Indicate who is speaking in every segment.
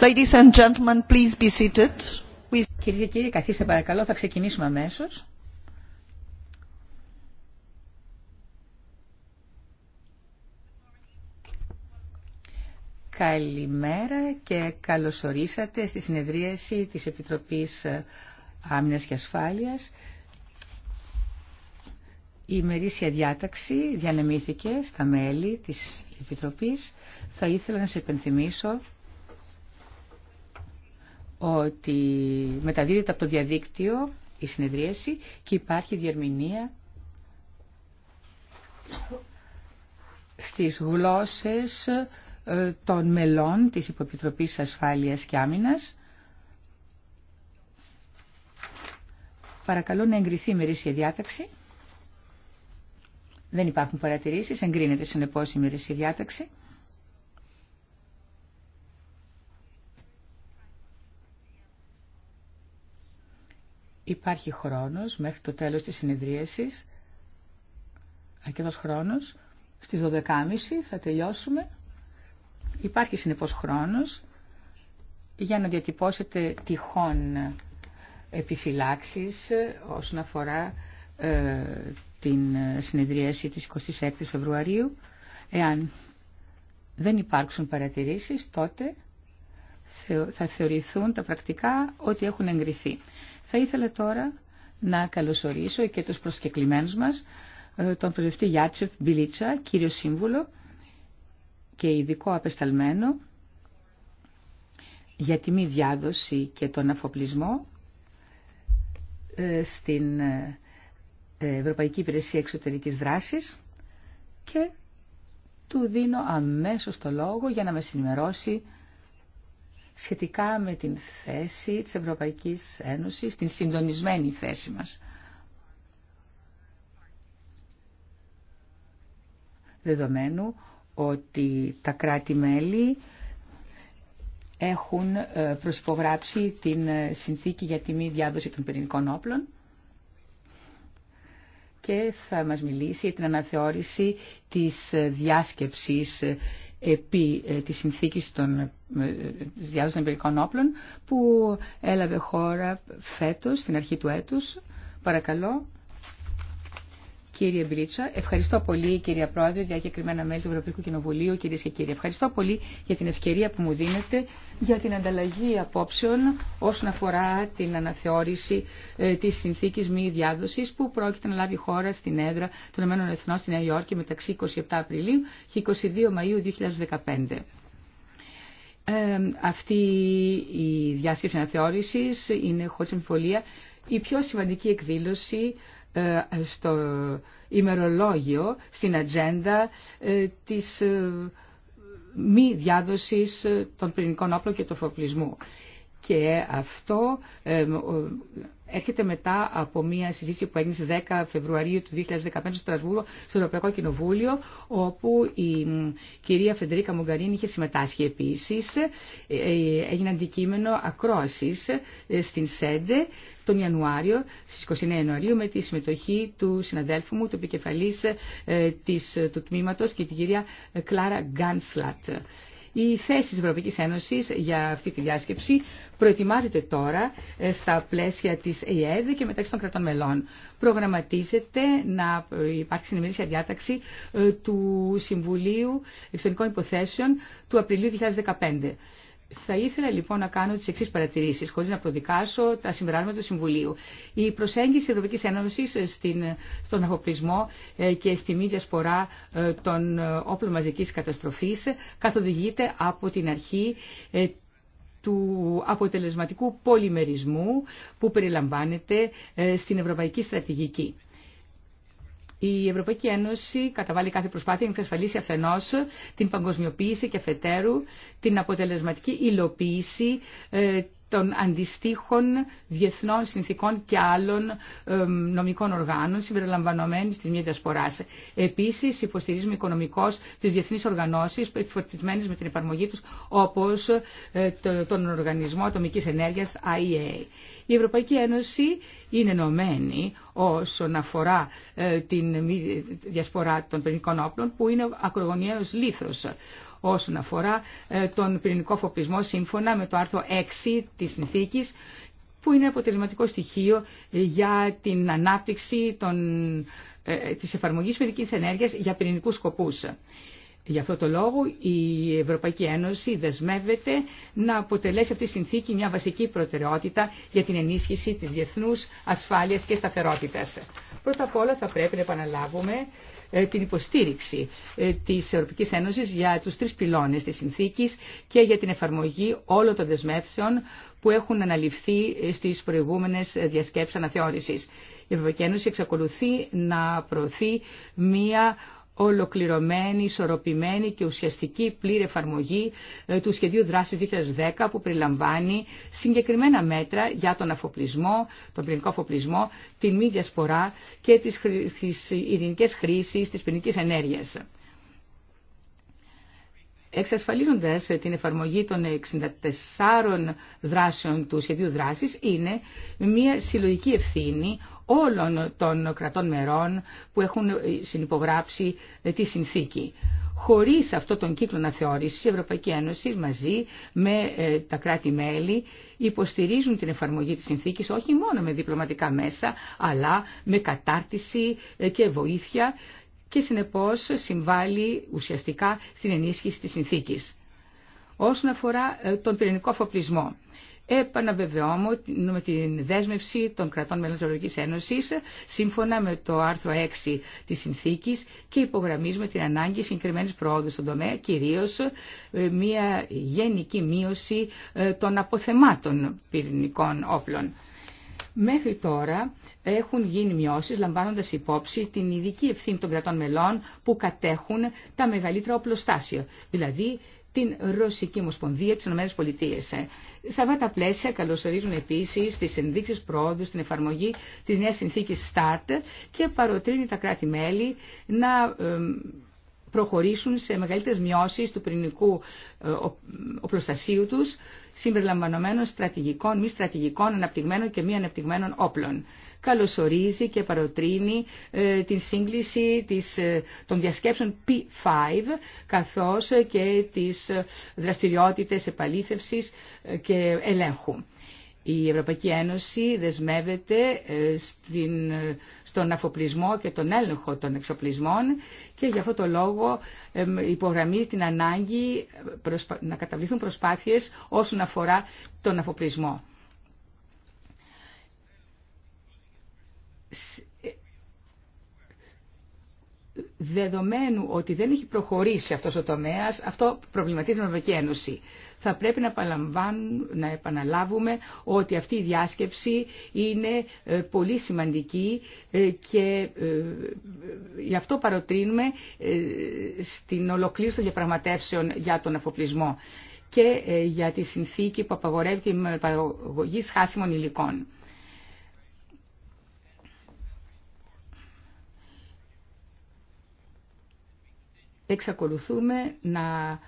Speaker 1: Ladies Κυρίες και κύριοι, καθίστε παρακαλώ, θα ξεκινήσουμε αμέσω. Καλημέρα και καλωσορίσατε στη συνεδρίαση της Επιτροπής Άμυνας και Ασφάλειας. Η ημερήσια διάταξη διανεμήθηκε στα μέλη της Επιτροπής. Θα ήθελα να σε επενθυμίσω ότι μεταδίδεται από το διαδίκτυο η συνεδρίαση και υπάρχει διερμηνία στις γλώσσες ε, των μελών της Υποπιτροπής Ασφάλειας και Άμυνας. Παρακαλώ να εγκριθεί η μερίσια διάταξη. Δεν υπάρχουν παρατηρήσεις, εγκρίνεται συνεπώς η μερίσια διάταξη. Υπάρχει χρόνος μέχρι το τέλος της συνεδρίασης, αρκετός χρόνος, στις 12.30 θα τελειώσουμε. Υπάρχει συνεπώς χρόνος για να διατυπώσετε τυχόν επιφυλάξεις όσον αφορά ε, την συνεδρίαση της 26 Φεβρουαρίου. Εάν δεν υπάρξουν παρατηρήσεις, τότε θα θεωρηθούν τα πρακτικά ότι έχουν εγκριθεί. Θα ήθελα τώρα να καλωσορίσω και τους προσκεκλημένους μας, ε, τον προδευτή Γιάτσεφ Μπιλίτσα, κύριο σύμβουλο και ειδικό απεσταλμένο για τη μη διάδοση και τον αφοπλισμό ε, στην ε, Ευρωπαϊκή Υπηρεσία Εξωτερικής Δράσης και του δίνω αμέσως το λόγο για να με συνημερώσει σχετικά με την θέση της Ευρωπαϊκής Ένωσης, την συντονισμένη θέση μας. Δεδομένου ότι τα κράτη-μέλη έχουν ε, προσυπογράψει την ε, συνθήκη για τη μη διάδοση των πυρηνικών όπλων και θα μας μιλήσει για την αναθεώρηση της ε, διάσκεψης επί ε, της συνθήκης των ε, διάδοσης εμπειρικών όπλων που έλαβε χώρα φέτος, στην αρχή του έτους. Παρακαλώ Κύριε Μπρίτσα, ευχαριστώ πολύ κυρία Πρόεδρε, διακεκριμένα μέλη του Ευρωπαϊκού Κοινοβουλίου, κυρίε και κύριοι. Ευχαριστώ πολύ για την ευκαιρία που μου δίνετε για την ανταλλαγή απόψεων όσον αφορά την αναθεώρηση ε, τη συνθήκη μη διάδοση που πρόκειται να λάβει η χώρα στην έδρα των ΗΕ στη Νέα Υόρκη μεταξύ 27 Απριλίου και 22 Μαου 2015. αυτή η διάσκεψη αναθεώρησης είναι χωρίς αμφιβολία η πιο σημαντική εκδήλωση ε, στο ημερολόγιο, στην ατζέντα ε, της ε, μη διάδοσης των πυρηνικών όπλων και του φοπλισμού. Και αυτό έρχεται μετά από μια συζήτηση που έγινε στις 10 Φεβρουαρίου του 2015 στο Στρασβούργο, στο Ευρωπαϊκό Κοινοβούλιο, όπου η κυρία Φεντρίκα Μογκαρίνη είχε συμμετάσχει επίσης. Ε, έγινε αντικείμενο ακρόασης ε, στην ΣΕΝΤΕ τον Ιανουάριο, στις 29 Ιανουαρίου, με τη συμμετοχή του συναδέλφου μου, του επικεφαλής ε, της, του τμήματος και την κυρία Κλάρα Γκάνσλατ. Η θέση της Ευρωπαϊκής Ένωσης για αυτή τη διάσκεψη προετοιμάζεται τώρα ε, στα πλαίσια της ΕΕΔ και μεταξύ των κρατών μελών. Προγραμματίζεται να ε, υπάρξει συνημερίσια διάταξη ε, του Συμβουλίου Εξωτερικών Υποθέσεων του Απριλίου 2015. Θα ήθελα λοιπόν να κάνω τι εξή παρατηρήσει, χωρί να προδικάσω τα συμπεράσματα του Συμβουλίου. Η προσέγγιση τη Ευρωπαϊκή Ένωση στον αποκλεισμό ε, και στη μη διασπορά ε, των ε, όπλων μαζική καταστροφή καθοδηγείται από την αρχή του αποτελεσματικού πολυμερισμού που περιλαμβάνεται στην Ευρωπαϊκή Στρατηγική. Η Ευρωπαϊκή Ένωση καταβάλει κάθε προσπάθεια να εξασφαλίσει αφενό την παγκοσμιοποίηση και αφετέρου την αποτελεσματική υλοποίηση ε, των αντιστοίχων διεθνών συνθήκων και άλλων νομικών οργάνων συμπεριλαμβανομένης της μια διασπόρά. Επίση, υποστηρίζουμε οικονομικώς τι διεθνείς οργανώσει, επιφορτισμένες με την εφαρμογή τους όπως ε, τον Οργανισμό Ατομικής Ενέργειας IEA. Η Ευρωπαϊκή Ένωση είναι ενωμένη όσον αφορά ε, την διασπορά των πυρηνικών όπλων που είναι ακρογωνιαίο λήθος όσον αφορά ε, τον πυρηνικό φοπισμό σύμφωνα με το άρθρο 6 της συνθήκης που είναι αποτελεσματικό στοιχείο για την ανάπτυξη των, ε, της εφαρμογής πυρηνικής ενέργειας για πυρηνικούς σκοπούς. Γι' αυτό το λόγο η Ευρωπαϊκή Ένωση δεσμεύεται να αποτελέσει αυτή τη συνθήκη μια βασική προτεραιότητα για την ενίσχυση της διεθνούς ασφάλειας και σταθερότητας. Πρώτα απ' όλα θα πρέπει να επαναλάβουμε ε, την υποστήριξη ε, της Ευρωπαϊκής Ένωσης για τους τρεις πυλώνες της συνθήκης και για την εφαρμογή όλων των δεσμεύσεων που έχουν αναλυφθεί ε, στις προηγούμενες διασκέψεις αναθεώρησης. Η Ευρωπαϊκή Ένωση εξακολουθεί να προωθεί μία ολοκληρωμένη, ισορροπημένη και ουσιαστική πλήρη εφαρμογή ε, του σχεδίου δράσης 2010 που περιλαμβάνει συγκεκριμένα μέτρα για τον αφοπλισμό, τον πυρηνικό αφοπλισμό, τη μη διασπορά και τις, τις ειρηνικές χρήσεις της πυρηνικής ενέργειας. Εξασφαλίζοντας ε, την εφαρμογή των 64 δράσεων του σχεδίου δράσης είναι μια συλλογική ευθύνη όλων των κρατών μερών που έχουν συνυπογράψει τη συνθήκη. Χωρίς αυτό τον κύκλο να θεώρηση, η Ευρωπαϊκή Ένωση μαζί με ε, τα κράτη-μέλη υποστηρίζουν την εφαρμογή της συνθήκης όχι μόνο με διπλωματικά μέσα, αλλά με κατάρτιση ε, και βοήθεια και συνεπώς συμβάλλει ουσιαστικά στην ενίσχυση της συνθήκης. Όσον αφορά ε, τον πυρηνικό αφοπλισμό, με την δέσμευση των κρατών μέλων της Ευρωπαϊκής Ένωσης σύμφωνα με το άρθρο 6 της συνθήκης και υπογραμμίζουμε την ανάγκη συγκεκριμένη πρόοδου στον τομέα, κυρίως ε, μια γενική μείωση ε, των αποθεμάτων πυρηνικών όπλων. Μέχρι τώρα έχουν γίνει μειώσεις λαμβάνοντας υπόψη την ειδική ευθύνη των κρατών μελών που κατέχουν τα μεγαλύτερα οπλοστάσια, δηλαδή την Ρωσική Ομοσπονδία, τις ΗΠΑ. Ε, σε αυτά τα πλαίσια καλωσορίζουν επίσης τις ενδείξεις πρόοδου στην εφαρμογή της νέας συνθήκης START και παροτρύνει τα κράτη-μέλη να προχωρήσουν σε μεγαλύτερες μειώσεις του πυρηνικού ε, οπλοστασίου τους, συμπεριλαμβανομένων στρατηγικών, μη στρατηγικών, αναπτυγμένων και μη αναπτυγμένων όπλων καλωσορίζει και παροτρύνει ε, την σύγκληση της, ε, των διασκέψεων P5 καθώς και τις ε, δραστηριότητες επαλήθευσης και ελέγχου. Η Ευρωπαϊκή Ένωση δεσμεύεται στον αφοπλισμό και τον έλεγχο των εξοπλισμών και για αυτό το λόγο υπογραμμίζει την ανάγκη να καταβληθούν προσπάθειες όσον αφορά τον αφοπλισμό. δεδομένου ότι δεν έχει προχωρήσει αυτός ο τομέας, αυτό προβληματίζει την Ευρωπαϊκή Ένωση. Θα πρέπει να, να επαναλάβουμε ότι αυτή η διάσκεψη είναι ε, πολύ σημαντική ε, και ε, γι' αυτό παροτρύνουμε στην ολοκλήρωση των διαπραγματεύσεων για τον αφοπλισμό και για τη συνθήκη που απαγορεύει την παραγωγή σχάσιμων υλικών. εξακολουθούμε να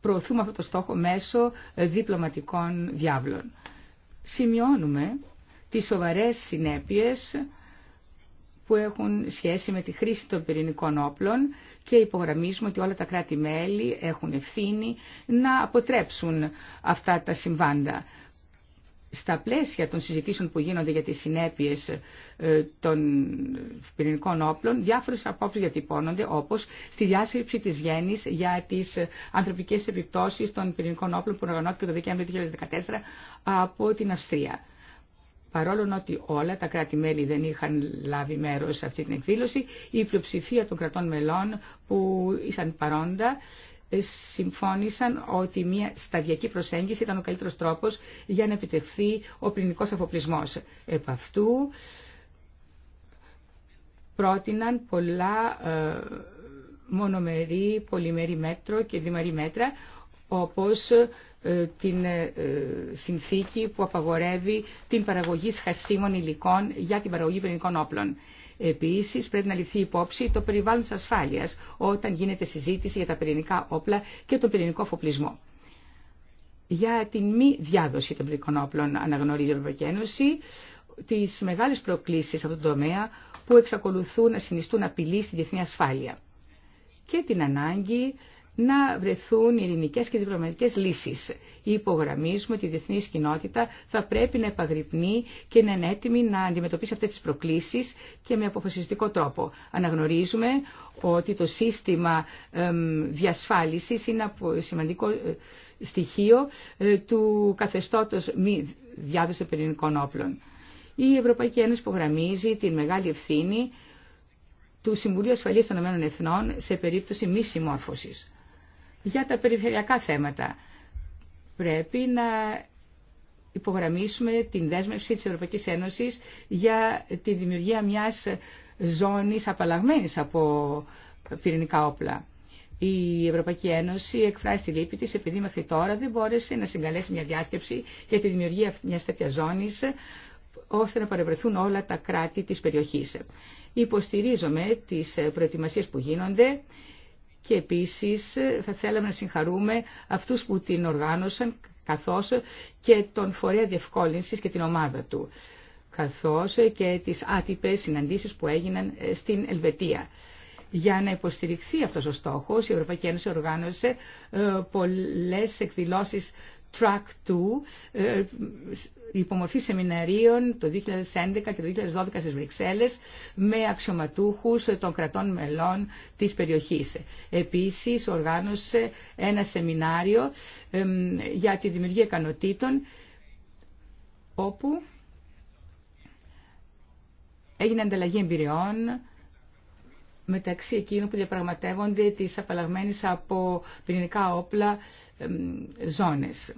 Speaker 1: προωθούμε αυτό το στόχο μέσω διπλωματικών διάβλων. Σημειώνουμε τις σοβαρές συνέπειες που έχουν σχέση με τη χρήση των πυρηνικών όπλων και υπογραμμίζουμε ότι όλα τα κράτη-μέλη έχουν ευθύνη να αποτρέψουν αυτά τα συμβάντα στα πλαίσια των συζητήσεων που γίνονται για τις συνέπειες ε, των πυρηνικών όπλων, διάφορες απόψεις διατυπώνονται, όπως στη διάσκεψη της Βιέννης για τις ε, ανθρωπικές επιπτώσεις των πυρηνικών όπλων που οργανώθηκε το Δεκέμβριο 2014 από την Αυστρία. Παρόλο ότι όλα τα κράτη-μέλη δεν είχαν λάβει μέρος σε αυτή την εκδήλωση, η πλειοψηφία των κρατών μελών που ήσαν παρόντα συμφώνησαν ότι μια σταδιακή προσέγγιση ήταν ο καλύτερος τρόπος για να επιτευχθεί ο πυρηνικός αφοπλισμός. Επ' αυτού πρότειναν πολλά ε, μονομερή, πολυμερή μέτρο και διμερή μέτρα, όπως ε, την ε, συνθήκη που απαγορεύει την παραγωγή σχασίμων υλικών για την παραγωγή πυρηνικών όπλων. Επίσης πρέπει να ληφθεί υπόψη το περιβάλλον τη ασφάλεια, όταν γίνεται συζήτηση για τα πυρηνικά όπλα και τον πυρηνικό φοπλισμό. Για την μη διάδοση των πυρηνικών όπλων αναγνωρίζει η Ευρωπαϊκή Ένωση τις μεγάλες προκλήσεις από τον τομέα που εξακολουθούν να συνιστούν απειλή στη διεθνή ασφάλεια και την ανάγκη να βρεθούν ειρηνικέ και διπλωματικές λύσεις. Υπογραμμίζουμε ότι η διεθνή κοινότητα θα πρέπει να επαγρυπνεί και να είναι έτοιμη να αντιμετωπίσει αυτέ τι προκλήσει και με αποφασιστικό τρόπο. Αναγνωρίζουμε ότι το σύστημα διασφάλιση είναι σημαντικό ε, στοιχείο ε, του καθεστώτο μη διάδοση πυρηνικών όπλων. Η Ευρωπαϊκή Ένωση υπογραμμίζει την μεγάλη ευθύνη του Συμβουλίου Ασφαλείας των Ηνωμένων Εθνών σε περίπτωση μη συμμόρφωσης. Για τα περιφερειακά θέματα πρέπει να υπογραμμίσουμε την δέσμευση της Ευρωπαϊκής Ένωσης για τη δημιουργία μιας ζώνης απαλλαγμένης από πυρηνικά όπλα. Η Ευρωπαϊκή Ένωση εκφράζει τη λύπη της επειδή μέχρι τώρα δεν μπόρεσε να συγκαλέσει μια διάσκεψη για τη δημιουργία μιας τέτοιας ζώνης ώστε να παρευρεθούν όλα τα κράτη της περιοχής. Υποστηρίζομαι τις προετοιμασίες που γίνονται και επίσης θα θέλαμε να συγχαρούμε αυτούς που την οργάνωσαν καθώς και τον φορέα διευκόλυνσης και την ομάδα του καθώς και τις άτυπες συναντήσεις που έγιναν ε, στην Ελβετία. Για να υποστηριχθεί αυτός ο στόχος, η Ευρωπαϊκή Ένωση οργάνωσε ε, πολλές εκδηλώσεις Track 2 ε, υπομορφή σεμιναρίων το 2011 και το 2012 στις Βρυξέλλες με αξιωματούχους των κρατών μελών της περιοχής. Επίσης οργάνωσε ένα σεμινάριο για τη δημιουργία ικανοτήτων όπου έγινε ανταλλαγή εμπειριών μεταξύ εκείνων που διαπραγματεύονται τις απαλλαγμένες από πυρηνικά όπλα ζώνες.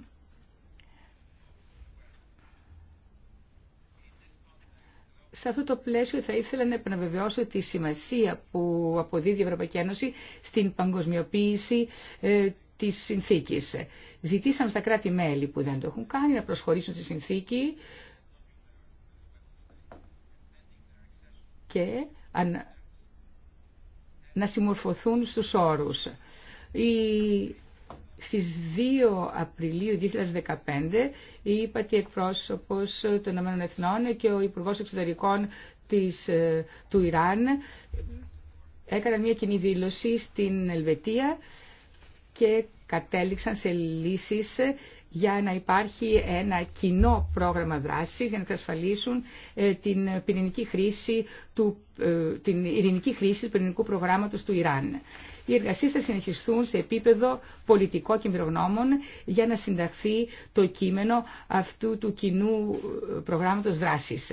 Speaker 1: Σε αυτό το πλαίσιο θα ήθελα να επαναβεβαιώσω τη σημασία που αποδίδει η Ευρωπαϊκή Ένωση στην παγκοσμιοποίηση ε, της συνθήκης. Ζητήσαμε στα κράτη-μέλη που δεν το έχουν κάνει να προσχωρήσουν στη συνθήκη και αν να συμμορφωθούν στους όρους. Η... Στις 2 Απριλίου 2015 η ΥΠΑΤΗ εκπρόσωπος των ΗΕ και ο Υπουργός Εξωτερικών της, ε, του Ιράν έκαναν μια κοινή δήλωση στην Ελβετία και κατέληξαν σε λύσεις για να υπάρχει ένα κοινό πρόγραμμα δράσης για να εξασφαλίσουν ε, την πυρηνική χρήση του, ε, την ειρηνική χρήση του πυρηνικού προγράμματος του Ιράν. Οι εργασίες θα συνεχιστούν σε επίπεδο πολιτικό και μυρογνώμων για να συνταχθεί το κείμενο αυτού του κοινού ε, προγράμματος δράσης.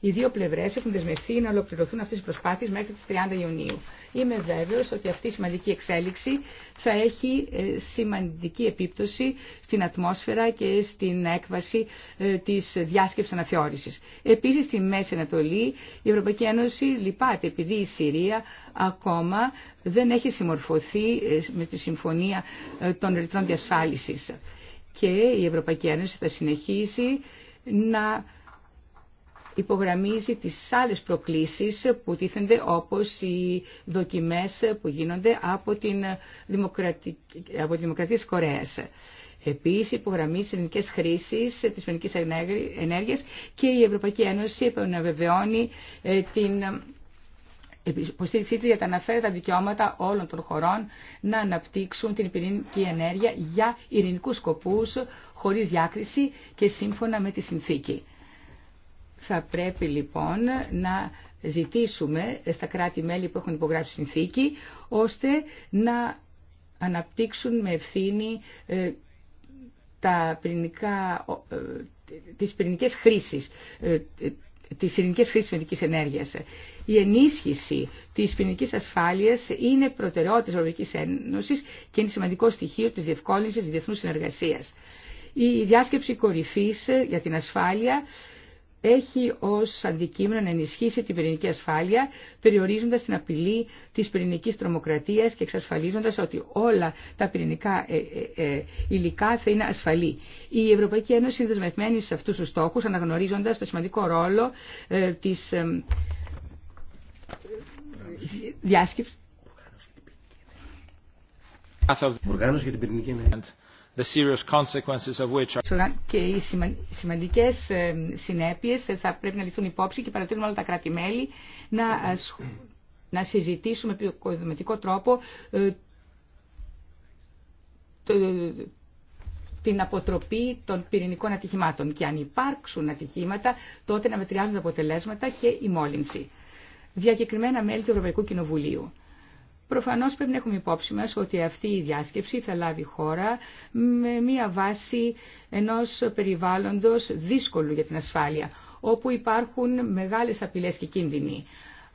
Speaker 1: Οι δύο πλευρέ έχουν δεσμευθεί να ολοκληρωθούν αυτέ οι προσπάθειε μέχρι τι 30 Ιουνίου. Είμαι βέβαιο ότι αυτή η σημαντική εξέλιξη θα έχει ε, σημαντική επίπτωση στην ατμόσφαιρα και στην έκβαση ε, τη διάσκεψης αναθεώρηση. Επίση στη Μέση Ανατολή η Ευρωπαϊκή Ένωση λυπάται επειδή η Συρία ακόμα δεν έχει συμμορφωθεί ε, με τη Συμφωνία των Ρητρών Διασφάλισης. Και η Ευρωπαϊκή Ένωση θα συνεχίσει να υπογραμμίζει τις άλλες προκλήσεις που τίθενται όπως οι δοκιμές που γίνονται από, την δημοκρατική, από τη Δημοκρατία της Κορέας. Επίσης υπογραμμίζει τις ελληνικές χρήσεις της ενέργειας και η Ευρωπαϊκή Ένωση επαναβεβαιώνει ε, την ε, υποστήριξή της για τα αναφέρετα δικαιώματα όλων των χωρών να αναπτύξουν την πυρηνική ενέργεια για ειρηνικούς σκοπούς χωρίς διάκριση και σύμφωνα με τη συνθήκη. Θα πρέπει λοιπόν να ζητήσουμε στα κράτη-μέλη που έχουν υπογράψει συνθήκη, ώστε να αναπτύξουν με ευθύνη ε, τα πυρηνικά, ε, τις πυρηνικές χρήσεις, ε, τις πυρηνικές χρήσεις πυρηνικής ενέργειας. Η ενίσχυση της πυρηνικής ασφάλειας είναι προτεραιότητα της Ευρωπαϊκής Ένωσης και είναι σημαντικό στοιχείο της διευκόλυνσης της διεθνούς συνεργασίας. Η διάσκεψη κορυφής για την ασφάλεια έχει ως αντικείμενο να ενισχύσει την πυρηνική ασφάλεια, περιορίζοντα την απειλή της πυρηνική τρομοκρατία και εξασφαλίζοντα ότι όλα τα πυρηνικά ε, ε, ε, υλικά θα είναι ασφαλή. Η Ευρωπαϊκή Ένωση είναι δεσμευμένη σε αυτούς τους στόχου, αναγνωρίζοντας το σημαντικό ρόλο της διάσκεψης και οι σημαντικέ ε, συνέπειε ε, θα πρέπει να ληφθούν υπόψη και παρατηρούμε όλα τα κράτη-μέλη να, ε, να συζητήσουμε με κοδηματικό τρόπο την αποτροπή των πυρηνικών ατυχημάτων. Και αν υπάρξουν ατυχήματα, τότε να μετριάζουν τα αποτελέσματα και η μόλυνση. Διακεκριμένα μέλη του Ευρωπαϊκού Κοινοβουλίου. Προφανώς πρέπει να έχουμε υπόψη μας ότι αυτή η διάσκεψη θα λάβει χώρα με μία βάση ενός περιβάλλοντος δύσκολου για την ασφάλεια, όπου υπάρχουν μεγάλες απειλές και κίνδυνοι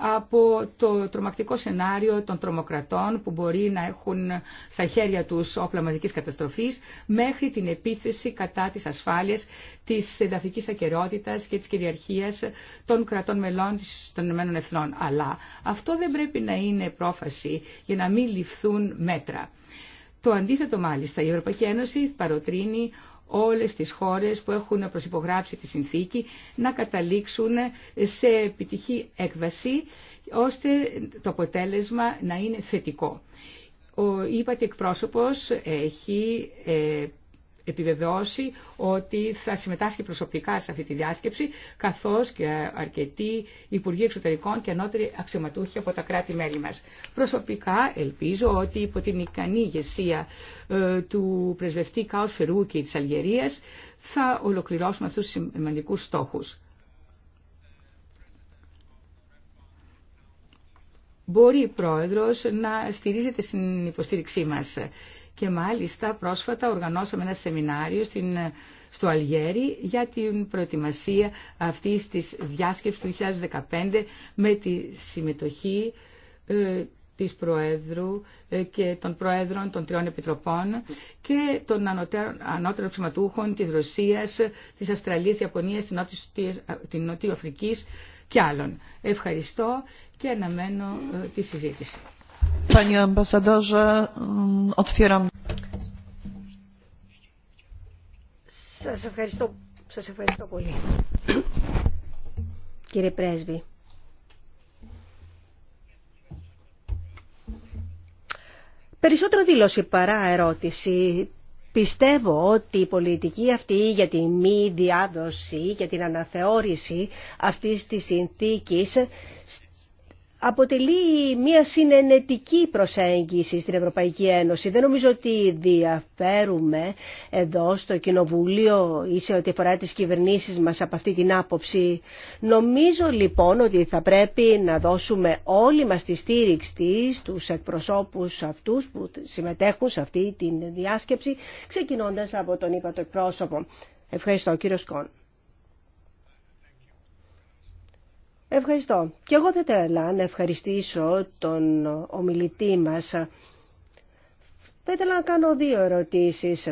Speaker 1: από το τρομακτικό σενάριο των τρομοκρατών που μπορεί να έχουν στα χέρια τους όπλα μαζικής καταστροφής μέχρι την επίθεση κατά της ασφάλειας, της εδαφικής ακαιρεότητας και της κυριαρχίας των κρατών μελών των Ηνωμένων Εθνών. Αλλά αυτό δεν πρέπει να είναι πρόφαση για να μην ληφθούν μέτρα. Το αντίθετο μάλιστα, η Ευρωπαϊκή Ένωση παροτρύνει όλες τις χώρες που έχουν προσυπογράψει τη συνθήκη να καταλήξουν σε επιτυχή έκβαση ώστε το αποτέλεσμα να είναι θετικό. Ο είπατε εκπρόσωπος έχει ε, επιβεβαιώσει ότι θα συμμετάσχει προσωπικά σε αυτή τη διάσκεψη, καθώς και αρκετοί Υπουργοί Εξωτερικών και ανώτεροι αξιωματούχοι από τα κράτη-μέλη μας. Προσωπικά ελπίζω ότι υπό την ικανή ηγεσία ε, του πρεσβευτή Κάος Φερούκη της Αλγερίας θα ολοκληρώσουμε αυτούς τους σημαντικούς στόχους. Μπορεί η Πρόεδρος να στηρίζεται στην υποστήριξή μας και μάλιστα πρόσφατα οργανώσαμε ένα σεμινάριο στην, στο Αλγέρι για την προετοιμασία αυτής της διάσκεψης του 2015 με τη συμμετοχή ε, της Προέδρου ε, και των Προέδρων των Τριών Επιτροπών και των ανώτερων ψηματούχων της Ρωσίας, της Αυστραλίας, της Ιαπωνίας, της Νότιας, της Νότιας Αφρικής και άλλων. Ευχαριστώ και αναμένω ε, τη συζήτηση. Mm,
Speaker 2: Σας ευχαριστώ, σας ευχαριστώ πολύ. Κύριε Πρέσβη. Περισσότερο δήλωση παρά ερώτηση. Πιστεύω ότι η πολιτική αυτή για τη μη διάδοση και την αναθεώρηση αυτής της συνθήκης αποτελεί μια συνενετική προσέγγιση στην Ευρωπαϊκή Ένωση. Δεν νομίζω ότι διαφέρουμε εδώ στο Κοινοβούλιο ή σε ό,τι αφορά τις κυβερνήσεις μας από αυτή την άποψη. Νομίζω λοιπόν ότι θα πρέπει να δώσουμε όλη μας τη στήριξη στους εκπροσώπους αυτούς που συμμετέχουν σε αυτή τη διάσκεψη, ξεκινώντας από τον είπα εκπρόσωπο. Ευχαριστώ κύριο Σκόν. Ευχαριστώ. Και εγώ θα ήθελα να ευχαριστήσω τον ομιλητή μας. Θα ήθελα να κάνω δύο ερωτήσεις.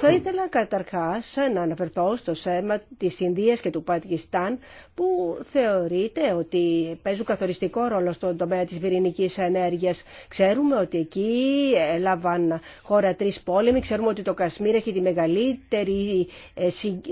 Speaker 2: Θα ήθελα καταρχάς να αναφερθώ στο σέμα της Ινδίας και του Πακιστάν που θεωρείται ότι παίζουν καθοριστικό ρόλο στον τομέα της πυρηνικής ενέργειας. Ξέρουμε ότι εκεί έλαβαν χώρα τρεις πόλεμοι. Ξέρουμε ότι το Κασμίρ έχει τη μεγαλύτερη, ε,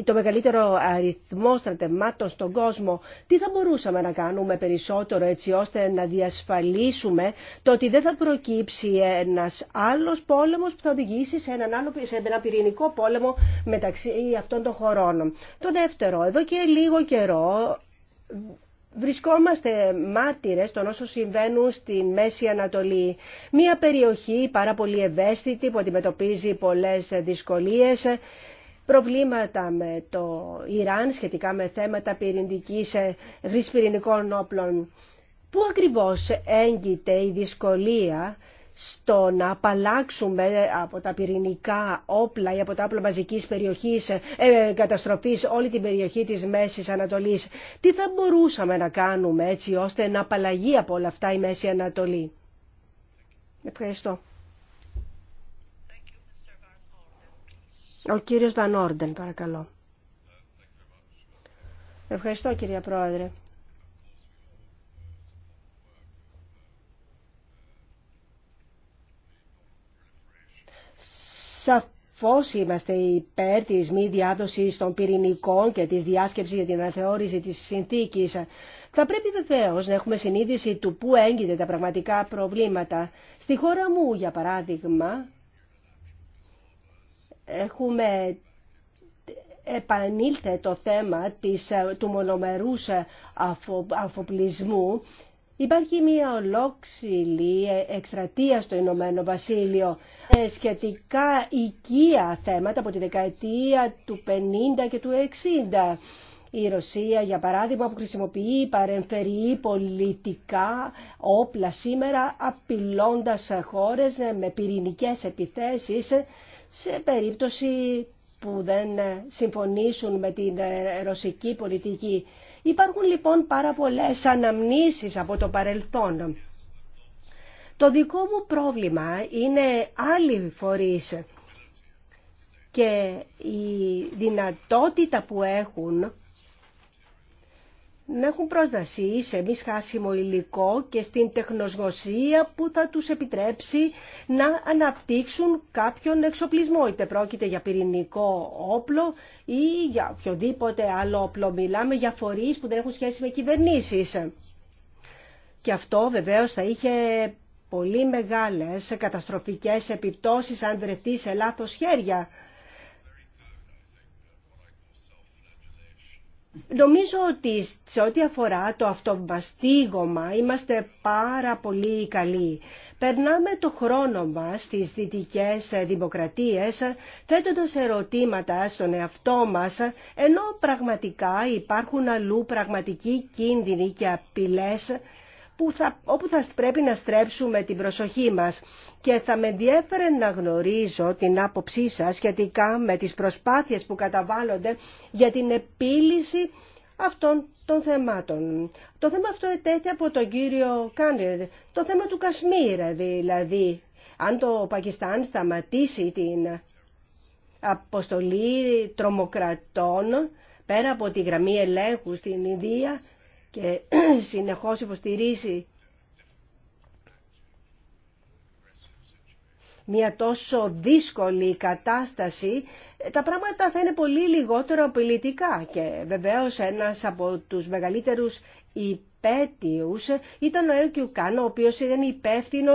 Speaker 2: το μεγαλύτερο αριθμό στρατευμάτων στον κόσμο. Τι θα μπορούσαμε να κάνουμε περισσότερο έτσι ώστε να διασφαλίσουμε το ότι δεν θα προκύψει ένας άλλος πόλεμος που θα οδηγήσει σε έναν άλλο σε ένα πυρηνικό πόλεμο μεταξύ αυτών των χωρών. Το δεύτερο, εδώ και λίγο καιρό βρισκόμαστε μάρτυρες των όσων συμβαίνουν στη Μέση Ανατολή. Μία περιοχή πάρα πολύ ευαίσθητη που αντιμετωπίζει πολλές δυσκολίες, προβλήματα με το Ιράν σχετικά με θέματα πυρηνικής, χρήση ε, όπλων. Πού ακριβώς έγκυται η δυσκολία στο να απαλλάξουμε από τα πυρηνικά όπλα ή από τα όπλα μαζικής περιοχής ε, καταστροφής όλη την περιοχή της Μέσης Ανατολής. Τι θα μπορούσαμε να κάνουμε έτσι ώστε να απαλλαγεί από όλα αυτά η Μέση Ανατολή. Ευχαριστώ. Ο κύριος Δανόρντεν, παρακαλώ. Ευχαριστώ, κυρία Πρόεδρε. Σαφώς είμαστε υπέρ της μη διάδοσης των πυρηνικών και της διάσκεψης για την αναθεώρηση της συνθήκης. Θα πρέπει βεβαίω να έχουμε συνείδηση του πού έγκυται τα πραγματικά προβλήματα. Στη χώρα μου, για παράδειγμα, έχουμε επανήλθε το θέμα της, του μονομερούς αφοπλισμού Υπάρχει μια ολόξυλη εκστρατεία στο Ηνωμένο Βασίλειο ε, σχετικά οικία θέματα από τη δεκαετία του 50 και του 60. Η Ρωσία, για παράδειγμα, που χρησιμοποιεί παρεμφερή πολιτικά όπλα σήμερα, απειλώντας χώρες με πυρηνικές επιθέσεις σε περίπτωση που δεν συμφωνήσουν με την ε, ρωσική πολιτική. Υπάρχουν λοιπόν πάρα πολλές αναμνήσεις από το παρελθόν. Το δικό μου πρόβλημα είναι άλλοι φορείς και η δυνατότητα που έχουν να έχουν πρόσβαση σε μη σχάσιμο υλικό και στην τεχνοσγωσία που θα τους επιτρέψει να αναπτύξουν κάποιον εξοπλισμό, είτε πρόκειται για πυρηνικό όπλο ή για οποιοδήποτε άλλο όπλο. Μιλάμε για φορείς που δεν έχουν σχέση με κυβερνήσεις. Και αυτό βεβαίως θα είχε πολύ μεγάλες καταστροφικές επιπτώσεις αν βρεθεί σε λάθος χέρια Νομίζω ότι σε ό,τι αφορά το αυτοβαστίγωμα είμαστε πάρα πολύ καλοί. Περνάμε το χρόνο μας στις δυτικές δημοκρατίες θέτοντας ερωτήματα στον εαυτό μας ενώ πραγματικά υπάρχουν αλλού πραγματικοί κίνδυνοι και απειλές που θα, όπου θα πρέπει να στρέψουμε την προσοχή μας και θα με ενδιέφερε να γνωρίζω την άποψή σας σχετικά με τις προσπάθειες που καταβάλλονται για την επίλυση αυτών των θεμάτων. Το θέμα αυτό ετέθη από τον κύριο Κάνερ, το θέμα του Κασμίρα δηλαδή. Αν το Πακιστάν σταματήσει την αποστολή τρομοκρατών πέρα από τη γραμμή ελέγχου στην Ινδία και συνεχώς υποστηρίζει μια τόσο δύσκολη κατάσταση, τα πράγματα θα είναι πολύ λιγότερο απειλητικά. Και βεβαίως ένας από τους μεγαλύτερους υπέτειους ήταν ο Έουκιου Κάνο, ο οποίος ήταν υπεύθυνο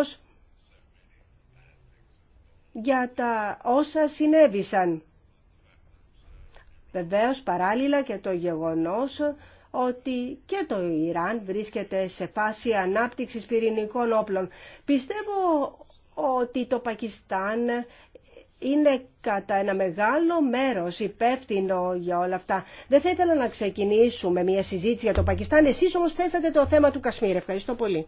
Speaker 2: για τα όσα συνέβησαν. Βεβαίως παράλληλα και το γεγονός ότι και το Ιράν βρίσκεται σε φάση ανάπτυξης πυρηνικών όπλων. Πιστεύω ότι το Πακιστάν είναι κατά ένα μεγάλο μέρος υπεύθυνο για όλα αυτά. Δεν θα ήθελα να ξεκινήσουμε μια συζήτηση για το Πακιστάν. Εσείς όμως θέσατε το θέμα του Κασμίρ. Ευχαριστώ πολύ.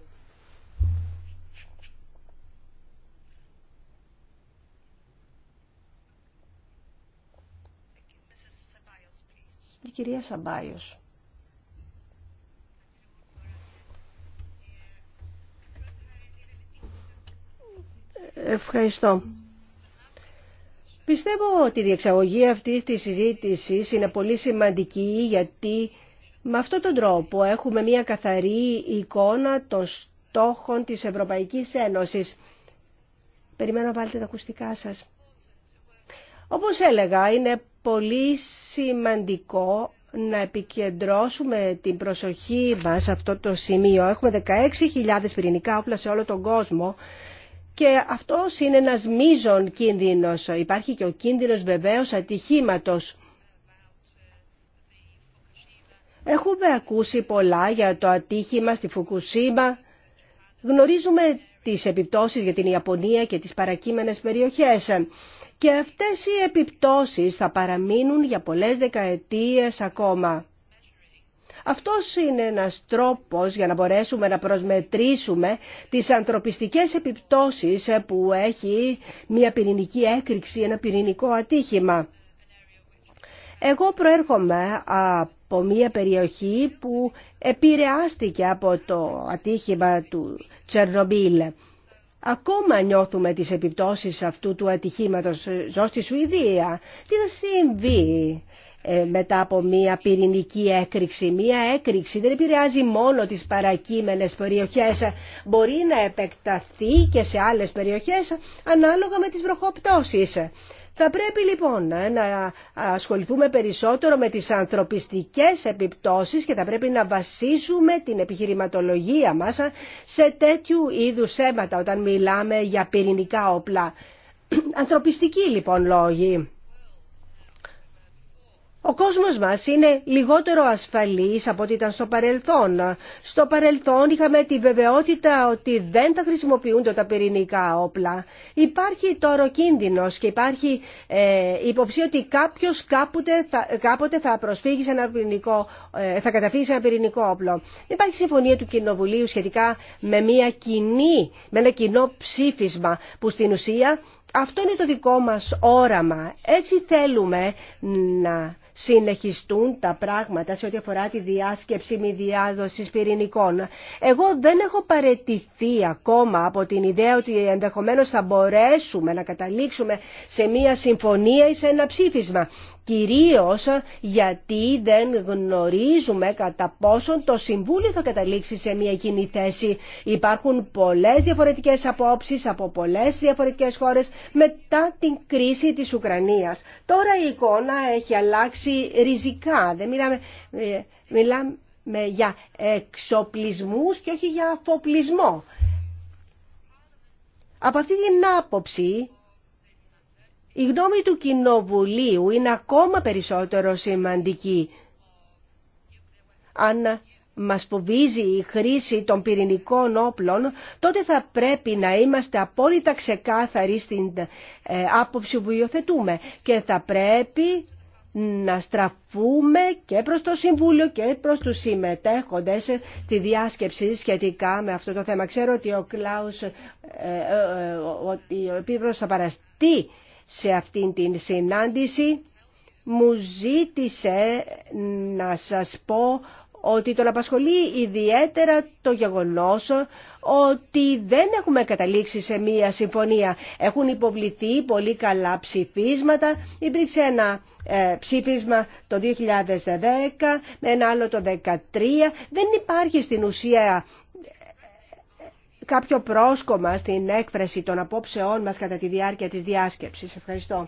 Speaker 2: Η κυρία Σαμπάιος. Ευχαριστώ. Πιστεύω ότι η διεξαγωγή αυτή τη συζήτηση είναι πολύ σημαντική γιατί με αυτόν τον τρόπο έχουμε μια καθαρή εικόνα των στόχων της Ευρωπαϊκής Ένωσης. Περιμένω να βάλετε τα ακουστικά σας. Όπως έλεγα, είναι πολύ σημαντικό να επικεντρώσουμε την προσοχή μας σε αυτό το σημείο. Έχουμε 16.000 πυρηνικά όπλα σε όλο τον κόσμο και αυτός είναι ένας μείζον κίνδυνος. Υπάρχει και ο κίνδυνος βεβαίως ατυχήματος. Έχουμε ακούσει πολλά για το ατύχημα στη Φουκουσίμα. Γνωρίζουμε τις επιπτώσεις για την Ιαπωνία και τις παρακείμενες περιοχές. Και αυτές οι επιπτώσεις θα παραμείνουν για πολλές δεκαετίες ακόμα. Αυτός είναι ένας τρόπος για να μπορέσουμε να προσμετρήσουμε τις ανθρωπιστικές επιπτώσεις που έχει μια πυρηνική έκρηξη, ένα πυρηνικό ατύχημα. Εγώ προέρχομαι από μια περιοχή που επηρεάστηκε από το ατύχημα του Τσερνομπίλ. Ακόμα νιώθουμε τις επιπτώσεις αυτού του ατυχήματος. Ζω στη Σουηδία. Τι θα συμβεί ε, μετά από μια πυρηνική έκρηξη. Μια έκρηξη δεν επηρεάζει μόνο τις παρακείμενες περιοχές, μπορεί να επεκταθεί και σε άλλες περιοχές ανάλογα με τις βροχοπτώσεις. Θα πρέπει λοιπόν ε, να ασχοληθούμε περισσότερο με τις ανθρωπιστικές επιπτώσεις και θα πρέπει να βασίσουμε την επιχειρηματολογία μας σε τέτοιου είδους αίματα όταν μιλάμε για πυρηνικά όπλα. Ανθρωπιστικοί λοιπόν λόγοι. Ο κόσμος μας είναι λιγότερο ασφαλής από ό,τι ήταν στο παρελθόν. Στο παρελθόν είχαμε τη βεβαιότητα ότι δεν θα χρησιμοποιούνται τα πυρηνικά όπλα. Υπάρχει τώρα ο κίνδυνος και υπάρχει ε, υποψία ότι κάποιος κάποτε θα, θα προσφύγει σε ένα πυρηνικό, ε, θα καταφύγει σε ένα πυρηνικό όπλο. Υπάρχει συμφωνία του Κοινοβουλίου σχετικά με, μια κοινή, με ένα κοινό ψήφισμα που στην ουσία... Αυτό είναι το δικό μας όραμα. Έτσι θέλουμε να συνεχιστούν τα πράγματα σε ό,τι αφορά τη διάσκεψη μη διάδοση πυρηνικών. Εγώ δεν έχω παρετηθεί ακόμα από την ιδέα ότι ενδεχομένω θα μπορέσουμε να καταλήξουμε σε μία συμφωνία ή σε ένα ψήφισμα κυρίως γιατί δεν γνωρίζουμε κατά πόσον το Συμβούλιο θα καταλήξει σε μια κοινή θέση. Υπάρχουν πολλές διαφορετικές απόψεις από πολλές διαφορετικές χώρες μετά την κρίση της Ουκρανίας. Τώρα η εικόνα έχει αλλάξει ριζικά. Δεν μιλάμε, ε, για εξοπλισμούς και όχι για αφοπλισμό. Από αυτή την άποψη η γνώμη του Κοινοβουλίου είναι ακόμα περισσότερο σημαντική. Αν μας φοβίζει η χρήση των πυρηνικών όπλων, τότε θα πρέπει να είμαστε απόλυτα ξεκάθαροι στην ε, άποψη που υιοθετούμε και θα πρέπει να στραφούμε και προς το Συμβούλιο και προς τους συμμετέχοντες στη διάσκεψη σχετικά με αυτό το θέμα. Ξέρω ότι ο Κλάους, ε, ε, ο Επίπρος θα παραστεί σε αυτήν την συνάντηση μου ζήτησε να σας πω ότι τον απασχολεί ιδιαίτερα το γεγονός ότι δεν έχουμε καταλήξει σε μία συμφωνία. Έχουν υποβληθεί πολύ καλά ψηφίσματα. Υπήρξε ένα ε, ψήφισμα το 2010 με ένα άλλο το 2013. Δεν υπάρχει στην ουσία κάποιο πρόσκομα στην έκφραση των απόψεών μας κατά τη διάρκεια της διάσκεψης. Ευχαριστώ.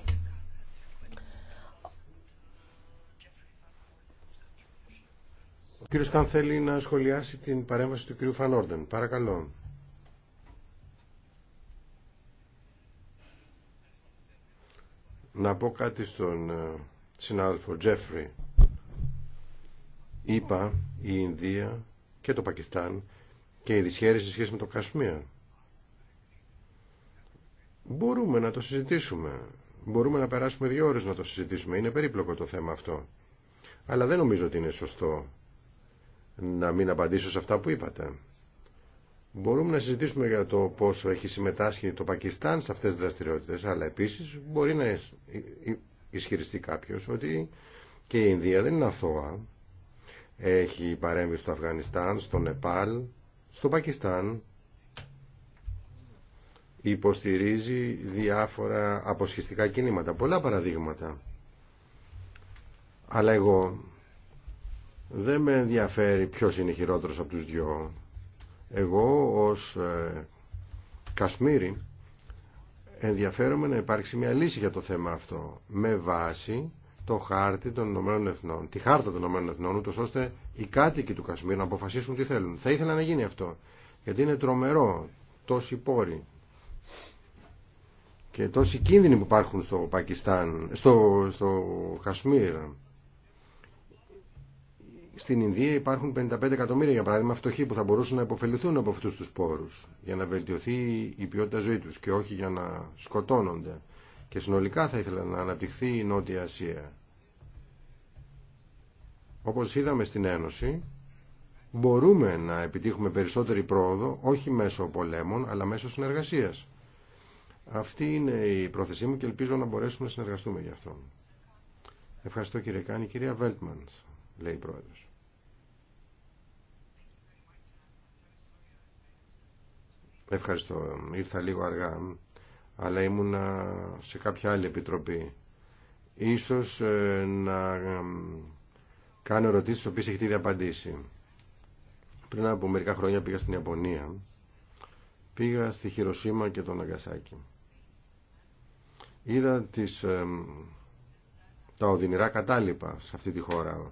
Speaker 3: Ο κύριος Καν θέλει να σχολιάσει την παρέμβαση του κύριου Φανόρντεν. Παρακαλώ. Να πω κάτι στον ε, συνάδελφο Τζέφρι. Είπα η Ινδία και το Πακιστάν και η δυσχέρεια σε σχέση με το Κασμία. Μπορούμε να το συζητήσουμε. Μπορούμε να περάσουμε δύο ώρες να το συζητήσουμε. Είναι περίπλοκο το θέμα αυτό. Αλλά δεν νομίζω ότι είναι σωστό να μην απαντήσω σε αυτά που είπατε. Μπορούμε να συζητήσουμε για το πόσο έχει συμμετάσχει το Πακιστάν σε αυτές τις δραστηριότητες, αλλά επίσης μπορεί να ισχυριστεί κάποιος ότι και η Ινδία δεν είναι αθώα. Έχει παρέμβει στο Αφγανιστάν, στο Νεπάλ, στο Πακιστάν υποστηρίζει διάφορα αποσχιστικά κινήματα, πολλά παραδείγματα. Αλλά εγώ δεν με ενδιαφέρει ποιος είναι χειρότερος από τους δυο. Εγώ ως ε, ενδιαφέρομαι να υπάρξει μια λύση για το θέμα αυτό με βάση το χάρτη των Ηνωμένων Εθνών, τη χάρτα των Ηνωμένων Εθνών, ούτως ώστε οι κάτοικοι του Κασμίρ να αποφασίσουν τι θέλουν. Θα ήθελα να γίνει αυτό, γιατί είναι τρομερό τόσοι πόροι και τόσοι κίνδυνοι που υπάρχουν στο Πακιστάν, στο, στο Κασμίρ. Στην Ινδία υπάρχουν 55 εκατομμύρια, για παράδειγμα, φτωχοί που θα μπορούσαν να υποφεληθούν από αυτού του πόρου για να βελτιωθεί η ποιότητα ζωή του και όχι για να σκοτώνονται. Και συνολικά θα ήθελα να αναπτυχθεί η Νότια Ασία. Όπως είδαμε στην Ένωση, μπορούμε να επιτύχουμε περισσότερη πρόοδο, όχι μέσω πολέμων, αλλά μέσω συνεργασίας. Αυτή είναι η πρόθεσή μου και ελπίζω να μπορέσουμε να συνεργαστούμε γι' αυτό. Ευχαριστώ κύριε Κάνη. Κυρία Βέλτμανς, λέει η πρόεδρος. Ευχαριστώ. Ήρθα λίγο αργά, αλλά ήμουνα σε κάποια άλλη επιτροπή. Ίσως ε, να ε, κάνω ερωτήσει, στις οποίες έχετε ήδη απαντήσει. Πριν από μερικά χρόνια πήγα στην Ιαπωνία. Πήγα στη Χειροσύμα και τον Αγκασάκη. Είδα τις, τα οδυνηρά κατάλοιπα σε αυτή τη χώρα.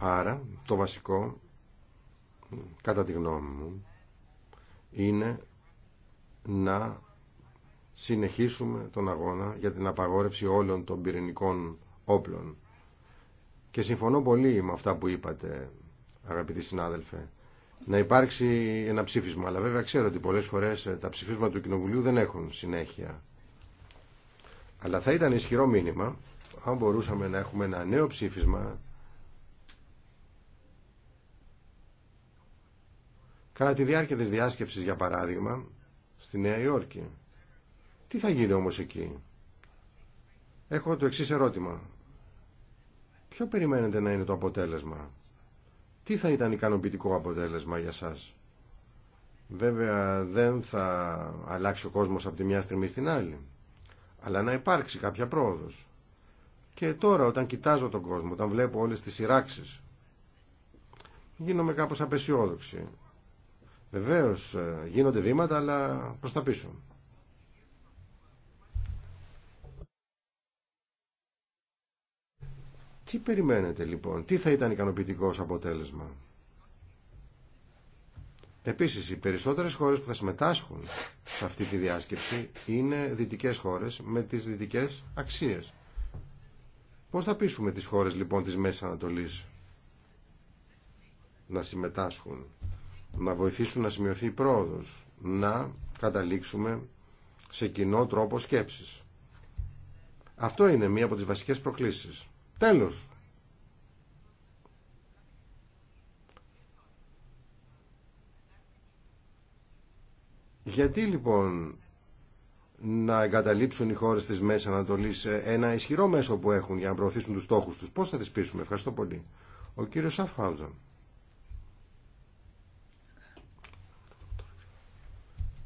Speaker 3: Άρα το βασικό, κατά τη γνώμη μου, είναι να συνεχίσουμε τον αγώνα για την απαγόρευση όλων των πυρηνικών όπλων και συμφωνώ πολύ με αυτά που είπατε αγαπητοί συνάδελφε να υπάρξει ένα ψήφισμα αλλά βέβαια ξέρω ότι πολλές φορές ε, τα ψηφίσματα του Κοινοβουλίου δεν έχουν συνέχεια αλλά θα ήταν ισχυρό μήνυμα αν μπορούσαμε να έχουμε ένα νέο ψήφισμα κατά τη διάρκεια της διάσκεψης για παράδειγμα στη Νέα Υόρκη τι θα γίνει όμως εκεί έχω το εξής ερώτημα Ποιο περιμένετε να είναι το αποτέλεσμα. Τι θα ήταν ικανοποιητικό αποτέλεσμα για σας. Βέβαια δεν θα αλλάξει ο κόσμος από τη μια στιγμή στην άλλη. Αλλά να υπάρξει κάποια πρόοδος. Και τώρα όταν κοιτάζω τον κόσμο, όταν βλέπω όλες τις σειράξεις, γίνομαι κάπως απεσιόδοξη. Βεβαίως ε, γίνονται βήματα αλλά προς τα πίσω. Τι περιμένετε λοιπόν, τι θα ήταν ικανοποιητικό ως αποτέλεσμα. Επίσης, οι περισσότερες χώρες που θα συμμετάσχουν σε αυτή τη διάσκεψη είναι δυτικές χώρες με τις δυτικές αξίες. Πώς θα πείσουμε τις χώρες λοιπόν της Μέσης Ανατολής να συμμετάσχουν, να βοηθήσουν να σημειωθεί η πρόοδος, να καταλήξουμε σε κοινό τρόπο σκέψης. Αυτό είναι μία από τις βασικές προκλήσεις. Τέλος. Γιατί λοιπόν να εγκαταλείψουν οι χώρες της Μέσης Ανατολής ένα ισχυρό μέσο που έχουν για να προωθήσουν τους στόχους τους. Πώς θα τις πείσουμε. Ευχαριστώ πολύ. Ο κύριος Σαφχάουζαν.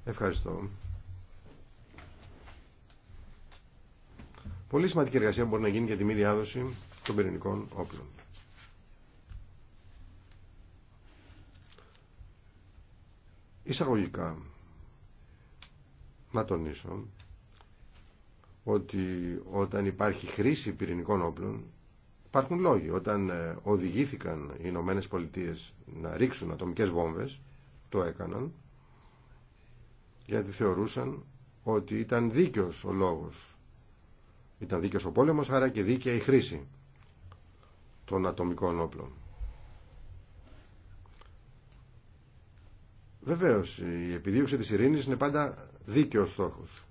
Speaker 3: Ευχαριστώ. Πολύ σημαντική εργασία μπορεί να γίνει για τη μη διάδοση των πυρηνικών όπλων. Εισαγωγικά να τονίσω ότι όταν υπάρχει χρήση πυρηνικών όπλων υπάρχουν λόγοι. Όταν ε, οδηγήθηκαν οι Ηνωμένε Πολιτείε να ρίξουν ατομικές βόμβες, το έκαναν, γιατί θεωρούσαν ότι ήταν δίκαιος ο λόγος ήταν δίκαιο ο πόλεμος, άρα και δίκαια η χρήση των ατομικών όπλων. Βεβαίω η επιδίωξη της ειρήνη είναι πάντα δίκαιος στόχος.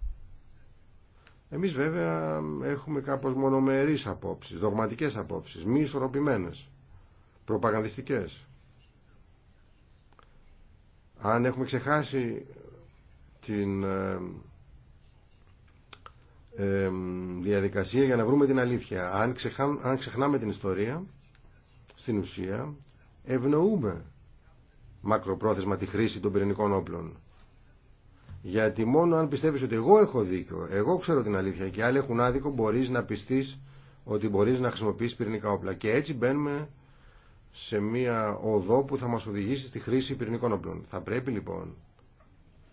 Speaker 3: Εμείς βέβαια έχουμε κάπως μονομερείς απόψεις, δογματικές απόψεις, μη ισορροπημένε, προπαγανδιστικές. Αν έχουμε ξεχάσει την ε, διαδικασία για να βρούμε την αλήθεια. Αν, ξεχά, αν ξεχνάμε την ιστορία, στην ουσία ευνοούμε μακροπρόθεσμα τη χρήση των πυρηνικών όπλων. Γιατί μόνο αν πιστεύεις ότι εγώ έχω δίκιο, εγώ ξέρω την αλήθεια και άλλοι έχουν άδικο, μπορείς να πιστείς ότι μπορείς να χρησιμοποιήσεις πυρηνικά όπλα. Και έτσι μπαίνουμε σε μία οδό που θα μας οδηγήσει στη χρήση πυρηνικών όπλων. Θα πρέπει λοιπόν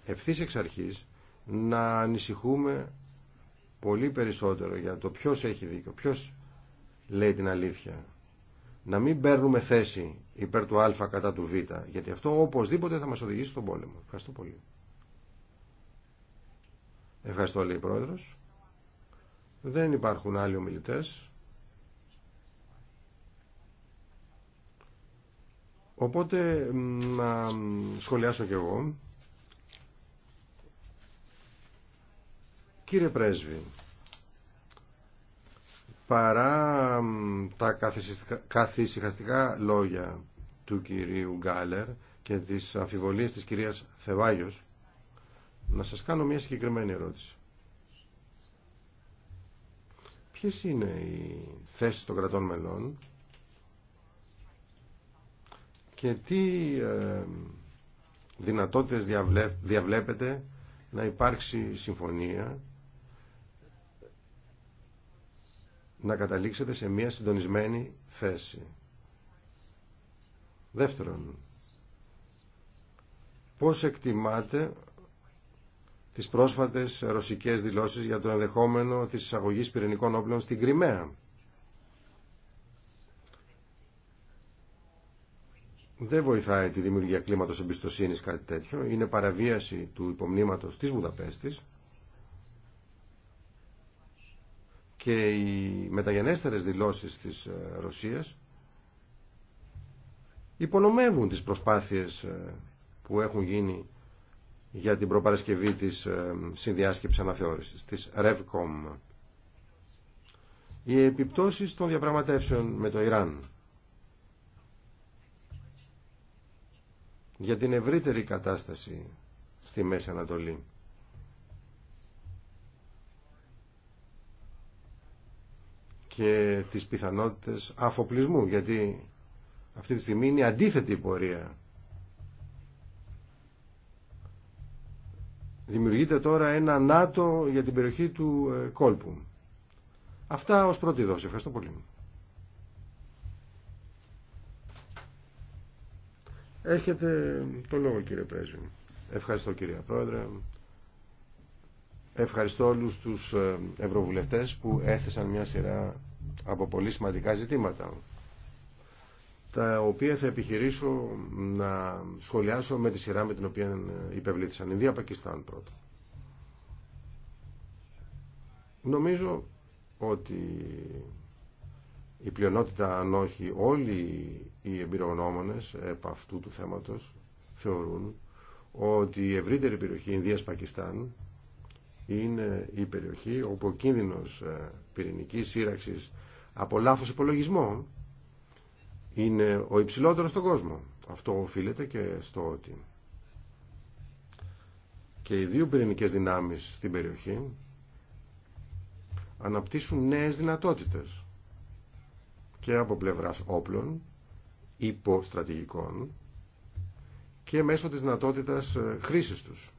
Speaker 3: ευθύ εξ αρχής να ανησυχούμε πολύ περισσότερο για το ποιος έχει δίκιο, ποιος λέει την αλήθεια. Να μην παίρνουμε θέση υπέρ του α κατά του β, γιατί αυτό οπωσδήποτε θα μας οδηγήσει στον πόλεμο. Ευχαριστώ πολύ. Ευχαριστώ λέει η Πρόεδρος. Δεν υπάρχουν άλλοι ομιλητές. Οπότε να σχολιάσω κι εγώ. Κύριε Πρέσβη, παρά τα καθησυχαστικά λόγια του κυρίου Γκάλερ και τις αμφιβολίες της κυρίας Θεβάγιος, να σας κάνω μια συγκεκριμένη ερώτηση. Ποιες είναι οι θέσεις των κρατών μελών και τι ε, δυνατότητες διαβλέπετε να υπάρξει συμφωνία να καταλήξετε σε μια συντονισμένη θέση. Δεύτερον, πώς εκτιμάτε τις πρόσφατες ρωσικές δηλώσεις για το ενδεχόμενο της εισαγωγής πυρηνικών όπλων στην Κρυμαία. Δεν βοηθάει τη δημιουργία κλίματος εμπιστοσύνης κάτι τέτοιο. Είναι παραβίαση του υπομνήματος της Βουδαπέστης και οι μεταγενέστερες δηλώσεις της ε, Ρωσίας υπονομεύουν τις προσπάθειες ε, που έχουν γίνει για την προπαρασκευή της ε, συνδιάσκεψης αναθεώρησης, της REVCOM. Οι επιπτώσεις των διαπραγματεύσεων με το Ιράν για την ευρύτερη κατάσταση στη Μέση Ανατολή. και τις πιθανότητες αφοπλισμού γιατί αυτή τη στιγμή είναι αντίθετη πορεία. Δημιουργείται τώρα ένα ΝΑΤΟ για την περιοχή του ε, κόλπου. Αυτά ως πρώτη δόση. Ευχαριστώ πολύ. Έχετε το λόγο κύριε Πρέσβη. Ευχαριστώ κύριε Πρόεδρε. Ευχαριστώ όλους τους ε, ευρωβουλευτές που έθεσαν μια σειρά από πολύ σημαντικά ζητήματα τα οποία θα επιχειρήσω να σχολιάσω με τη σειρά με την οποία ε, υπευλήθησαν. Ινδία, Πακιστάν πρώτα. Νομίζω ότι η πλειονότητα, αν όχι όλοι οι εμπειρογνώμονες επ' αυτού του θέματος θεωρούν ότι η ευρύτερη περιοχή Ινδίας-Πακιστάν είναι η περιοχή όπου ο κίνδυνος ε, πυρηνικής σύραξης από λάθος υπολογισμό είναι ο υψηλότερος στον κόσμο. Αυτό οφείλεται και στο ότι και οι δύο πυρηνικές δυνάμεις στην περιοχή αναπτύσσουν νέες δυνατότητες και από πλευράς όπλων, υποστρατηγικών και μέσω της δυνατότητας ε, χρήσης τους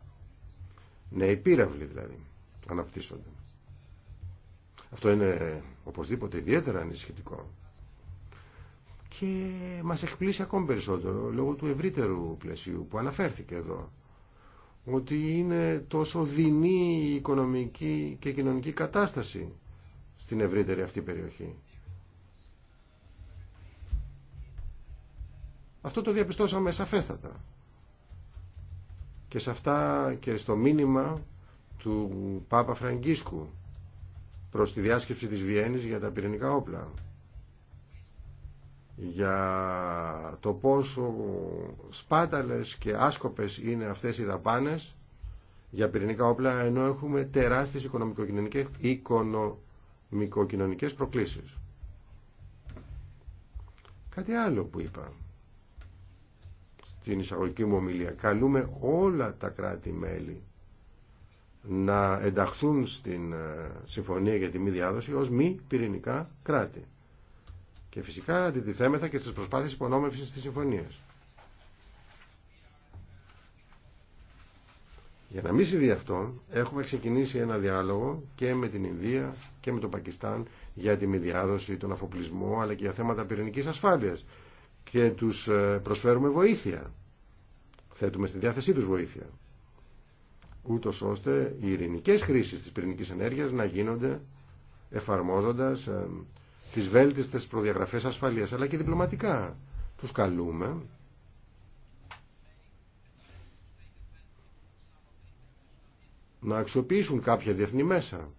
Speaker 3: νέοι πύραυλοι δηλαδή αναπτύσσονται. Αυτό είναι οπωσδήποτε ιδιαίτερα ανησυχητικό. Και μας εκπλήσει ακόμη περισσότερο λόγω του ευρύτερου πλαισίου που αναφέρθηκε εδώ. Ότι είναι τόσο δεινή η οικονομική και κοινωνική κατάσταση στην ευρύτερη αυτή περιοχή. Αυτό το διαπιστώσαμε σαφέστατα και σε αυτά και στο μήνυμα του Πάπα Φραγκίσκου προς τη διάσκεψη της Βιέννης για τα πυρηνικά όπλα για το πόσο σπάταλες και άσκοπες είναι αυτές οι δαπάνες για πυρηνικά όπλα ενώ έχουμε τεράστιες οικονομικοκοινωνικές, οικονομικοκοινωνικές προκλήσεις. Κάτι άλλο που είπα την εισαγωγική μου ομιλία. Καλούμε όλα τα κράτη-μέλη να ενταχθούν στην ε, Συμφωνία για τη Μη Διάδοση ως μη πυρηνικά κράτη. Και φυσικά αντιτιθέμεθα και στις προσπάθειες υπονόμευσης της Συμφωνίας. Για να μην συμβεί αυτό, έχουμε ξεκινήσει ένα διάλογο και με την Ινδία και με το Πακιστάν για τη μη διάδοση, τον αφοπλισμό, αλλά και για θέματα πυρηνικής ασφάλειας και τους ε, προσφέρουμε βοήθεια. Θέτουμε στη διάθεσή τους βοήθεια. Ούτως ώστε οι ειρηνικές χρήσεις της πυρηνικής ενέργειας να γίνονται εφαρμόζοντας ε, τις βέλτιστες προδιαγραφές ασφαλείας, αλλά και διπλωματικά. Τους καλούμε να αξιοποιήσουν κάποια διεθνή μέσα.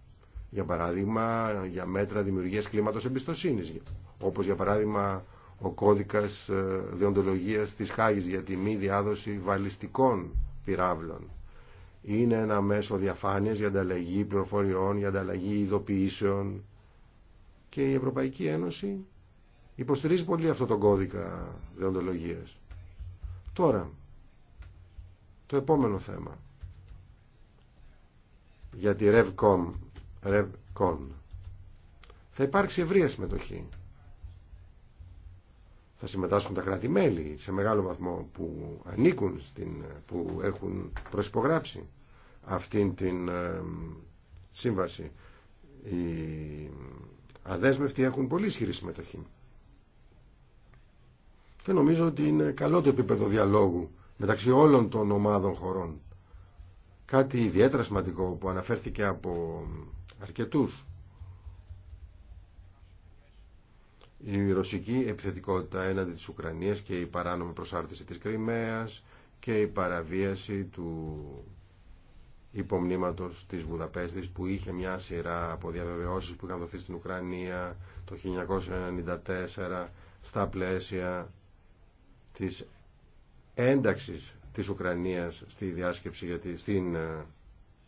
Speaker 3: Για παράδειγμα, για μέτρα δημιουργίας κλίματος εμπιστοσύνης, όπως για παράδειγμα ο κώδικας ε, διοντολογίας της Χάγης για τη μη διάδοση βαλιστικών πυράβλων. Είναι ένα μέσο διαφάνειας για ανταλλαγή πληροφοριών, για ανταλλαγή ειδοποιήσεων και η Ευρωπαϊκή Ένωση υποστηρίζει πολύ αυτό τον κώδικα διοντολογίας. Τώρα, το επόμενο θέμα για τη RevCon, Θα υπάρξει ευρεία συμμετοχή θα συμμετάσχουν τα κράτη-μέλη σε μεγάλο βαθμό που ανήκουν, στην, που έχουν προσυπογράψει αυτήν την ε, σύμβαση. Οι αδέσμευτοι έχουν πολύ ισχυρή συμμετοχή. Και νομίζω ότι είναι καλό το επίπεδο διαλόγου μεταξύ όλων των ομάδων χωρών. Κάτι ιδιαίτερα σημαντικό που αναφέρθηκε από αρκετούς η ρωσική επιθετικότητα έναντι της Ουκρανίας και η παράνομη προσάρτηση της Κρυμαίας και η παραβίαση του υπομνήματος της Βουδαπέστης που είχε μια σειρά από διαβεβαιώσεις που είχαν δοθεί στην Ουκρανία το 1994 στα πλαίσια της ένταξης της Ουκρανίας στη διάσκεψη για τη, στην ε,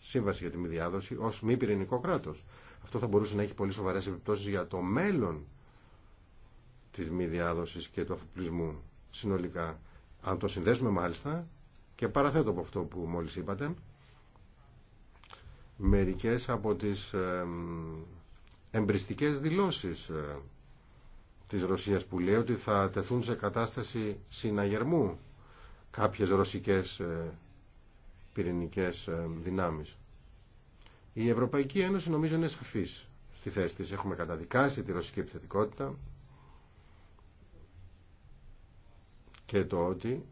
Speaker 3: σύμβαση για τη μη διάδοση ως μη πυρηνικό κράτος. Αυτό θα μπορούσε να έχει πολύ σοβαρές επιπτώσεις για το μέλλον της μη και του αφοπλισμού συνολικά. Αν το συνδέσουμε μάλιστα και παραθέτω από αυτό που μόλις είπατε, μερικές από τις εμπριστικές δηλώσεις ε, της Ρωσίας που λέει ότι θα τεθούν σε κατάσταση συναγερμού κάποιες ρωσικές ε, πυρηνικές ε, δυνάμεις. Η Ευρωπαϊκή Ένωση νομίζω είναι σαφής στη θέση της. Έχουμε καταδικάσει τη ρωσική επιθετικότητα, και το ότι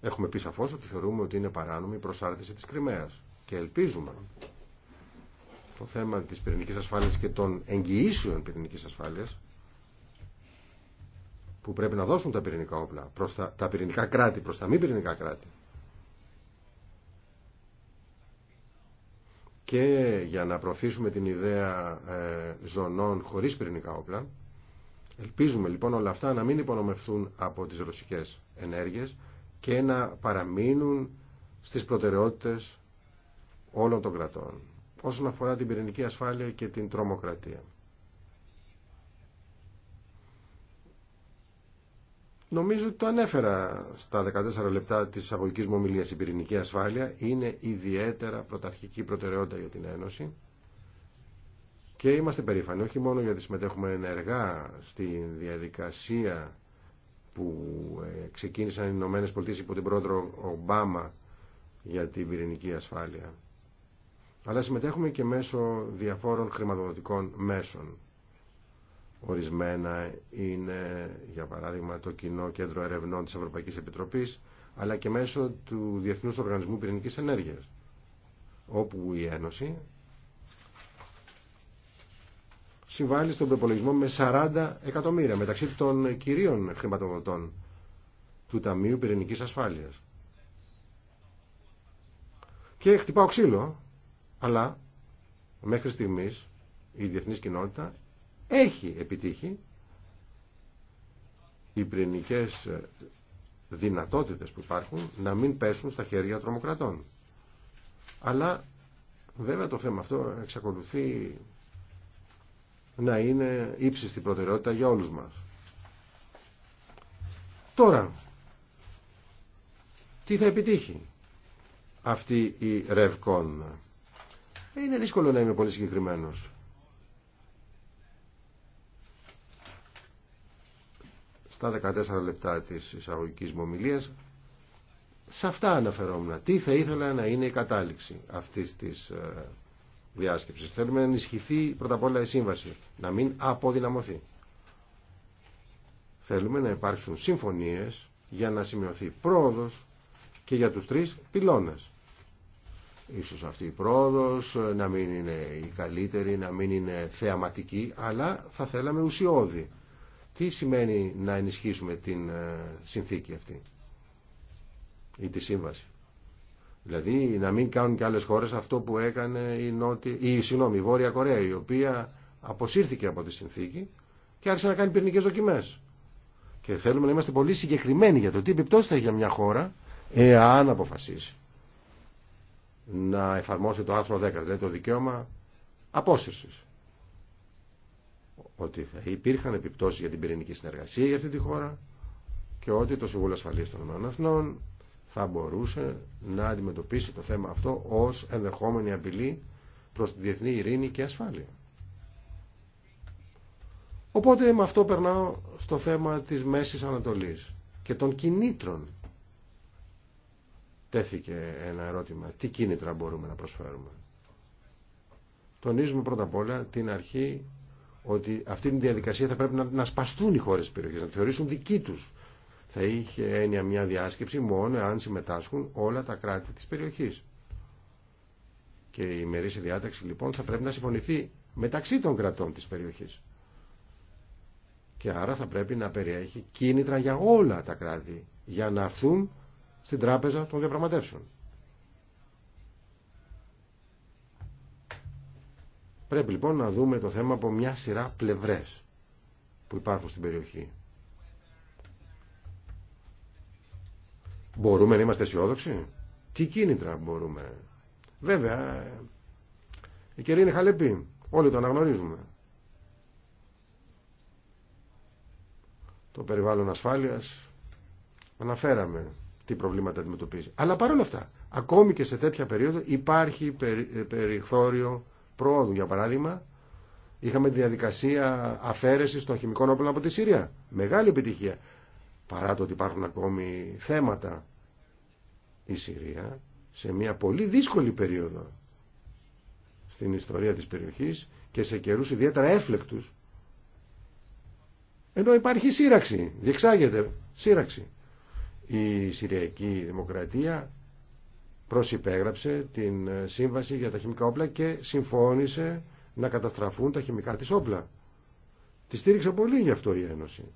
Speaker 3: έχουμε πει σαφώς ότι θεωρούμε ότι είναι παράνομη η προσάρτηση της Κρυμαίας και ελπίζουμε το θέμα της πυρηνικής ασφάλειας και των εγγυήσεων πυρηνικής ασφάλειας που πρέπει να δώσουν τα πυρηνικά όπλα προς τα, τα πυρηνικά κράτη, προς τα μη πυρηνικά κράτη και για να προωθήσουμε την ιδέα ε, ζωνών χωρίς πυρηνικά όπλα Ελπίζουμε λοιπόν όλα αυτά να μην υπονομευθούν από τις ρωσικές ενέργειες και να παραμείνουν στις προτεραιότητες όλων των κρατών όσον αφορά την πυρηνική ασφάλεια και την τρομοκρατία. Νομίζω ότι το ανέφερα στα 14 λεπτά της αγωγικής μου ομιλίας. Η πυρηνική ασφάλεια είναι ιδιαίτερα πρωταρχική προτεραιότητα για την Ένωση και είμαστε περήφανοι όχι μόνο γιατί συμμετέχουμε ενεργά στη διαδικασία που ε, ξεκίνησαν οι Ηνωμένε Πολιτείε υπό την πρόεδρο Ομπάμα για την πυρηνική ασφάλεια, αλλά συμμετέχουμε και μέσω διαφόρων χρηματοδοτικών μέσων. Ορισμένα είναι, για παράδειγμα, το Κοινό Κέντρο Ερευνών της Ευρωπαϊκής Επιτροπής, αλλά και μέσω του Διεθνούς Οργανισμού Πυρηνικής Ενέργειας, όπου η Ένωση συμβάλλει στον προπολογισμό με 40 εκατομμύρια μεταξύ των κυρίων χρηματοδοτών του Ταμείου Πυρηνικής Ασφάλειας. Και χτυπάω ξύλο, αλλά μέχρι στιγμής η διεθνής κοινότητα έχει επιτύχει οι πυρηνικές δυνατότητες που υπάρχουν να μην πέσουν στα χέρια τρομοκρατών. Αλλά βέβαια το θέμα αυτό εξακολουθεί να είναι ύψιστη προτεραιότητα για όλους μας. Τώρα, τι θα επιτύχει αυτή η Ρευκόν. Είναι δύσκολο να είμαι πολύ συγκεκριμένος. Στα 14 λεπτά της εισαγωγικής μου ομιλίας, σε αυτά αναφερόμουν. Τι θα ήθελα να είναι η κατάληξη αυτής της ε, διάσκεψη. Θέλουμε να ενισχυθεί πρώτα απ' όλα η σύμβαση, να μην αποδυναμωθεί. Θέλουμε να υπάρξουν συμφωνίες για να σημειωθεί πρόοδος και για τους τρεις πυλώνες. Ίσως αυτή η πρόοδος ε, να μην είναι η καλύτερη, να μην είναι θεαματική, αλλά θα θέλαμε ουσιώδη. Τι σημαίνει να ενισχύσουμε την ε, συνθήκη αυτή ή τη σύμβαση. Δηλαδή να μην κάνουν και άλλες χώρες αυτό που έκανε η, Νότι... η, η Βόρεια Κορέα η οποία αποσύρθηκε από τη συνθήκη και άρχισε να κάνει πυρηνικές δοκιμές. Και θέλουμε να είμαστε πολύ συγκεκριμένοι για το τι επιπτώσει θα έχει για μια χώρα εάν αποφασίσει να εφαρμόσει το άρθρο 10, δηλαδή το δικαίωμα απόσυρσης. Ότι θα υπήρχαν επιπτώσεις για την πυρηνική συνεργασία για αυτή τη χώρα και ότι το Συμβούλιο Ασφαλείας των Εθνών θα μπορούσε να αντιμετωπίσει το θέμα αυτό ως ενδεχόμενη απειλή προς τη διεθνή ειρήνη και ασφάλεια. Οπότε με αυτό περνάω στο θέμα της Μέσης Ανατολής και των κινήτρων. Τέθηκε ένα ερώτημα. Τι κίνητρα μπορούμε να προσφέρουμε. Τονίζουμε πρώτα απ' όλα την αρχή ότι αυτή τη διαδικασία θα πρέπει να, να σπαστούν οι χώρες της περιοχής, να τη θεωρήσουν δική τους θα είχε έννοια μια διάσκεψη μόνο αν συμμετάσχουν όλα τα κράτη της περιοχής. Και η μερίσια διάταξη λοιπόν θα πρέπει να συμφωνηθεί μεταξύ των κρατών της περιοχής. Και άρα θα πρέπει να περιέχει κίνητρα για όλα τα κράτη για να έρθουν στην τράπεζα των διαπραγματεύσεων. Πρέπει λοιπόν να δούμε το θέμα από μια σειρά πλευρές που υπάρχουν στην περιοχή. Μπορούμε να είμαστε αισιόδοξοι. Τι κίνητρα μπορούμε. Βέβαια, η κυρία είναι χαλεπή. Όλοι το αναγνωρίζουμε. Το περιβάλλον ασφάλειας αναφέραμε τι προβλήματα αντιμετωπίζει. Αλλά παρόλα αυτά, ακόμη και σε τέτοια περίοδο υπάρχει ε, περιθώριο πρόοδου. Για παράδειγμα, είχαμε τη διαδικασία αφαίρεσης των χημικών όπλων από τη Συρία. Μεγάλη επιτυχία παρά το ότι υπάρχουν ακόμη θέματα η Συρία σε μια πολύ δύσκολη περίοδο στην ιστορία της περιοχής και σε καιρούς ιδιαίτερα έφλεκτους ενώ υπάρχει σύραξη, διεξάγεται σύραξη. Η Συριακή Δημοκρατία προσυπέγραψε την σύμβαση για τα χημικά όπλα και συμφώνησε να καταστραφούν τα χημικά της όπλα. Τη στήριξε πολύ γι' αυτό η Ένωση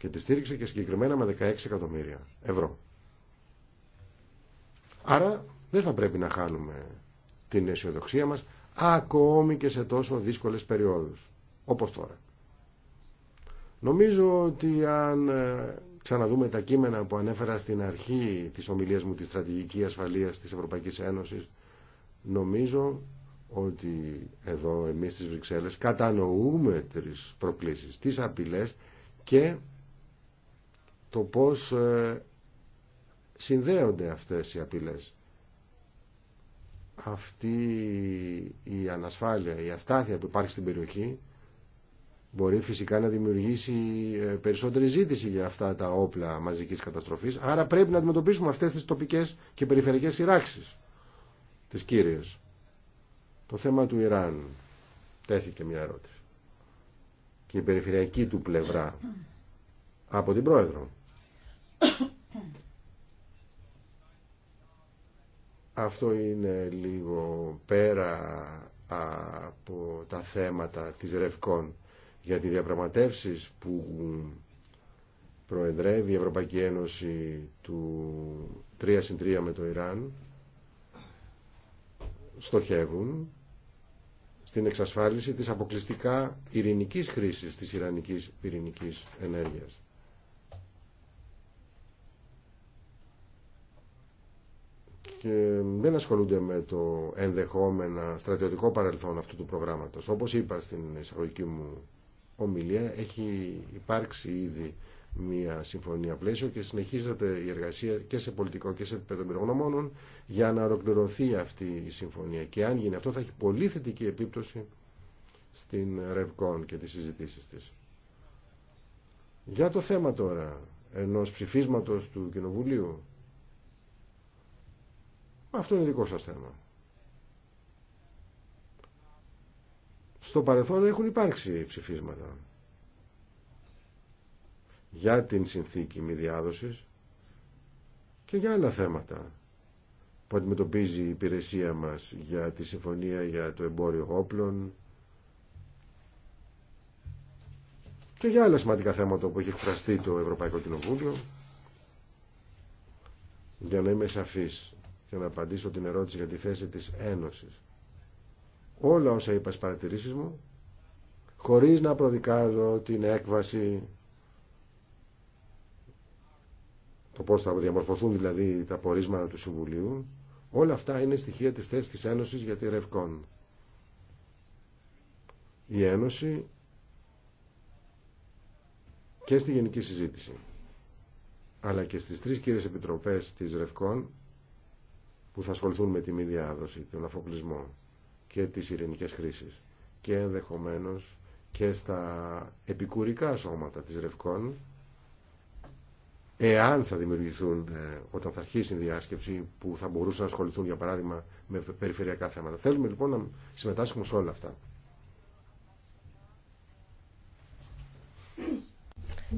Speaker 3: και τη στήριξε και συγκεκριμένα με 16 εκατομμύρια ευρώ. Άρα δεν θα πρέπει να χάνουμε την αισιοδοξία μας ακόμη και σε τόσο δύσκολες περιόδους όπως τώρα. Νομίζω ότι αν ε, ξαναδούμε τα κείμενα που ανέφερα στην αρχή της ομιλίας μου τη στρατηγική ασφαλείας της Ευρωπαϊκής Ένωσης νομίζω ότι εδώ εμείς στις Βρυξέλλες κατανοούμε τις προκλήσεις, τις απειλές και το πώς ε, συνδέονται αυτές οι απειλές. Αυτή η ανασφάλεια, η αστάθεια που υπάρχει στην περιοχή μπορεί φυσικά να δημιουργήσει ε, περισσότερη ζήτηση για αυτά τα όπλα μαζικής καταστροφής. Άρα πρέπει να αντιμετωπίσουμε αυτές τις τοπικές και περιφερειακές σειράξεις, τις κύριες. Το θέμα του Ιράν τέθηκε μια ερώτηση. Και η περιφερειακή του πλευρά από την Πρόεδρο. Αυτό είναι λίγο πέρα από τα θέματα της Ρευκών για τη διαπραγματεύσεις που προεδρεύει η Ευρωπαϊκή Ένωση του 3 3 με το Ιράν στοχεύουν στην εξασφάλιση της αποκλειστικά ειρηνικής χρήσης της Ιρανικής πυρηνικής ενέργειας. και δεν ασχολούνται με το ενδεχόμενα στρατιωτικό παρελθόν αυτού του προγράμματος. Όπως είπα στην εισαγωγική μου ομιλία, έχει υπάρξει ήδη μια συμφωνία πλαίσιο και συνεχίζεται η εργασία και σε πολιτικό και σε επίπεδο πυρογνωμόνων για να ολοκληρωθεί αυτή η συμφωνία. Και αν γίνει αυτό θα έχει πολύ θετική επίπτωση στην ρευκόν και τις συζητήσεις της. Για το θέμα τώρα ενός ψηφίσματος του Κοινοβουλίου αυτό είναι δικό σας θέμα. Στο παρελθόν έχουν υπάρξει ψηφίσματα για την συνθήκη μη διάδοσης και για άλλα θέματα που αντιμετωπίζει η υπηρεσία μας για τη συμφωνία για το εμπόριο όπλων και για άλλα σημαντικά θέματα που έχει εκφραστεί το Ευρωπαϊκό Κοινοβούλιο για να είμαι σαφής για να απαντήσω την ερώτηση για τη θέση της Ένωσης. Όλα όσα είπα στις παρατηρήσεις μου, χωρίς να προδικάζω την έκβαση, το πώς θα διαμορφωθούν δηλαδή τα πορίσματα του Συμβουλίου, όλα αυτά είναι στοιχεία της θέσης της Ένωσης για τη Ρευκόν. Η Ένωση και στη Γενική Συζήτηση αλλά και στις τρεις κύριες επιτροπές της Ρευκόν που θα ασχοληθούν με τη μη διάδοση, τον αφοπλισμό και τις ειρηνικές χρήσεις και ενδεχομένω και στα επικουρικά σώματα της Ρευκών εάν θα δημιουργηθούν ε, όταν θα αρχίσει η διάσκεψη που θα μπορούσαν να ασχοληθούν για παράδειγμα με περιφερειακά θέματα. Θέλουμε λοιπόν να συμμετάσχουμε σε όλα αυτά.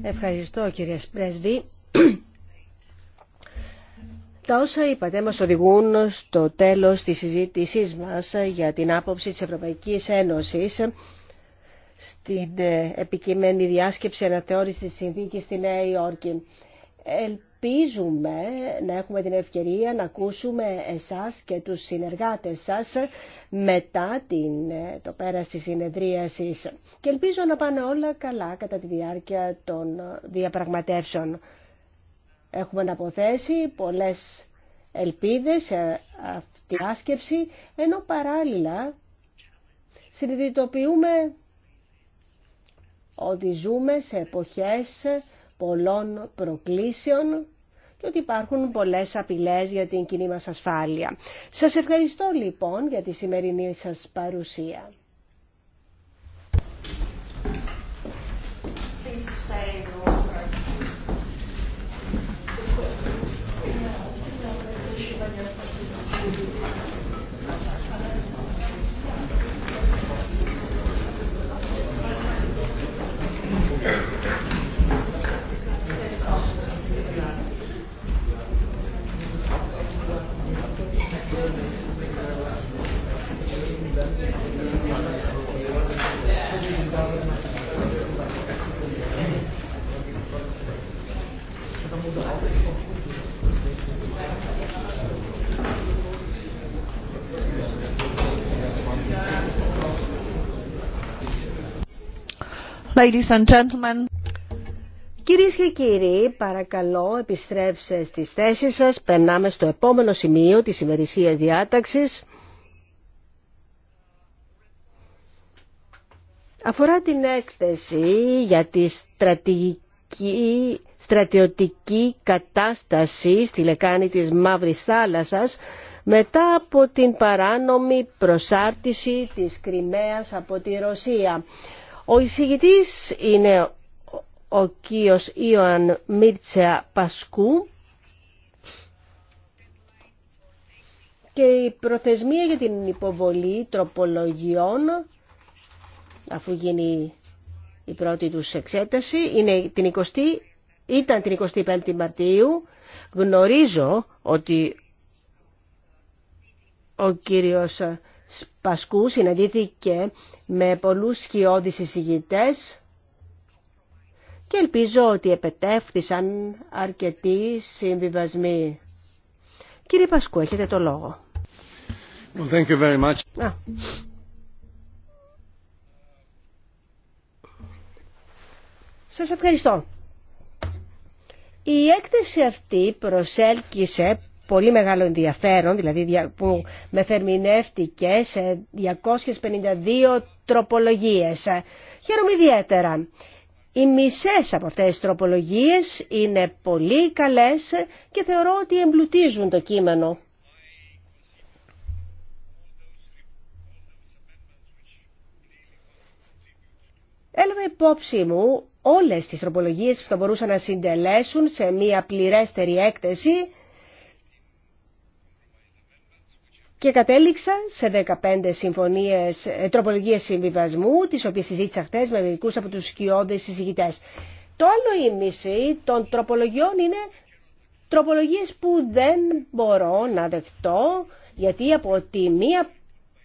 Speaker 2: Ευχαριστώ κύριε Σπρέσβη. Τα όσα είπατε μας οδηγούν στο τέλος της συζήτησής μας για την άποψη της Ευρωπαϊκής Ένωσης στην ε, επικείμενη διάσκεψη αναθεώρησης της συνθήκης στη Νέα Υόρκη. Ελπίζουμε να έχουμε την ευκαιρία να ακούσουμε εσάς και τους συνεργάτες σας μετά την, ε, το πέρας της συνεδρίασης και ελπίζω να πάνε όλα καλά κατά τη διάρκεια των ε, διαπραγματεύσεων. Έχουμε αναποθέσει πολλές ελπίδες σε αυτή την άσκεψη, ενώ παράλληλα συνειδητοποιούμε ότι ζούμε σε εποχές πολλών προκλήσεων και ότι υπάρχουν πολλές απειλές για την κοινή μας ασφάλεια. Σας ευχαριστώ λοιπόν για τη σημερινή σας παρουσία. Ladies and gentlemen. Κυρίες και κύριοι, παρακαλώ επιστρέψτε στις θέσεις σας. Περνάμε στο επόμενο σημείο της ημερησία διάταξη. Αφορά την έκθεση για τη στρατηγική, στρατιωτική κατάσταση στη λεκάνη της Μαύρης Θάλασσας μετά από την παράνομη προσάρτηση της Κρυμαίας από τη Ρωσία. Ο εισηγητής είναι ο κύριος Ιωαν Μίρτσεα Πασκού και η προθεσμία για την υποβολή τροπολογιών αφού γίνει η πρώτη τους εξέταση είναι την 20, ήταν την 25η Μαρτίου γνωρίζω ότι ο κύριος Πασκού συναντήθηκε με πολλούς σκιώδεις εισηγητές και ελπίζω ότι επετεύθησαν αρκετοί συμβιβασμοί. Κύριε Πασκού, έχετε το λόγο.
Speaker 3: Well,
Speaker 2: Σας ευχαριστώ. Η έκθεση αυτή προσέλκυσε πολύ μεγάλο ενδιαφέρον, δηλαδή που με θερμινεύτηκε σε 252 τροπολογίες. Χαίρομαι ιδιαίτερα. Οι μισές από αυτές τις τροπολογίες είναι πολύ καλές και θεωρώ ότι εμπλουτίζουν το κείμενο. Έλαβα υπόψη μου όλες τις τροπολογίες που θα μπορούσαν να συντελέσουν σε μια πληρέστερη έκθεση και κατέληξα σε 15 συμφωνίες, ε, τροπολογίες συμβιβασμού, τις οποίες συζήτησα χθε με μερικού από τους σκιώδες συζητητές. Το άλλο ίμιση των τροπολογιών είναι τροπολογίες που δεν μπορώ να δεχτώ, γιατί από τη μία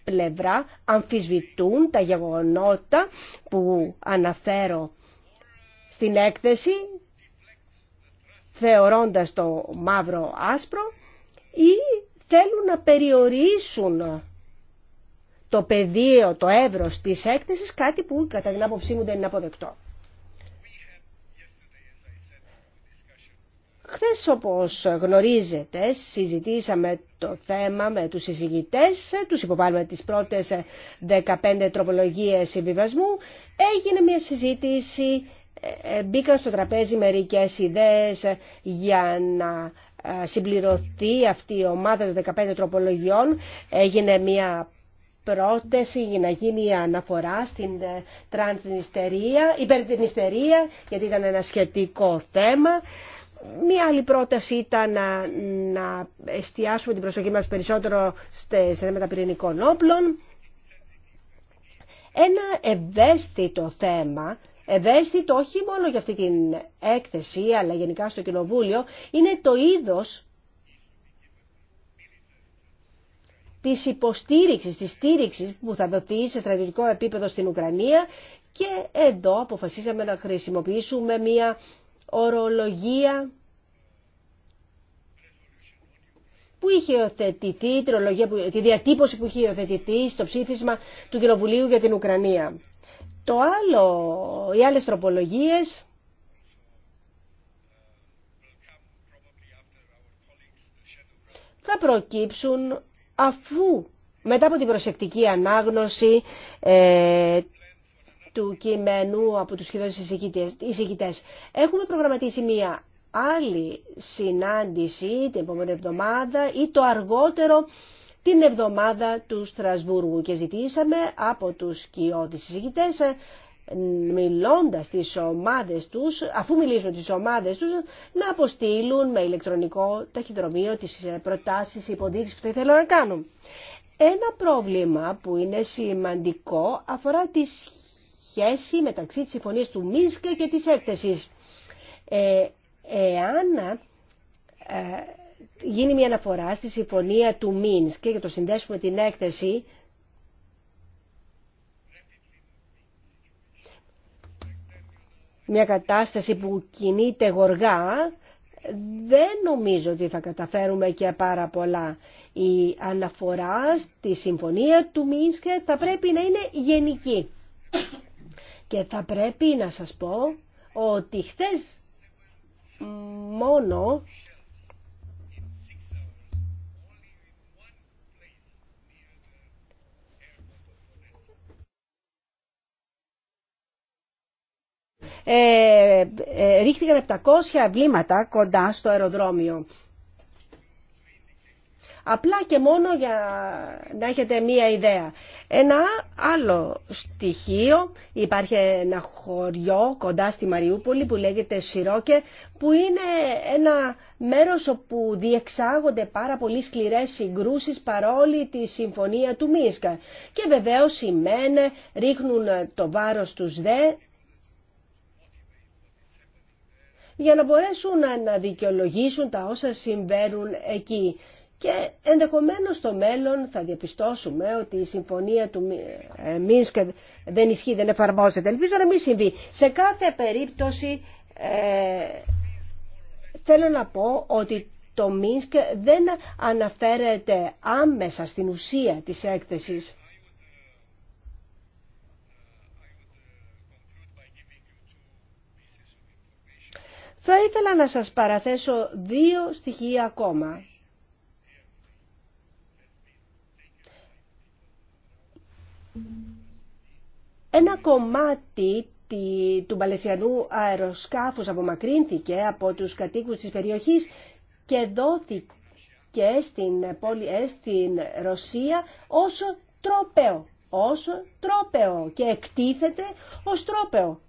Speaker 2: πλευρά αμφισβητούν τα γεγονότα που αναφέρω στην έκθεση, θεωρώντας το μαύρο άσπρο, ή θέλουν να περιορίσουν το πεδίο, το εύρος της έκθεσης, κάτι που κατά την άποψή μου δεν είναι αποδεκτό. Χθε, όπως γνωρίζετε, συζητήσαμε το θέμα με τους συζητητές, τους υποβάλλουμε τις πρώτες 15 τροπολογίες συμβιβασμού. Έγινε μια συζήτηση, ε, ε, μπήκαν στο τραπέζι μερικές ιδέες για να ε, συμπληρωθεί αυτή η ομάδα των 15 τροπολογιών. Έγινε μια πρόταση για να γίνει αναφορά στην ε, τραντινιστερία υπερτινιστερία, γιατί ήταν ένα σχετικό θέμα. Μία άλλη πρόταση ήταν να, να εστιάσουμε την προσοχή μας περισσότερο σε θέματα πυρηνικών όπλων. Ένα ευαίσθητο θέμα ευαίσθητο όχι μόνο για αυτή την έκθεση αλλά γενικά στο Κοινοβούλιο είναι το είδος της υποστήριξης, της στήριξης που θα δοθεί σε στρατιωτικό επίπεδο στην Ουκρανία και εδώ αποφασίσαμε να χρησιμοποιήσουμε μια ορολογία που είχε υιοθετηθεί, τη διατύπωση που είχε υιοθετηθεί στο ψήφισμα του Κοινοβουλίου για την Ουκρανία. Το άλλο, οι άλλες τροπολογίες θα προκύψουν αφού μετά από την προσεκτική ανάγνωση ε, του κειμένου από τους σχεδόν εισηγητές. Έχουμε προγραμματίσει μία άλλη συνάντηση την επόμενη εβδομάδα ή το αργότερο την εβδομάδα του Στρασβούργου και ζητήσαμε από τους κοιόδης συζητητές ε, μιλώντας τις ομάδες τους, αφού μιλήσουν τις ομάδες τους, να αποστείλουν με ηλεκτρονικό ταχυδρομείο τις ε, προτάσεις, υποδείξεις που θα ήθελαν να κάνουν. Ένα πρόβλημα που είναι σημαντικό αφορά τη σχέση μεταξύ της συμφωνίας του ΜΙΣΚΑ και της έκθεσης. Ε, εάν γίνει μια αναφορά στη συμφωνία του Μίνς και για το συνδέσουμε την έκθεση μια κατάσταση που κινείται γοργά δεν νομίζω ότι θα καταφέρουμε και πάρα πολλά. Η αναφορά στη συμφωνία του Μίνσκ θα πρέπει να είναι γενική. Και θα πρέπει να σας πω ότι χθες μόνο Ε, ε, ρίχθηκαν 700 βλήματα κοντά στο αεροδρόμιο. Απλά και μόνο για να έχετε μία ιδέα. Ένα άλλο στοιχείο, υπάρχει ένα χωριό κοντά στη Μαριούπολη που λέγεται Σιρόκε, που είναι ένα μέρος όπου διεξάγονται πάρα πολύ σκληρές συγκρούσεις παρόλη τη συμφωνία του Μίσκα. Και βεβαίως οι ΜΕΝ ρίχνουν το βάρος τους ΔΕ για να μπορέσουν να δικαιολογήσουν τα όσα συμβαίνουν εκεί. Και ενδεχομένως στο μέλλον θα διαπιστώσουμε ότι η συμφωνία του ε, Μίνσκ δεν ισχύει, δεν εφαρμόζεται. Ελπίζω να μην συμβεί. Σε κάθε περίπτωση ε, θέλω να πω ότι το Μίνσκ δεν αναφέρεται άμεσα στην ουσία της έκθεσης. Θα ήθελα να σας παραθέσω δύο στοιχεία ακόμα. Ένα κομμάτι του Παλαισιανού αεροσκάφους απομακρύνθηκε από τους κατοίκους της περιοχής και δόθηκε στην ε, στην Ρωσία όσο τρόπεο, όσο τρόπεο και εκτίθεται ως τρόπεο.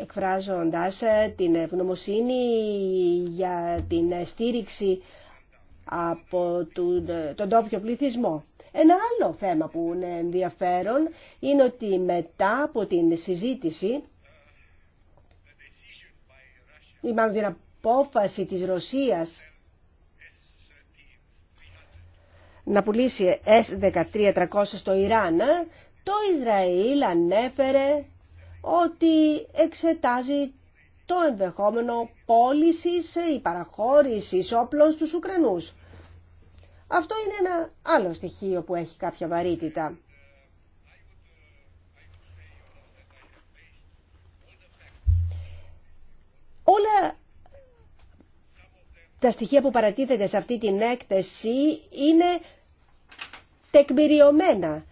Speaker 2: εκφράζοντας ε, την ευγνωμοσύνη για την στήριξη από ε, τον τόπιο πληθυσμό. Ένα άλλο θέμα που είναι ενδιαφέρον είναι ότι μετά από την συζήτηση ή μάλλον την απόφαση της Ρωσίας να πουλήσει S-13-300 στο Ιράν, ε, το Ισραήλ ανέφερε ότι εξετάζει το ενδεχόμενο πώλησης ή παραχώρηση όπλων στους Ουκρανούς. Αυτό είναι ένα άλλο στοιχείο που έχει κάποια βαρύτητα. Όλα τα στοιχεία που παρατίθεται σε αυτή την έκθεση είναι τεκμηριωμένα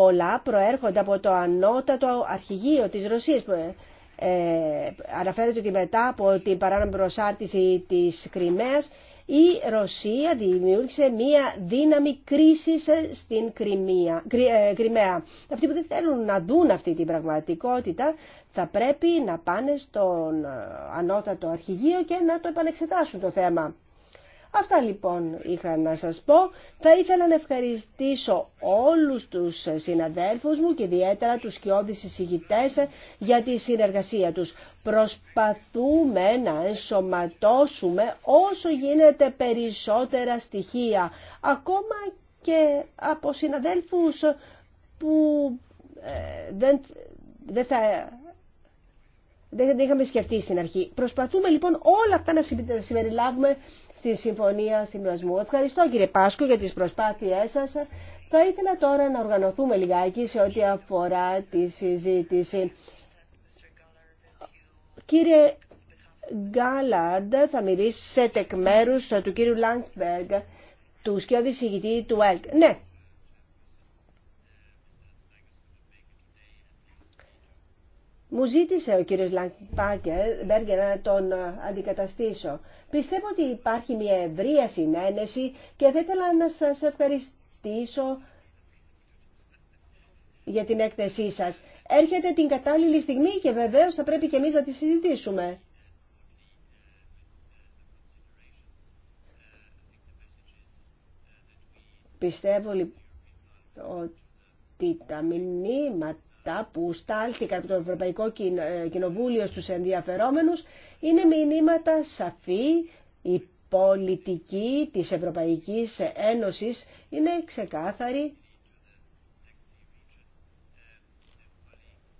Speaker 2: πολλά προέρχονται από το ανώτατο αρχηγείο της Ρωσίας. Ε, ε, αναφέρεται ότι μετά από την παράνομη προσάρτηση της Κρυμαίας η Ρωσία δημιούργησε μία δύναμη κρίση ε, στην Κρυμία, ε, Κρυμαία. Αυτοί που δεν θέλουν να δουν αυτή την πραγματικότητα θα πρέπει να πάνε στον ανώτατο αρχηγείο και να το επανεξετάσουν το θέμα. Αυτά λοιπόν είχα να σας πω. Θα ήθελα να ευχαριστήσω όλους τους συναδέλφους μου και ιδιαίτερα τους σκιώδεις εισηγητές για τη συνεργασία τους. Προσπαθούμε να ενσωματώσουμε όσο γίνεται περισσότερα στοιχεία, ακόμα και από συναδέλφους που ε, δεν, δεν θα δεν είχαμε σκεφτεί στην αρχή. Προσπαθούμε λοιπόν όλα αυτά να συμπεριλάβουμε στη Συμφωνία συμβουλισμού. Ευχαριστώ κύριε Πάσκο για τις προσπάθειές σας. Θα ήθελα τώρα να οργανωθούμε λιγάκι σε ό,τι αφορά τη συζήτηση. Κύριε Γκάλαρντ θα μιλήσει σε τεκμέρους του κύριου Λάνκμπεργκ, του σκιώδη συγητή του ΕΛΚ. Ναι, Μου ζήτησε ο κύριος Λαγκμπέργκερ να τον ε, αντικαταστήσω. Πιστεύω ότι υπάρχει μια ευρεία συνένεση και θα ήθελα να σας ευχαριστήσω για την έκθεσή σας. Έρχεται την κατάλληλη στιγμή και βεβαίως θα πρέπει και εμείς να τη συζητήσουμε. Πιστεύω ότι τα μηνύματα που στάλθηκαν από το Ευρωπαϊκό ε, Κοινοβούλιο στους ενδιαφερόμενους είναι μηνύματα σαφή, η πολιτική της Ευρωπαϊκής Ένωσης είναι ξεκάθαρη,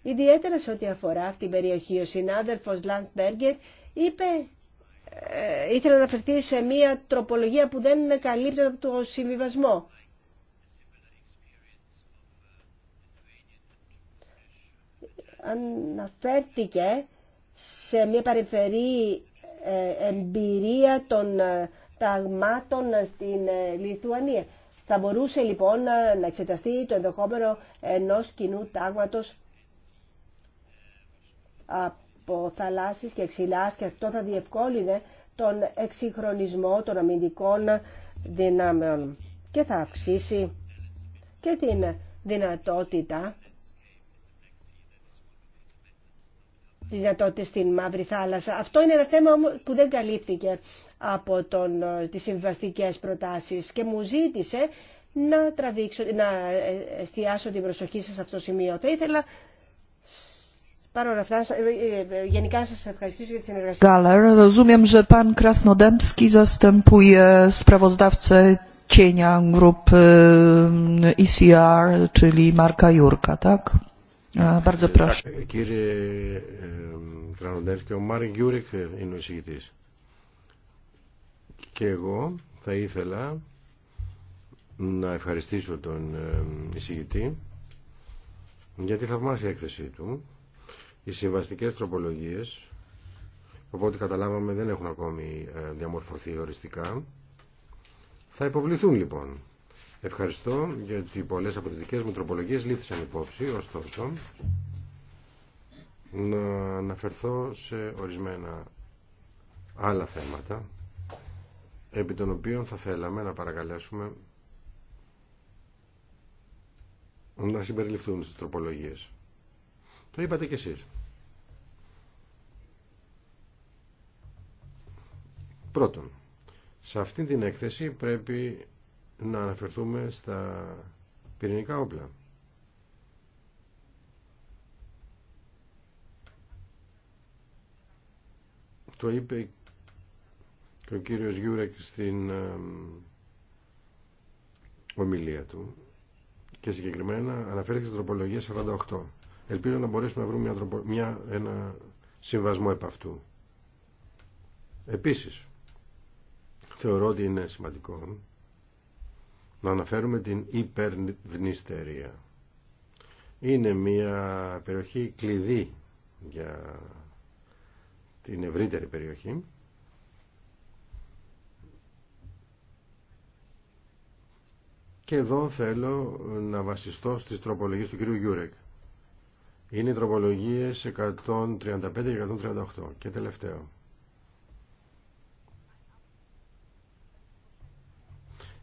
Speaker 2: ιδιαίτερα σε ό,τι αφορά αυτή την περιοχή. Ο συνάδελφος Λαντμπέργκερ είπε ε, ήθελε να αναφερθεί σε μια τροπολογία που δεν καλύπτεται από το συμβιβασμό. αναφέρθηκε σε μια παρεμφερή ε, εμπειρία των ε, ταγμάτων στην ε, Λιθουανία. Θα μπορούσε λοιπόν να εξεταστεί το ενδεχόμενο ενός κοινού τάγματος από θαλάσσις και ξυλάς και αυτό θα διευκόλυνε τον εξυγχρονισμό των αμυντικών δυνάμεων και θα αυξήσει και την δυνατότητα τις δυνατότητες στην Μαύρη Θάλασσα. Αυτό είναι ένα θέμα που δεν καλύφθηκε από τον, ε, τις συμβαστικές προτάσεις και μου ζήτησε να, τραβήξω, να ε, εστιάσω την προσοχή σας σε αυτό το σημείο. Θα ήθελα αυτά, ε, σας
Speaker 1: ευχαριστήσω για την συνεργασία. Galer, rozumiem, że pan Krasnodębski zastępuje sprawozdawcę cienia grup ECR, czyli Marka Jurka, tak? Bardzo proszę.
Speaker 3: Ε, κύριε ε, ο Μάριν Γιούρικ ε, είναι ο εισηγητής. Και εγώ θα ήθελα να ευχαριστήσω τον εισηγητή για τη θαυμάσια έκθεσή του. Οι συμβαστικές τροπολογίες, ότι καταλάβαμε δεν έχουν ακόμη διαμορφωθεί οριστικά, θα υποβληθούν λοιπόν. Ευχαριστώ γιατί πολλές από τις δικές μου τροπολογίες λήφθησαν υπόψη, ωστόσο να αναφερθώ σε ορισμένα άλλα θέματα επί των οποίων θα θέλαμε να παρακαλέσουμε να συμπεριληφθούν στις τροπολογίες. Το είπατε κι εσείς. Πρώτον, σε αυτή την έκθεση πρέπει να αναφερθούμε στα πυρηνικά όπλα. Το είπε και ο κύριος Γιούρεκ στην ομιλία του και συγκεκριμένα αναφέρθηκε στην τροπολογία 48. Ελπίζω να μπορέσουμε να βρούμε μια, μια, ένα συμβασμό επ' αυτού. Επίσης, θεωρώ ότι είναι σημαντικό να αναφέρουμε την υπερδνηστερία. Είναι μια περιοχή κλειδί για την ευρύτερη περιοχή. Και εδώ θέλω να βασιστώ στις τροπολογίες του κυρίου Γιούρεκ. Είναι οι τροπολογίες 135 και 138 και τελευταίο.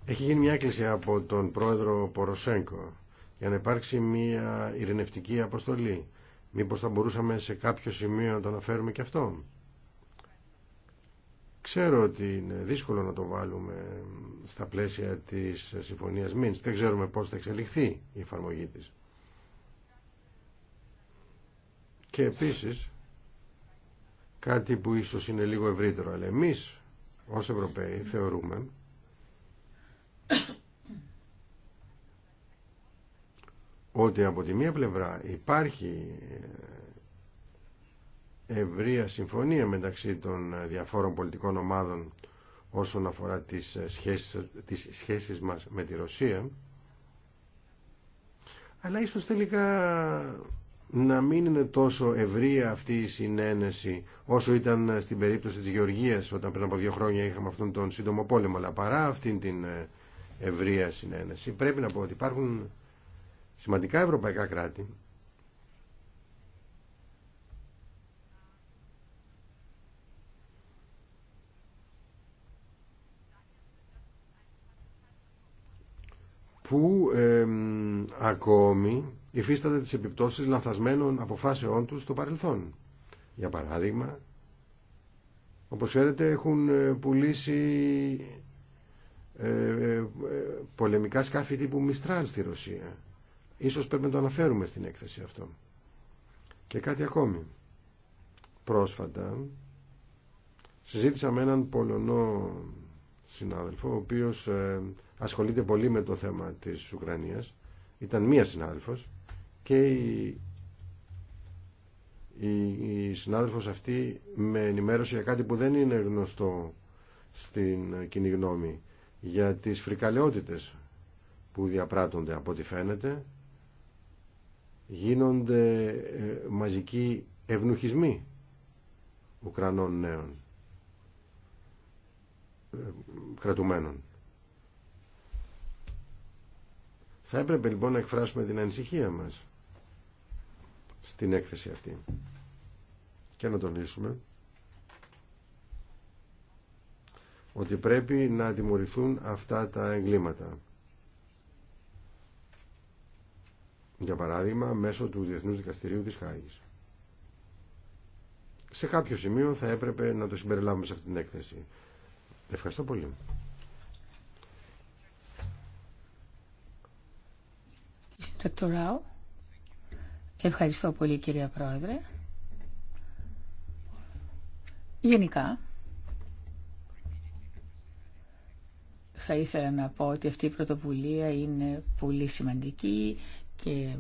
Speaker 3: Έχει γίνει μια έκκληση από τον πρόεδρο Ποροσέγκο για να υπάρξει μια ειρηνευτική αποστολή. Μήπως θα μπορούσαμε σε κάποιο σημείο να το αναφέρουμε και αυτό. Ξέρω ότι είναι δύσκολο να το βάλουμε στα πλαίσια της συμφωνίας Μίντς. Δεν ξέρουμε πώς θα εξελιχθεί η εφαρμογή της. Και επίσης, κάτι που ίσως είναι λίγο ευρύτερο, αλλά εμείς ως Ευρωπαίοι θεωρούμε ότι από τη μία πλευρά υπάρχει ευρεία συμφωνία μεταξύ των διαφόρων πολιτικών ομάδων όσον αφορά τις σχέσεις, τις σχέσεις μας με τη Ρωσία αλλά ίσως τελικά να μην είναι τόσο ευρεία αυτή η συνένεση όσο ήταν στην περίπτωση της Γεωργίας όταν πριν από δύο χρόνια είχαμε αυτόν τον σύντομο πόλεμο αλλά παρά αυτήν την ε, ευρεία συνένεση. Πρέπει να πω ότι υπάρχουν σημαντικά ευρωπαϊκά κράτη που ακόμη υφίσταται τις επιπτώσεις λανθασμένων αποφάσεών τους στο παρελθόν. Για παράδειγμα, όπως ξέρετε έχουν ε, πουλήσει ε, ε, πολεμικά σκάφη τύπου Μιστράν στη Ρωσία. Ίσως πρέπει να το αναφέρουμε στην έκθεση αυτό. Και κάτι ακόμη. Πρόσφατα συζήτησα με έναν Πολωνό συνάδελφο, ο οποίος ε, ασχολείται πολύ με το θέμα της Ουκρανίας. Ήταν μία συνάδελφος και η, η, συνάδελφος αυτή με ενημέρωσε για κάτι που δεν είναι γνωστό στην κοινή γνώμη για τις φρικαλαιότητες που διαπράττονται από ό,τι φαίνεται γίνονται ε, μαζικοί ευνουχισμοί Ουκρανών νέων ε, κρατουμένων. Θα έπρεπε λοιπόν να εκφράσουμε την ανησυχία μας στην έκθεση αυτή και να τονίσουμε ότι πρέπει να τιμωρηθούν αυτά τα εγκλήματα. Για παράδειγμα, μέσω του Διεθνούς Δικαστηρίου της Χάγης. Σε κάποιο σημείο θα έπρεπε να το συμπεριλάβουμε σε αυτή την έκθεση. Ευχαριστώ πολύ.
Speaker 1: Ευχαριστώ πολύ κυρία Πρόεδρε. Γενικά, Θα ήθελα να πω ότι αυτή η πρωτοβουλία είναι πολύ σημαντική και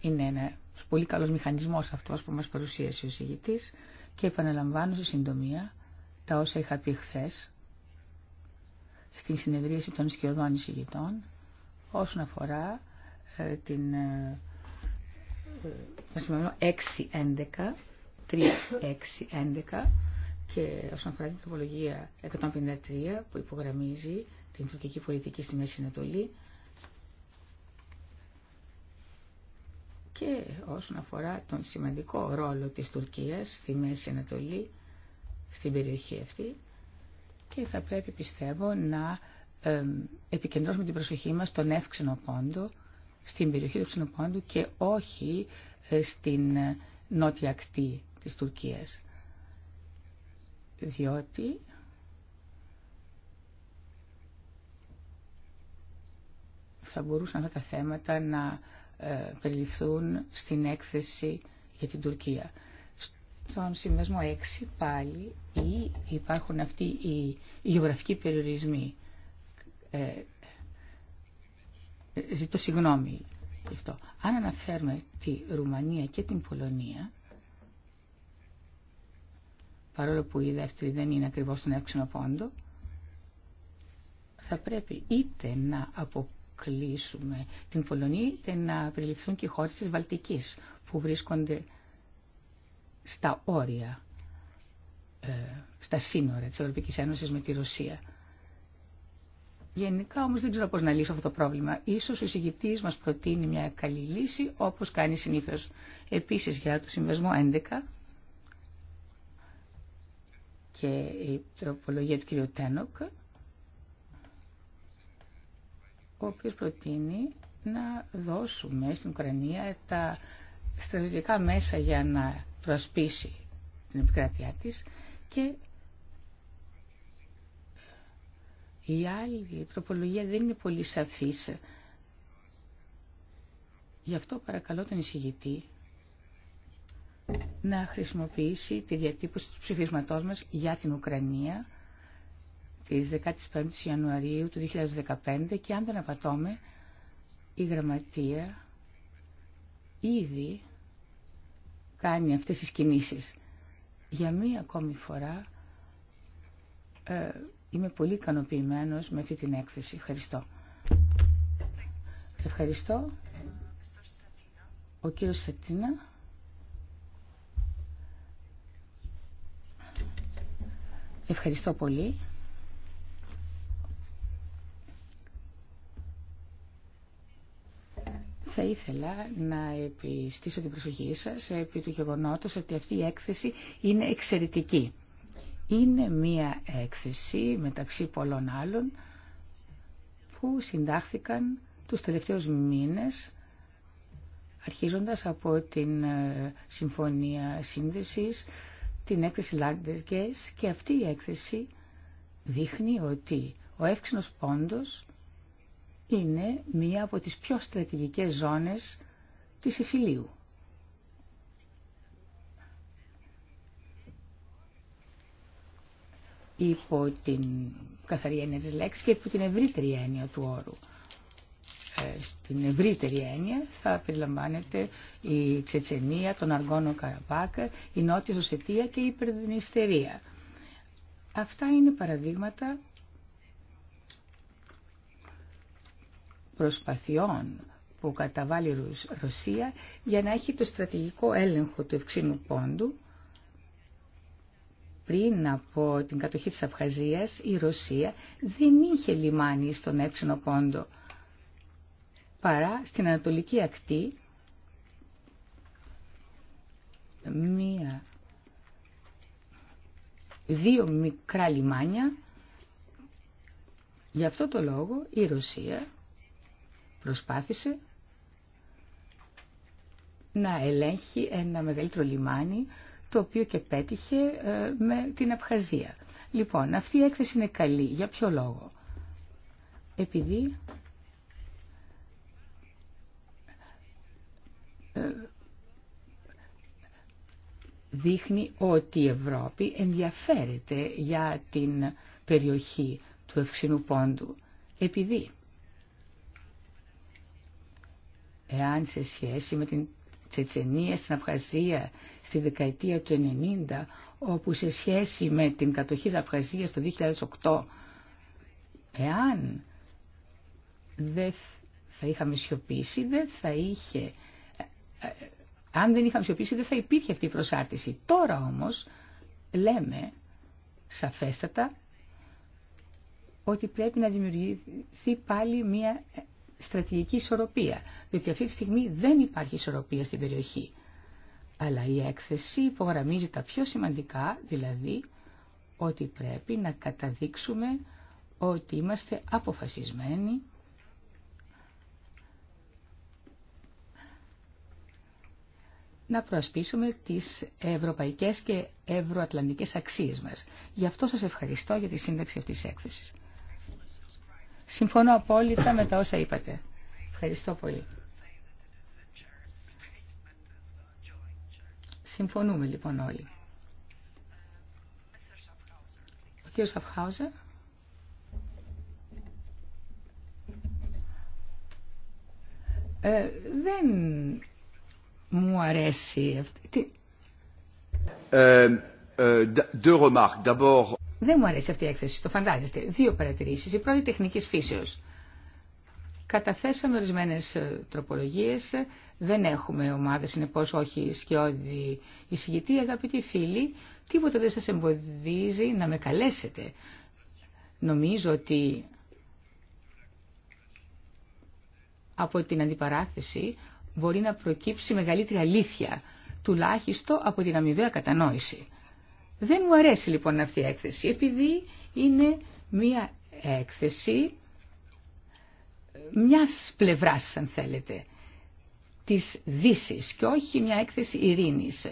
Speaker 1: είναι ένα πολύ καλός μηχανισμός αυτός που μας παρουσίασε ο συγητής και επαναλαμβάνω σε συντομία τα όσα είχα πει χθε στην συνεδρίαση των σκιωδών εισηγητών όσον αφορά ε, την ε, 6-11 ε, 3-6-11 και όσον αφορά την τροπολογία 153 που υπογραμμίζει την τουρκική πολιτική στη Μέση Ανατολή και όσον αφορά τον σημαντικό ρόλο της Τουρκίας στη Μέση Ανατολή, στην περιοχή αυτή και θα πρέπει πιστεύω να επικεντρώσουμε την προσοχή μας στον εύξενο πόντο, στην περιοχή του ξενοπόντου και όχι ε, στην ε, νότια ακτή της Τουρκίας. Διότι θα μπορούσαν αυτά τα θέματα να ε, περιληφθούν στην έκθεση για την Τουρκία. Στον Συμβασμό 6 πάλι ή υπάρχουν αυτοί οι γεωγραφικοί περιορισμοί. Ε, ζητώ συγγνώμη γι' αυτό. Αν αναφέρουμε τη Ρουμανία και την Πολωνία, παρόλο που η δεύτερη δεν είναι ακριβώς στον έξινο πόντο, θα πρέπει είτε να αποκλείσουμε την Πολωνία, είτε να περιληφθούν και οι χώρες της Βαλτικής που βρίσκονται στα όρια, ε, στα σύνορα της Ευρωπαϊκής Ένωσης με τη Ρωσία. Γενικά όμως δεν ξέρω πώς να λύσω αυτό το πρόβλημα. Ίσως ο εισηγητής μας προτείνει μια καλή λύση όπως κάνει συνήθως. Επίσης για το συμβασμό 11 και η τροπολογία του κ. Τένοκ ο οποίος προτείνει να δώσουμε στην Ουκρανία τα στρατιωτικά μέσα για να προσπίσει την επικράτειά της και η άλλη τροπολογία δεν είναι πολύ σαφής. Γι' αυτό παρακαλώ τον εισηγητή να χρησιμοποιήσει τη διατύπωση του ψηφίσματός μας για την Ουκρανία Τη 15 η Ιανουαρίου του 2015 και αν δεν απατώμε η γραμματεία ήδη κάνει αυτές τις κινήσεις. Για μία ακόμη φορά ε, είμαι πολύ ικανοποιημένο με αυτή την έκθεση. Ευχαριστώ. Ευχαριστώ. Ο κύριος Σατίνα. Ευχαριστώ πολύ. Θα ήθελα να επιστήσω την προσοχή σας επί του γεγονότος ότι αυτή η έκθεση είναι εξαιρετική. Είναι μία έκθεση μεταξύ πολλών άλλων που συντάχθηκαν τους τελευταίους μήνες αρχίζοντας από την ε, Συμφωνία Σύνδεσης, την έκθεση Γκέις και αυτή η έκθεση δείχνει ότι ο εύξηνος πόντος είναι μία από τις πιο στρατηγικές ζώνες της εφηλίου. υπό την καθαρή έννοια της λέξης και υπό την ευρύτερη έννοια του όρου. Ε, στην ευρύτερη έννοια θα περιλαμβάνεται η Τσετσενία, τον Αργόνο Καραμπάκα, η Νότια Σωσετία και η Υπερδινιστερία. Αυτά είναι παραδείγματα προσπαθειών που καταβάλει η Ρωσία για να έχει το στρατηγικό έλεγχο του ευξήνου πόντου. Πριν από την κατοχή της Αυχαζίας, η Ρωσία δεν είχε λιμάνι στον εύξηνο πόντο, παρά στην ανατολική ακτή μία, δύο μικρά λιμάνια. Γι' αυτό το λόγο η Ρωσία προσπάθησε να ελέγχει ένα μεγαλύτερο λιμάνι, το οποίο και πέτυχε ε, με την Απχαζία. Λοιπόν, αυτή η έκθεση είναι καλή. Για ποιο λόγο. Επειδή ε, δείχνει ότι η Ευρώπη ενδιαφέρεται για την περιοχή του Ευξηνού Πόντου. Επειδή εάν σε σχέση με την Τσετσενία στην Αφχαζία στη δεκαετία του 90, όπου σε σχέση με την κατοχή της Αυγαζίας το 2008, εάν δεν θα είχαμε σιωπήσει, δεν θα είχε... Ε, ε, αν δεν είχαμε σιωπήσει δεν θα υπήρχε αυτή η προσάρτηση. Τώρα όμως λέμε σαφέστατα ότι πρέπει να δημιουργηθεί πάλι μια στρατηγική ισορροπία, διότι αυτή τη στιγμή δεν υπάρχει ισορροπία στην περιοχή. Αλλά η έκθεση υπογραμμίζει τα πιο σημαντικά, δηλαδή ότι πρέπει να καταδείξουμε ότι είμαστε αποφασισμένοι να προασπίσουμε τις ευρωπαϊκές και ευρωατλαντικές αξίες μας. Γι' αυτό σας ευχαριστώ για τη σύνταξη αυτής της έκθεσης. Συμφωνώ απόλυτα με τα όσα είπατε. Ευχαριστώ πολύ. Συμφωνούμε λοιπόν όλοι. Ο κύριος Σαφχάουζερ. Ε, δεν μου αρέσει αυτή.
Speaker 3: Ε, ε, ε
Speaker 2: remarques. D'abord,
Speaker 1: δεν μου αρέσει αυτή η έκθεση, το φαντάζεστε. Δύο παρατηρήσει. Η πρώτη τεχνική φύσεω. Καταθέσαμε ορισμένε τροπολογίε. Δεν έχουμε ομάδε συνεπώ όχι σκιώδη εισηγητή. Αγαπητοί φίλοι, τίποτα δεν σα εμποδίζει να με καλέσετε. Νομίζω ότι από την αντιπαράθεση μπορεί να προκύψει μεγαλύτερη αλήθεια, τουλάχιστον από την αμοιβαία κατανόηση. Δεν μου αρέσει λοιπόν αυτή η έκθεση, επειδή είναι μία έκθεση μιας πλευράς, αν θέλετε, της δύση και όχι μια έκθεση ειρήνης.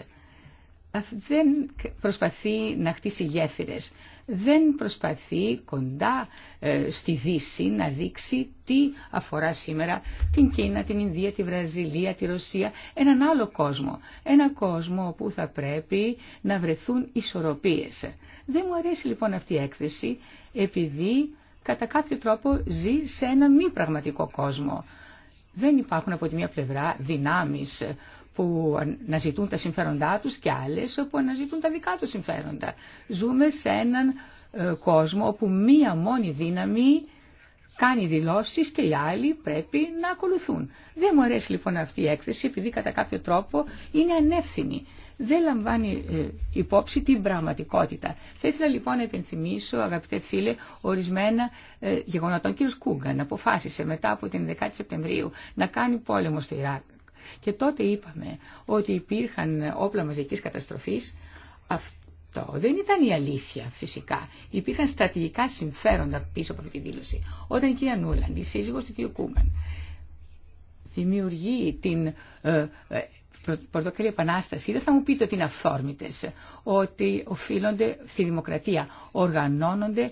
Speaker 1: Δεν προσπαθεί να χτίσει γέφυρες δεν προσπαθεί κοντά ε, στη Δύση να δείξει τι αφορά σήμερα την Κίνα, την Ινδία, τη Βραζιλία, τη Ρωσία, έναν άλλο κόσμο. Ένα κόσμο όπου θα πρέπει να βρεθούν ισορροπίες. Δεν μου αρέσει λοιπόν αυτή η έκθεση επειδή κατά κάποιο τρόπο ζει σε ένα μη πραγματικό κόσμο. Δεν υπάρχουν από τη μία πλευρά δυνάμεις που αναζητούν τα συμφέροντά τους και άλλες που αναζητούν τα δικά τους συμφέροντα. Ζούμε σε έναν ε, κόσμο όπου μία μόνη δύναμη κάνει δηλώσεις και οι άλλοι πρέπει να ακολουθούν. Δεν μου αρέσει λοιπόν αυτή η έκθεση επειδή κατά κάποιο τρόπο είναι ανεύθυνη. Δεν λαμβάνει ε, υπόψη την πραγματικότητα. Θα ήθελα λοιπόν να επενθυμίσω, αγαπητέ φίλε, ορισμένα ε, γεγονότα. Ο κ. Κούγκαν αποφάσισε μετά από την 10η Σεπτεμβρίου να κάνει πόλεμο στο Ιράκ. Και τότε είπαμε ότι υπήρχαν όπλα μαζικής καταστροφής. Αυτό δεν ήταν η αλήθεια φυσικά. Υπήρχαν στρατηγικά συμφέροντα πίσω από αυτή τη δήλωση. Όταν η κυρία Νούλαν, η σύζυγος του κ. Κούμαν, δημιουργεί την ε, ε, Επανάσταση, δεν θα μου πείτε ότι είναι αυθόρμητες, ότι οφείλονται στη δημοκρατία, οργανώνονται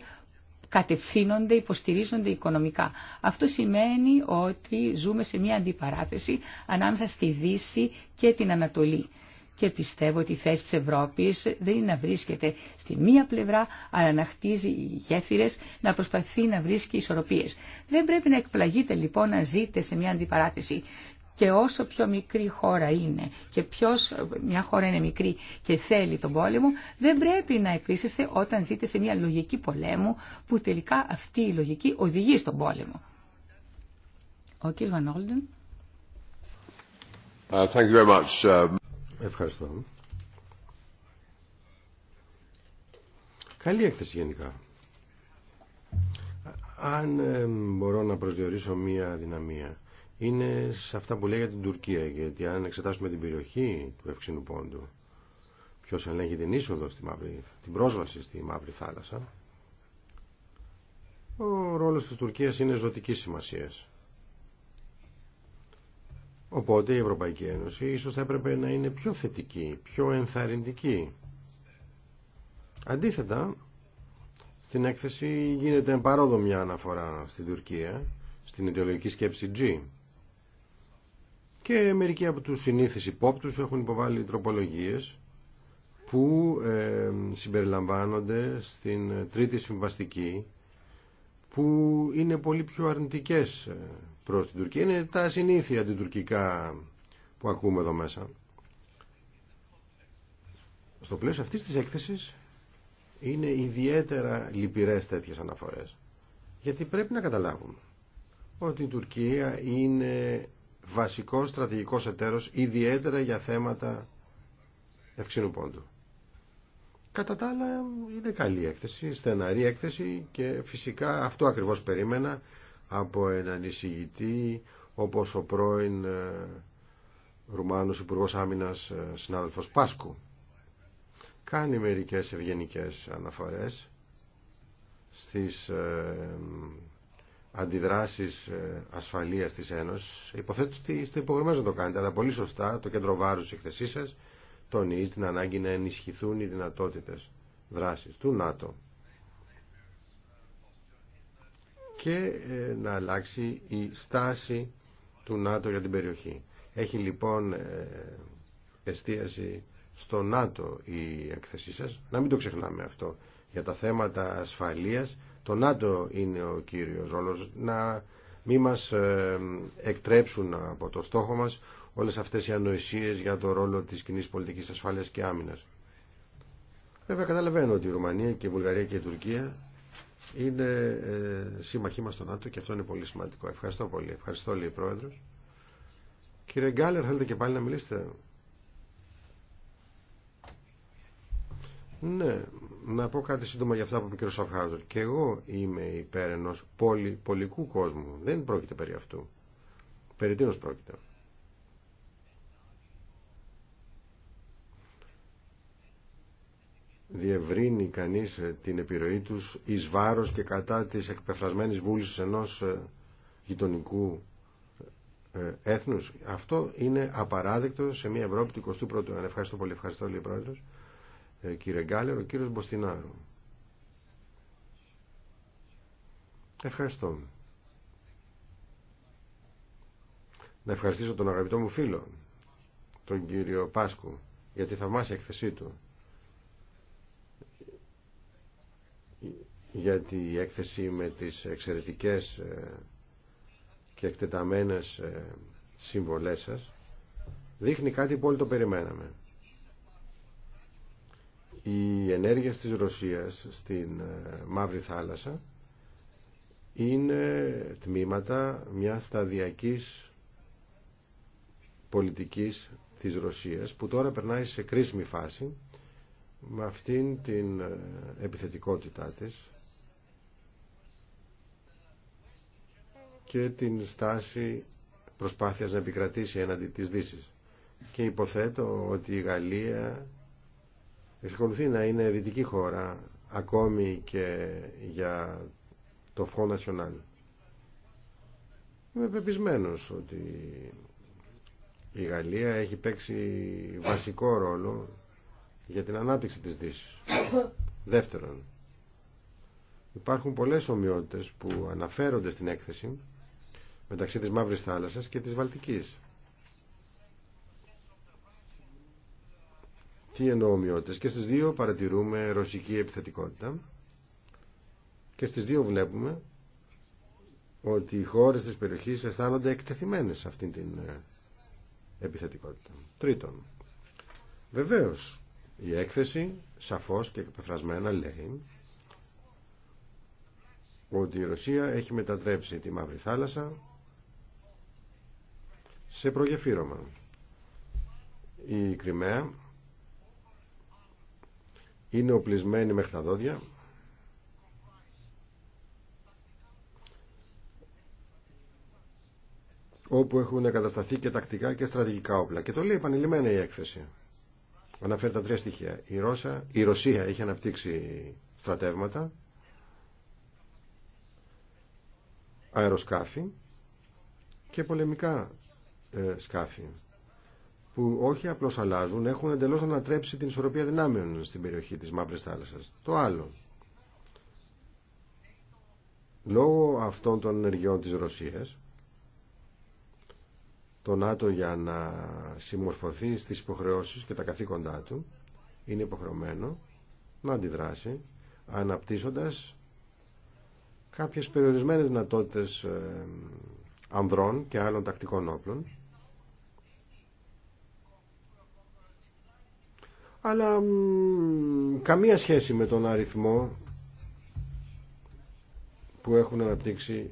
Speaker 1: κατευθύνονται, υποστηρίζονται οικονομικά. Αυτό σημαίνει ότι ζούμε σε μια αντιπαράθεση ανάμεσα στη Δύση και την Ανατολή. Και πιστεύω ότι η θέση της Ευρώπης δεν είναι να βρίσκεται στη μία πλευρά, αλλά να χτίζει γέφυρες, να προσπαθεί να βρίσκει ισορροπίες. Δεν πρέπει να εκπλαγείτε λοιπόν να ζείτε σε μια αντιπαράθεση. Και όσο πιο μικρή χώρα είναι και ποιος, μια χώρα είναι μικρή και θέλει τον πόλεμο, δεν πρέπει να επίσηστε όταν ζείτε σε μια λογική πολέμου που τελικά αυτή η λογική οδηγεί στον πόλεμο. Ο κ.
Speaker 3: Uh, uh, Ευχαριστώ. Καλή έκθεση γενικά. Αν ε, μπορώ να προσδιορίσω μία δυναμία είναι σε αυτά που λέει για την Τουρκία. Γιατί αν εξετάσουμε την περιοχή του Ευξήνου Πόντου, ποιο ελέγχει την είσοδο, στη μαύρη, την πρόσβαση στη Μαύρη Θάλασσα, ο ρόλος της Τουρκίας είναι ζωτική σημασία. Οπότε η Ευρωπαϊκή Ένωση ίσως θα έπρεπε να είναι πιο θετική, πιο ενθαρρυντική. Αντίθετα, στην έκθεση γίνεται παρόδο μια αναφορά στην Τουρκία, στην ιδεολογική σκέψη G και μερικοί από τους συνήθεις υπόπτους έχουν υποβάλει τροπολογίες που ε, συμπεριλαμβάνονται στην τρίτη συμβαστική που είναι πολύ πιο αρνητικές ε, προς την Τουρκία. Είναι τα συνήθεια αντιτουρκικά που ακούμε εδώ μέσα. Στο πλαίσιο αυτής της έκθεσης είναι ιδιαίτερα λυπηρές τέτοιες αναφορές. Γιατί πρέπει να καταλάβουμε ότι η Τουρκία είναι βασικός στρατηγικός εταίρος ιδιαίτερα για θέματα ευξήνου πόντου. Κατά τα άλλα είναι καλή έκθεση, στεναρή έκθεση και φυσικά αυτό ακριβώς περίμενα από έναν εισηγητή όπως ο πρώην ε, Ρουμάνος Υπουργός Άμυνας ε, συνάδελφος Πάσκου. Κάνει μερικές ευγενικές αναφορές στις ε, αντιδράσεις ε, ασφαλείας της Ένωσης. Υποθέτω ότι είστε υπογραμμένοι να το κάνετε, αλλά πολύ σωστά το κέντρο βάρους της εκθεσής σας τονίζει την ανάγκη να ενισχυθούν οι δυνατότητες δράσης του ΝΑΤΟ και ε, να αλλάξει η στάση του ΝΑΤΟ για την περιοχή. Έχει λοιπόν ε, εστίαση στο ΝΑΤΟ η έκθεσή σας. Να μην το ξεχνάμε αυτό. Για τα θέματα ασφαλείας το ΝΑΤΟ είναι ο κύριος ρόλος να μη μας ε, εκτρέψουν από το στόχο μας όλες αυτές οι ανοησίες για το ρόλο της κοινή πολιτικής ασφάλειας και άμυνας. Βέβαια καταλαβαίνω ότι η Ρουμανία και η Βουλγαρία και η Τουρκία είναι ε, σύμμαχοί μας στο ΝΑΤΟ και αυτό είναι πολύ σημαντικό. Ευχαριστώ πολύ. Ευχαριστώ λέει η Πρόεδρος. Κύριε Γκάλερ θέλετε και πάλι να μιλήσετε. Ναι, να πω κάτι σύντομα για αυτά που είπε ο κ. Και εγώ είμαι υπέρ ενό πολυπολικού κόσμου. Δεν πρόκειται περί αυτού. Περί τίνο πρόκειται. Διευρύνει κανείς ε, την επιρροή του ει βάρο και κατά τη εκπεφρασμένη βούληση ενός ε, γειτονικού ε, έθνους. Αυτό είναι απαράδεκτο σε μια Ευρώπη του 21ου αιώνα. Ευχαριστώ πολύ. Ευχαριστώ, λέει Πρόεδρος. Ε, κύριε Γκάλερ, ο κύριος Μποστινάρου. Ευχαριστώ. Να ευχαριστήσω τον αγαπητό μου φίλο, τον κύριο Πάσκου, για τη θαυμάσια εκθεσή του. Γιατί η έκθεση με τις εξαιρετικές ε, και εκτεταμένες ε, συμβολές σας δείχνει κάτι που όλοι το περιμέναμε οι ενέργειες της Ρωσίας στην ε, Μαύρη Θάλασσα είναι τμήματα μια σταδιακής πολιτικής της Ρωσίας που τώρα περνάει σε κρίσιμη φάση με αυτήν την ε, επιθετικότητά της και την στάση προσπάθειας να επικρατήσει έναντι της Δύσης. Και υποθέτω ότι η Γαλλία εξακολουθεί να είναι δυτική χώρα ακόμη και για το Front National. Είμαι πεπισμένος ότι η Γαλλία έχει παίξει βασικό ρόλο για την ανάπτυξη της Δύσης. Δεύτερον, υπάρχουν πολλές ομοιότητες που αναφέρονται στην έκθεση μεταξύ της Μαύρης Θάλασσας και της Βαλτικής. τι εννοώ ομοιότητες. Και στις δύο παρατηρούμε ρωσική επιθετικότητα και στις δύο βλέπουμε ότι οι χώρες της περιοχής αισθάνονται εκτεθειμένες σε αυτήν την ε, επιθετικότητα. Τρίτον, βεβαίως η έκθεση σαφώς και εκπεφρασμένα λέει ότι η Ρωσία έχει μετατρέψει τη Μαύρη Θάλασσα σε προγεφύρωμα. Η Κρυμαία είναι οπλισμένοι μέχρι τα δόντια όπου έχουν εγκατασταθεί και τακτικά και στρατηγικά όπλα. Και το λέει επανειλημμένα η έκθεση. Αναφέρει τα τρία στοιχεία. Η, Ρώσα, η Ρωσία έχει αναπτύξει στρατεύματα, αεροσκάφη και πολεμικά ε, σκάφη που όχι απλώς αλλάζουν, έχουν εντελώς ανατρέψει την ισορροπία δυνάμεων στην περιοχή της Μαύρης Θάλασσας. Το άλλο. Λόγω αυτών των ενεργειών της Ρωσίας, το ΝΑΤΟ για να συμμορφωθεί στις υποχρεώσεις και τα καθήκοντά του, είναι υποχρεωμένο να αντιδράσει, αναπτύσσοντας κάποιες περιορισμένες δυνατότητες ε, ανδρών και άλλων τακτικών όπλων, αλλά καμία σχέση με τον αριθμό που έχουν αναπτύξει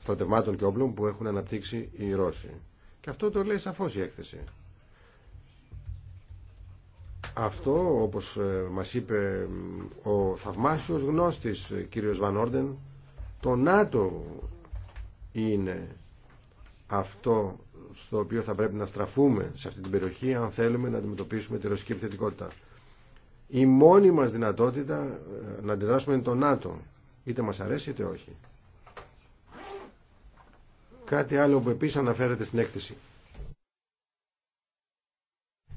Speaker 3: στρατευμάτων και όπλων που έχουν αναπτύξει οι Ρώσοι. Και αυτό το λέει σαφώς η έκθεση. Αυτό, όπως ε, μας είπε ο θαυμάσιος γνώστης ε, κύριος Βαν Όρντεν, το ΝΑΤΟ είναι αυτό στο οποίο θα πρέπει να στραφούμε σε αυτή την περιοχή αν θέλουμε να αντιμετωπίσουμε τη ρωσική επιθετικότητα. Η μόνη μας δυνατότητα ε, να αντιδράσουμε είναι το ΝΑΤΟ, είτε μας αρέσει είτε όχι. Κάτι άλλο που επίσης αναφέρεται στην έκθεση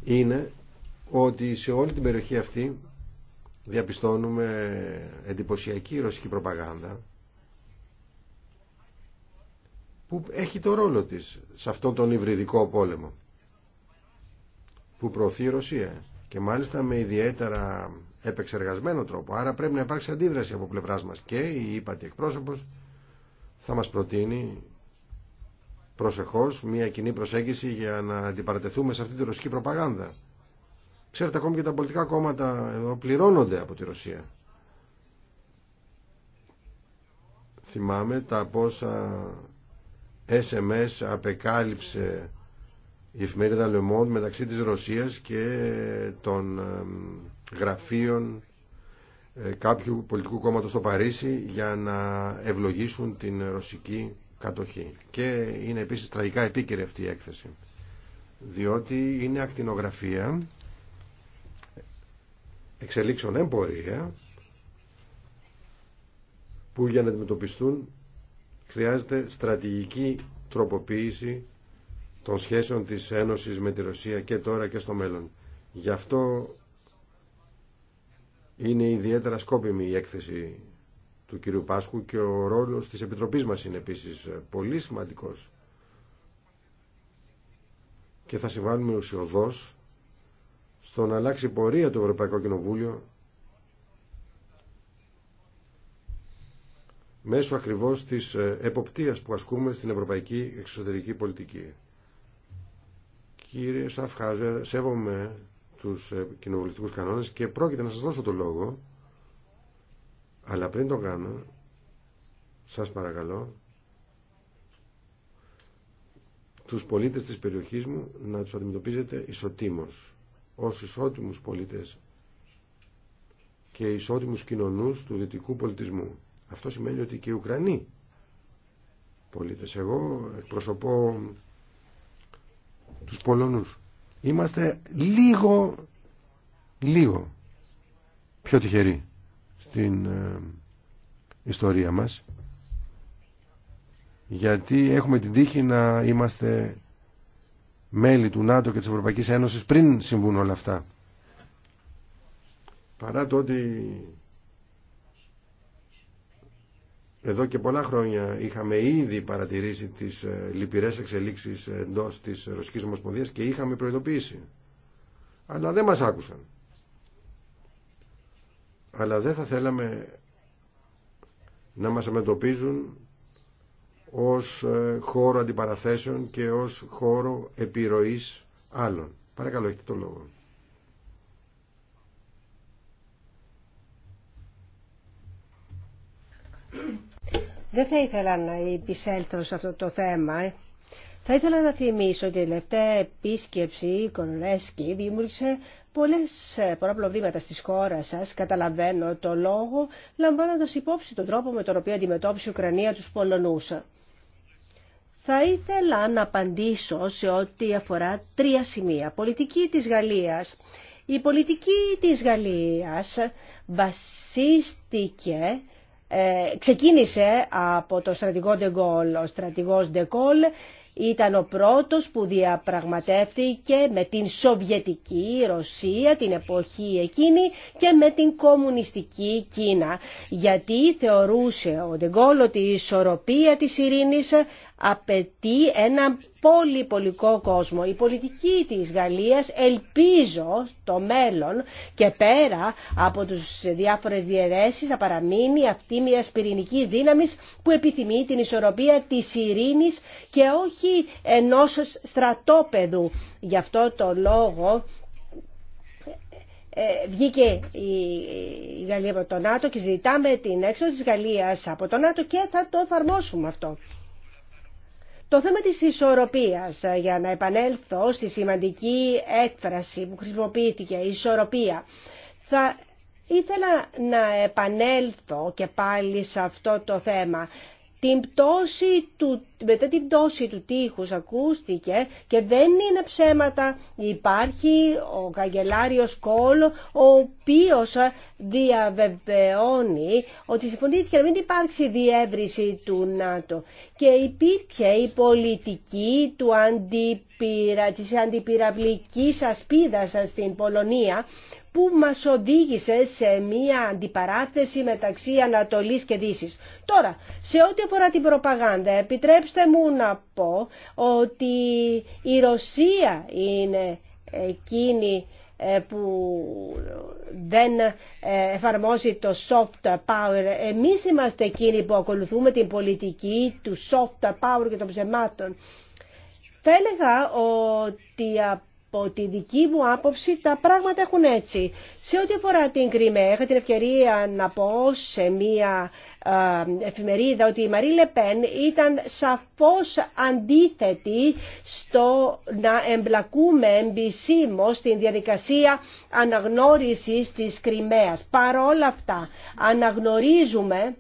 Speaker 3: είναι ότι σε όλη την περιοχή αυτή διαπιστώνουμε εντυπωσιακή ρωσική προπαγάνδα που έχει το ρόλο της σε αυτόν τον υβριδικό πόλεμο που προωθεί η Ρωσία και μάλιστα με ιδιαίτερα επεξεργασμένο τρόπο. Άρα πρέπει να υπάρξει αντίδραση από πλευράς μας και η ύπατη εκπρόσωπος θα μας προτείνει προσεχώς μια κοινή προσέγγιση για να αντιπαρατεθούμε σε αυτή τη ρωσική προπαγάνδα. Ξέρετε ακόμη και τα πολιτικά κόμματα εδώ πληρώνονται από τη Ρωσία. Θυμάμαι τα πόσα SMS απεκάλυψε η εφημερίδα Le μεταξύ της Ρωσίας και των γραφείων ε, κάποιου πολιτικού κόμματος στο Παρίσι για να ευλογήσουν την ρωσική κατοχή. Και είναι επίσης τραγικά επίκαιρη αυτή η έκθεση. Διότι είναι ακτινογραφία εξελίξεων εμπορία που για να αντιμετωπιστούν χρειάζεται στρατηγική τροποποίηση των σχέσεων της Ένωσης με τη Ρωσία και τώρα και στο μέλλον. Γι' αυτό είναι ιδιαίτερα σκόπιμη η έκθεση του κυρίου Πάσχου και ο ρόλος της Επιτροπής μας είναι επίσης πολύ σημαντικός και θα συμβάλλουμε ουσιοδός στο να αλλάξει πορεία το Ευρωπαϊκό Κοινοβούλιο μέσω ακριβώς της ε, εποπτείας που ασκούμε στην ευρωπαϊκή εξωτερική πολιτική. Κύριε Σαφχάζερ, σέβομαι τους ε, κοινοβουλευτικούς κανόνες και πρόκειται να σας δώσω το λόγο, αλλά πριν το κάνω, σας παρακαλώ, τους πολίτες της περιοχής μου να τους αντιμετωπίζετε ισοτήμως, ως ισότιμους πολίτες και ισότιμους κοινωνούς του δυτικού πολιτισμού. Αυτό σημαίνει ότι και οι Ουκρανοί πολίτες. Εγώ εκπροσωπώ τους Πολωνούς. Είμαστε λίγο, λίγο πιο τυχεροί στην ε, ιστορία μας γιατί έχουμε την τύχη να είμαστε μέλη του ΝΑΤΟ και της Ευρωπαϊκής Ένωσης πριν συμβούν όλα αυτά. Παρά το ότι εδώ και πολλά χρόνια είχαμε ήδη παρατηρήσει τις ε, λυπηρές εξελίξεις εντό της Ρωσικής Ομοσπονδίας και είχαμε προειδοποιήσει. Αλλά δεν μας άκουσαν. Αλλά δεν θα θέλαμε να μας αντιμετωπίζουν ως ε, χώρο αντιπαραθέσεων και ως χώρο επιρροής άλλων. Παρακαλώ, έχετε το λόγο.
Speaker 2: Δεν θα ήθελα να επισέλθω σε αυτό το θέμα. Θα ήθελα να θυμίσω ότι η τελευταία επίσκεψη η Κονολέσκη δημιούργησε πολλές, προβλήματα στις χώρες σας. Καταλαβαίνω το λόγο, λαμβάνοντας υπόψη τον τρόπο με τον οποίο αντιμετώπισε η Ουκρανία τους Πολωνούς. Θα ήθελα να απαντήσω σε ό,τι αφορά τρία σημεία. Πολιτική της Γαλλίας. Η πολιτική της Γαλλίας βασίστηκε ε, ξεκίνησε από το στρατηγό Ντεγκόλ. Ο στρατηγός Ντεγκόλ ήταν ο πρώτος που διαπραγματεύτηκε με την Σοβιετική Ρωσία την εποχή εκείνη και με την κομμουνιστική Κίνα γιατί θεωρούσε ο Ντεγκόλ ότι η ισορροπία της ειρήνης απαιτεί ένα πολυπολικό κόσμο. Η πολιτική της Γαλλίας ελπίζω το μέλλον και πέρα από τους διάφορες διαιρέσεις θα παραμείνει αυτή μια πυρηνική δύναμη που επιθυμεί την ισορροπία της ειρήνης και όχι ενός στρατόπεδου. Γι' αυτό το λόγο ε, βγήκε η Γαλλία από το ΝΑΤΟ και ζητάμε την έξοδο της Γαλλίας από το ΝΑΤΟ και θα το εφαρμόσουμε αυτό. Το θέμα της ισορροπίας, ε, για να επανέλθω στη σημαντική έκφραση που χρησιμοποιήθηκε, ισορροπία, θα ήθελα να επανέλθω και πάλι σε αυτό το θέμα την πτώση του, μετά την πτώση του τείχους ακούστηκε και δεν είναι ψέματα. Υπάρχει ο καγκελάριος Κόλ ο οποίος διαβεβαιώνει ότι συμφωνήθηκε να μην υπάρξει διεύρυνση του ΝΑΤΟ και υπήρχε η πολιτική του αντί της αντιπυραυλικής ασπίδας στην Πολωνία που μας οδήγησε σε μία αντιπαράθεση μεταξύ Ανατολής και Δύσης. Τώρα, σε ό,τι αφορά την προπαγάνδα, επιτρέψτε μου να πω ότι η Ρωσία είναι εκείνη ε, που δεν ε, εφαρμόζει το soft power. Εμείς είμαστε εκείνοι που ακολουθούμε την πολιτική του soft power και των ψεμάτων. Θα έλεγα ότι από τη δική μου άποψη τα πράγματα έχουν έτσι. Σε ό,τι αφορά την Κρυμαία, είχα την ευκαιρία να πω σε μία εφημερίδα ότι η Μαρή Λεπέν ήταν σαφώς αντίθετη στο να εμπλακούμε εμπισήμως στην διαδικασία αναγνώρισης της Κρυμαίας. Παρόλα αυτά αναγνωρίζουμε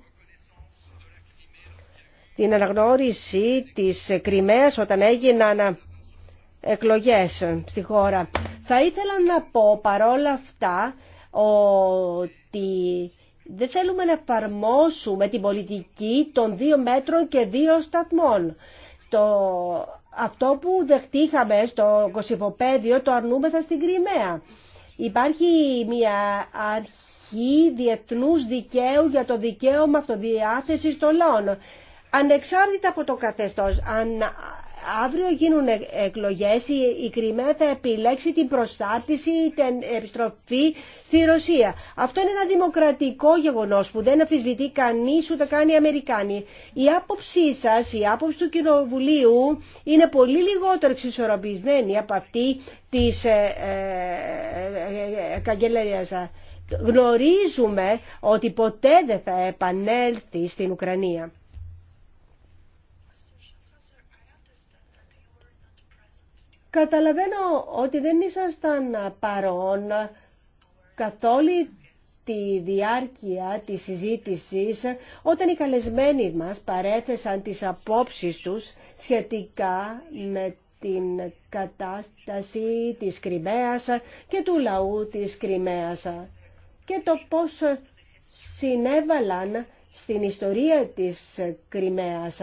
Speaker 2: την αναγνώριση της Κρυμαίας όταν έγιναν εκλογές στη χώρα. Θα ήθελα να πω παρόλα αυτά ότι δεν θέλουμε να εφαρμόσουμε την πολιτική των δύο μέτρων και δύο σταθμών. Το... Αυτό που δεχτήκαμε στο Κωσυφοπέδιο το αρνούμεθα στην Κρυμαία. Υπάρχει μια αρχή διεθνούς δικαίου για το δικαίωμα αυτοδιάθεσης των λαών ανεξάρτητα από το καθεστώς. Αν αύριο γίνουν ε, εκλογές, η Κρυμαία θα επιλέξει την προσάρτηση, ή την επιστροφή στη Ρωσία. Αυτό είναι ένα δημοκρατικό γεγονός που δεν αφισβητεί κανείς ούτε καν οι Αμερικάνοι. Η άποψή σας, η άποψη του Κοινοβουλίου είναι πολύ λιγότερο εξισορροπισμένη από αυτή της ε, ε, ε Γνωρίζουμε ότι ποτέ δεν θα επανέλθει στην Ουκρανία. Καταλαβαίνω ότι δεν ήσασταν παρόν καθ' όλη τη διάρκεια της συζήτησης όταν οι καλεσμένοι μας παρέθεσαν τις απόψεις τους σχετικά με την κατάσταση της Κρυμαίας και του λαού της Κρυμαίας και το πώς συνέβαλαν στην ιστορία της Κρυμαίας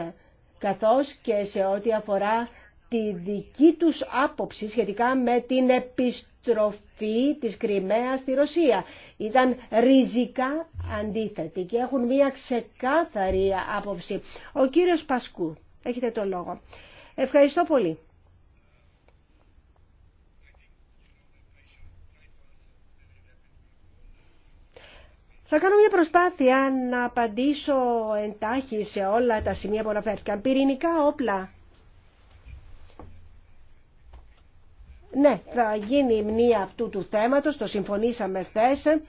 Speaker 2: καθώς και σε ό,τι αφορά τη δική τους άποψη σχετικά με την επιστροφή της Κρυμαίας στη Ρωσία. Ήταν ριζικά αντίθετοι και έχουν μία ξεκάθαρη άποψη. Ο κύριος Πασκού, έχετε το λόγο. Ευχαριστώ πολύ. Θα κάνω μια προσπάθεια να απαντήσω εντάχει σε όλα τα σημεία που αναφέρθηκαν. Πυρηνικά όπλα Ναι, θα γίνει η μνήα αυτού του θέματος, το συμφωνήσαμε χθε.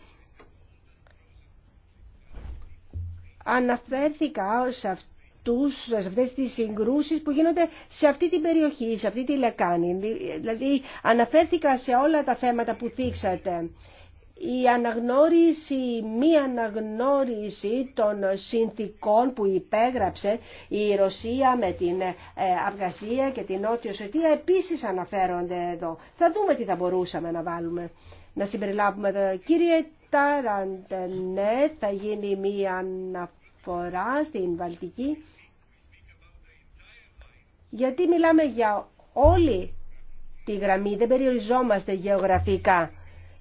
Speaker 2: Αναφέρθηκα σε αυτούς σε αυτές τις συγκρούσεις που γίνονται σε αυτή την περιοχή, σε αυτή τη λεκάνη. Δηλαδή αναφέρθηκα σε όλα τα θέματα που θίξατε η αναγνώριση, μη αναγνώριση των συνθήκων που υπέγραψε η Ρωσία με την ε, Αυγασία και την Νότιο Σωτία επίσης αναφέρονται εδώ. Θα δούμε τι θα μπορούσαμε να βάλουμε, να συμπεριλάβουμε εδώ. Κύριε ναι, θα γίνει μία αναφορά στην Βαλτική. Γιατί μιλάμε για όλη τη γραμμή, δεν περιοριζόμαστε γεωγραφικά.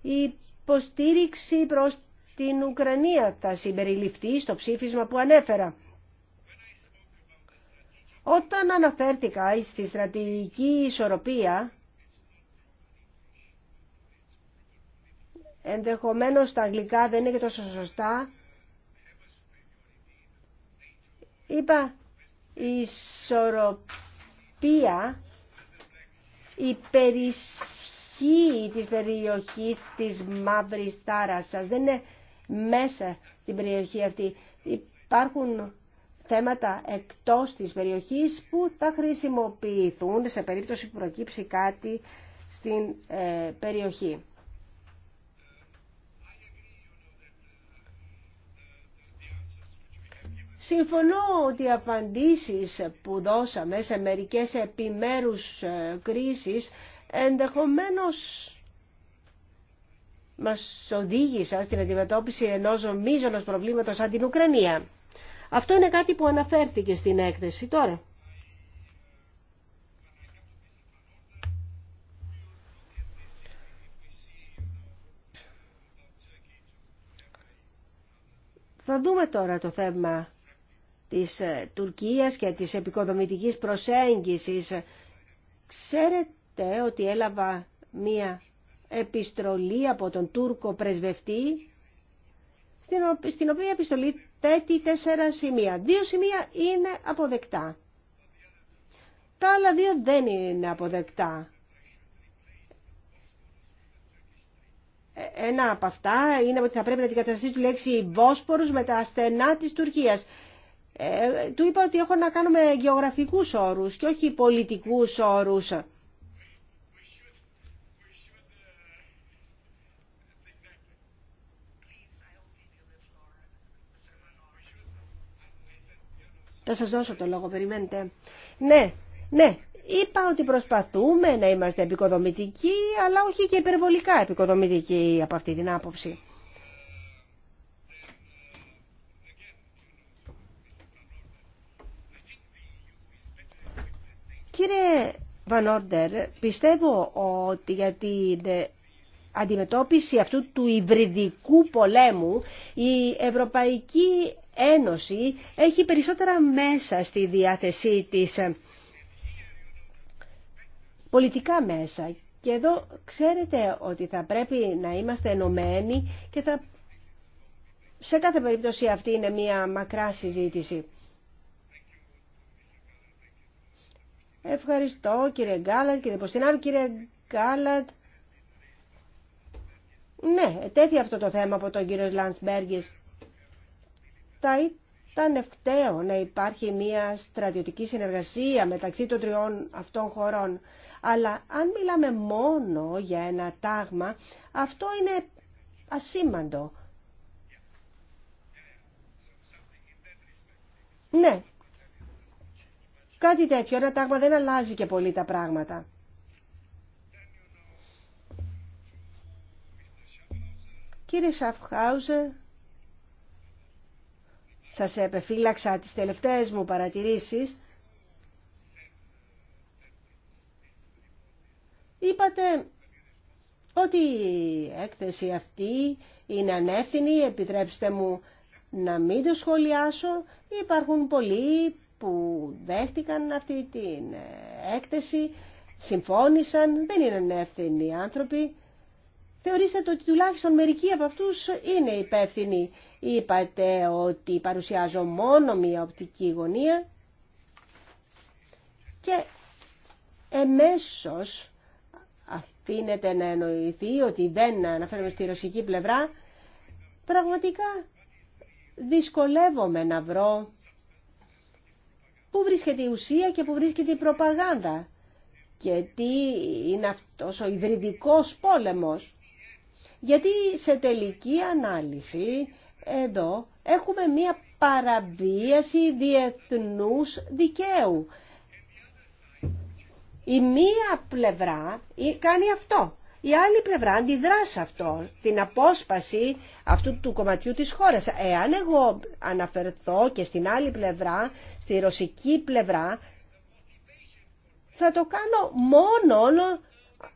Speaker 2: Η υποστήριξη προς την Ουκρανία θα συμπεριληφθεί στο ψήφισμα που ανέφερα. Όταν αναφέρθηκα στη στρατηγική ισορροπία, ενδεχομένως τα αγγλικά δεν είναι και τόσο σωστά, είπα ισορροπία υπερισ της περιοχής της Μαύρης Τάρασσας. Δεν είναι μέσα στην περιοχή αυτή. Υπάρχουν θέματα εκτός της περιοχής που θα χρησιμοποιηθούν σε περίπτωση που προκύψει κάτι στην ε, περιοχή. Συμφωνώ ότι οι απαντήσεις που δώσαμε σε μερικές επιμέρους ε, κρίσεις ενδεχομένως μας οδήγησαν στην αντιμετώπιση ενός μείζωνος προβλήματος σαν την Ουκρανία. Αυτό είναι κάτι που αναφέρθηκε στην έκθεση τώρα. Θα δούμε τώρα το θέμα της ε, Τουρκίας και της επικοδομητικής προσέγγισης. Ξέρετε ότι έλαβα μία επιστολή από τον Τούρκο πρεσβευτή στην οποία επιστολή θέτει τέσσερα σημεία. Δύο σημεία είναι αποδεκτά. Τα άλλα δύο δεν είναι αποδεκτά. Ε, ένα από αυτά είναι ότι θα πρέπει να αντικαταστήσει τη λέξη Βόσπορους με τα ασθενά της Τουρκίας. Ε, του είπα ότι έχω να κάνουμε με γεωγραφικούς όρους και όχι πολιτικούς όρους. Θα σας δώσω το λόγο, περιμένετε. Ναι, ναι, είπα ότι προσπαθούμε να είμαστε επικοδομητικοί, αλλά όχι και υπερβολικά επικοδομητικοί από αυτή την άποψη. Κύριε Βανόρντερ, πιστεύω ότι για την αντιμετώπιση αυτού του υβριδικού πολέμου η Ευρωπαϊκή Ένωση έχει περισσότερα μέσα στη διάθεσή της πολιτικά μέσα και εδώ ξέρετε ότι θα πρέπει να είμαστε ενωμένοι και θα... σε κάθε περίπτωση αυτή είναι μια μακρά συζήτηση. Ευχαριστώ κύριε Γκάλατ, κύριε Ποστινάρου, κύριε Γκάλατ. Ναι, τέτοιο αυτό το θέμα από τον κύριο Λανσμπέργη. Θα ήταν ευκταίο να υπάρχει μια στρατιωτική συνεργασία μεταξύ των τριών αυτών χωρών. Αλλά αν μιλάμε μόνο για ένα τάγμα, αυτό είναι ασήμαντο. Ναι, κάτι τέτοιο, ένα τάγμα δεν αλλάζει και πολύ τα πράγματα. Κύριε Σαφχάουζε, σας επεφύλαξα τις τελευταίες μου παρατηρήσεις. Είπατε ότι η έκθεση αυτή είναι ανεύθυνη, επιτρέψτε μου να μην το σχολιάσω. Υπάρχουν πολλοί που δέχτηκαν αυτή την έκθεση, συμφώνησαν, δεν είναι ανεύθυνοι άνθρωποι θεωρήσατε ότι τουλάχιστον μερικοί από αυτούς είναι υπεύθυνοι. Είπατε ότι παρουσιάζω μόνο μία οπτική γωνία και εμέσως αφήνεται να εννοηθεί ότι δεν αναφέρομαι στη ρωσική πλευρά. Πραγματικά δυσκολεύομαι να βρω πού βρίσκεται η ουσία και πού βρίσκεται η προπαγάνδα και τι είναι αυτός ο ιδρυτικός πόλεμος. Γιατί σε τελική ανάλυση εδώ έχουμε μία παραβίαση διεθνούς δικαίου. Η μία πλευρά κάνει αυτό. Η άλλη πλευρά αντιδρά σε αυτό, την απόσπαση αυτού του κομματιού της χώρας. Εάν εγώ αναφερθώ και στην άλλη πλευρά, στη ρωσική πλευρά, θα το κάνω μόνο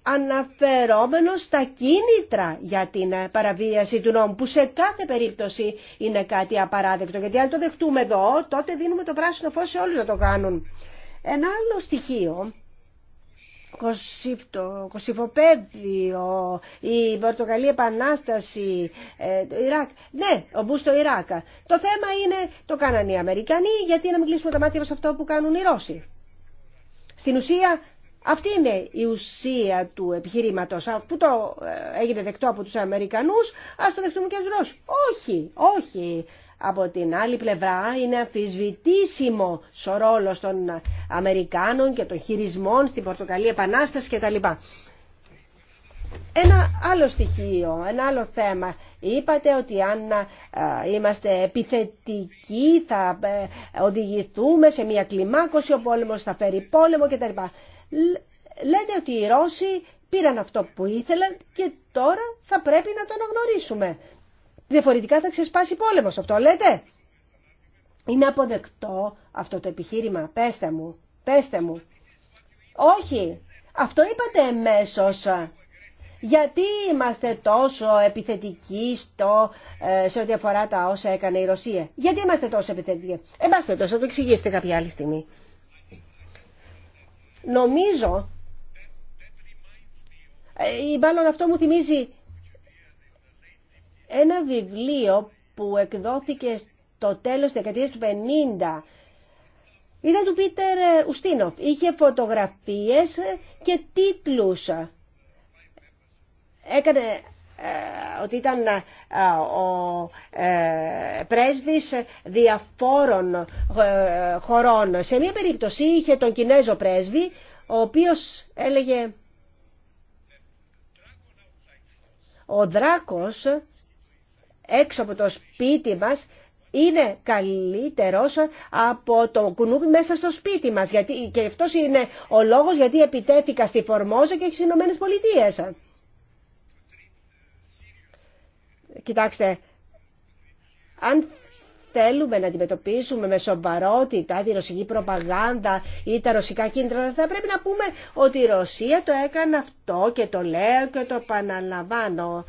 Speaker 2: αναφερόμενο στα κίνητρα για την ε, παραβίαση του νόμου, που σε κάθε περίπτωση είναι κάτι απαράδεκτο. Γιατί αν το δεχτούμε εδώ, τότε δίνουμε το πράσινο φως σε όλους να το κάνουν. Ένα άλλο στοιχείο, Κωσίφτο, η Πορτογαλή Επανάσταση, ε, το Ιράκ. Ναι, ο στο Ιράκ. Το θέμα είναι, το κάνανε οι Αμερικανοί, γιατί να μην κλείσουμε τα μάτια μας αυτό που κάνουν οι Ρώσοι. Στην ουσία αυτή είναι η ουσία του επιχειρήματος. Που το ε, έγινε δεκτό από τους Αμερικανούς, ας το δεχτούμε και τους Όχι, όχι. Από την άλλη πλευρά είναι αμφισβητήσιμο ο ρόλος των Αμερικάνων και των χειρισμών στην Πορτοκαλία Επανάσταση κτλ. Ένα άλλο στοιχείο, ένα άλλο θέμα. Είπατε ότι αν ε, είμαστε επιθετικοί θα ε, οδηγηθούμε σε μια κλιμάκωση, ο πόλεμος θα φέρει πόλεμο κτλ λέτε ότι οι Ρώσοι πήραν αυτό που ήθελαν και τώρα θα πρέπει να το αναγνωρίσουμε. Διαφορετικά θα ξεσπάσει πόλεμος αυτό, λέτε. Είναι αποδεκτό αυτό το επιχείρημα, πέστε μου, πέστε μου. Όχι, αυτό είπατε εμέσως. Γιατί είμαστε τόσο επιθετικοί στο, ε, σε ό,τι αφορά τα όσα έκανε η Ρωσία. Γιατί είμαστε τόσο επιθετικοί. θα το εξηγήσετε κάποια άλλη στιγμή. Νομίζω, ε, ή μάλλον αυτό μου θυμίζει ένα βιβλίο που εκδόθηκε στο τέλος της δεκαετίας του 50 ήταν του Πίτερ ε, Ουστίνοφ. Είχε φωτογραφίες και τίτλους. Έκανε ε, ότι ήταν ε, ο ε, πρέσβης διαφόρων χωρών. Σε μία περίπτωση είχε τον Κινέζο πρέσβη, ο οποίος έλεγε «Ο δράκος έξω από το σπίτι μας είναι καλύτερος από το κουνούπι μέσα στο σπίτι μας». Γιατί, και αυτός είναι ο λόγος απο το κουνουπι μεσα στο σπιτι μας επιτέθηκα στη Φορμόζα και στις Ηνωμένες Πολιτείες. Κοιτάξτε, αν θέλουμε να αντιμετωπίσουμε με σοβαρότητα τη ρωσική προπαγάνδα ή τα ρωσικά κίνητρα, θα πρέπει να πούμε ότι η Ρωσία το έκανε αυτό και το λέω και το επαναλαμβάνω.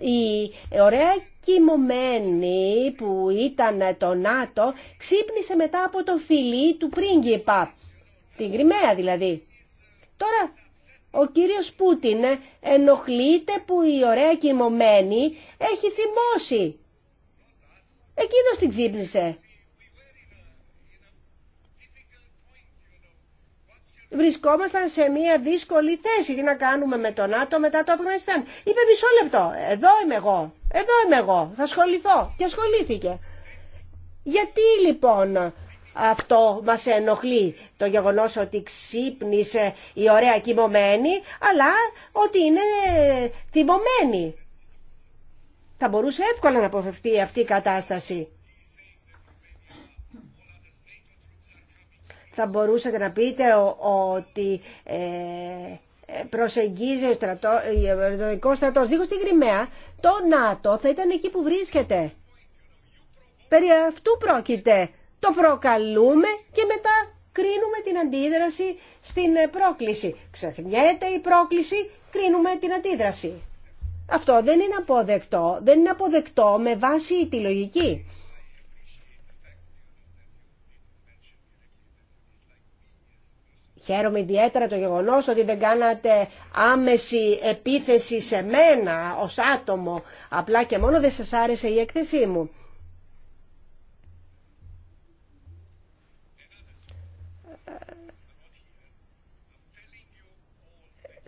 Speaker 2: Η, ωραία κοιμωμένη που ήταν το ΝΑΤΟ ξύπνησε μετά από το φιλί του πρίγκιπα, την Κρυμαία δηλαδή. Τώρα ο κύριος Πούτιν ε, ενοχλείται που η ωραία κοιμωμένη έχει θυμώσει. Εκείνος την ξύπνησε. Βρισκόμασταν σε μια δύσκολη θέση. Τι να κάνουμε με τον Άτο μετά το Αφγανιστάν. Είπε μισό λεπτό. Εδώ είμαι εγώ. Εδώ είμαι εγώ. Θα ασχοληθώ. Και ασχολήθηκε. Γιατί λοιπόν αυτό μας ενοχλεί. Το γεγονός ότι ξύπνησε η ωραία κοιμωμένη, αλλά ότι είναι θυμωμένη. Θα μπορούσε εύκολα να αποφευθεί αυτή η κατάσταση. Θα μπορούσατε να πείτε ότι ε, προσεγγίζει ο Ευρωπαϊκός στρατός δίχως την Κρυμαία, το ΝΑΤΟ θα ήταν εκεί που βρίσκεται. Περί αυτού πρόκειται το προκαλούμε και μετά κρίνουμε την αντίδραση στην ε, πρόκληση. Ξεχνιέται η πρόκληση, κρίνουμε την αντίδραση. Αυτό δεν είναι αποδεκτό, δεν είναι αποδεκτό με βάση τη λογική. Χαίρομαι ιδιαίτερα το γεγονός ότι δεν κάνατε άμεση επίθεση σε μένα ως άτομο. Απλά και μόνο δεν σας άρεσε η έκθεσή μου.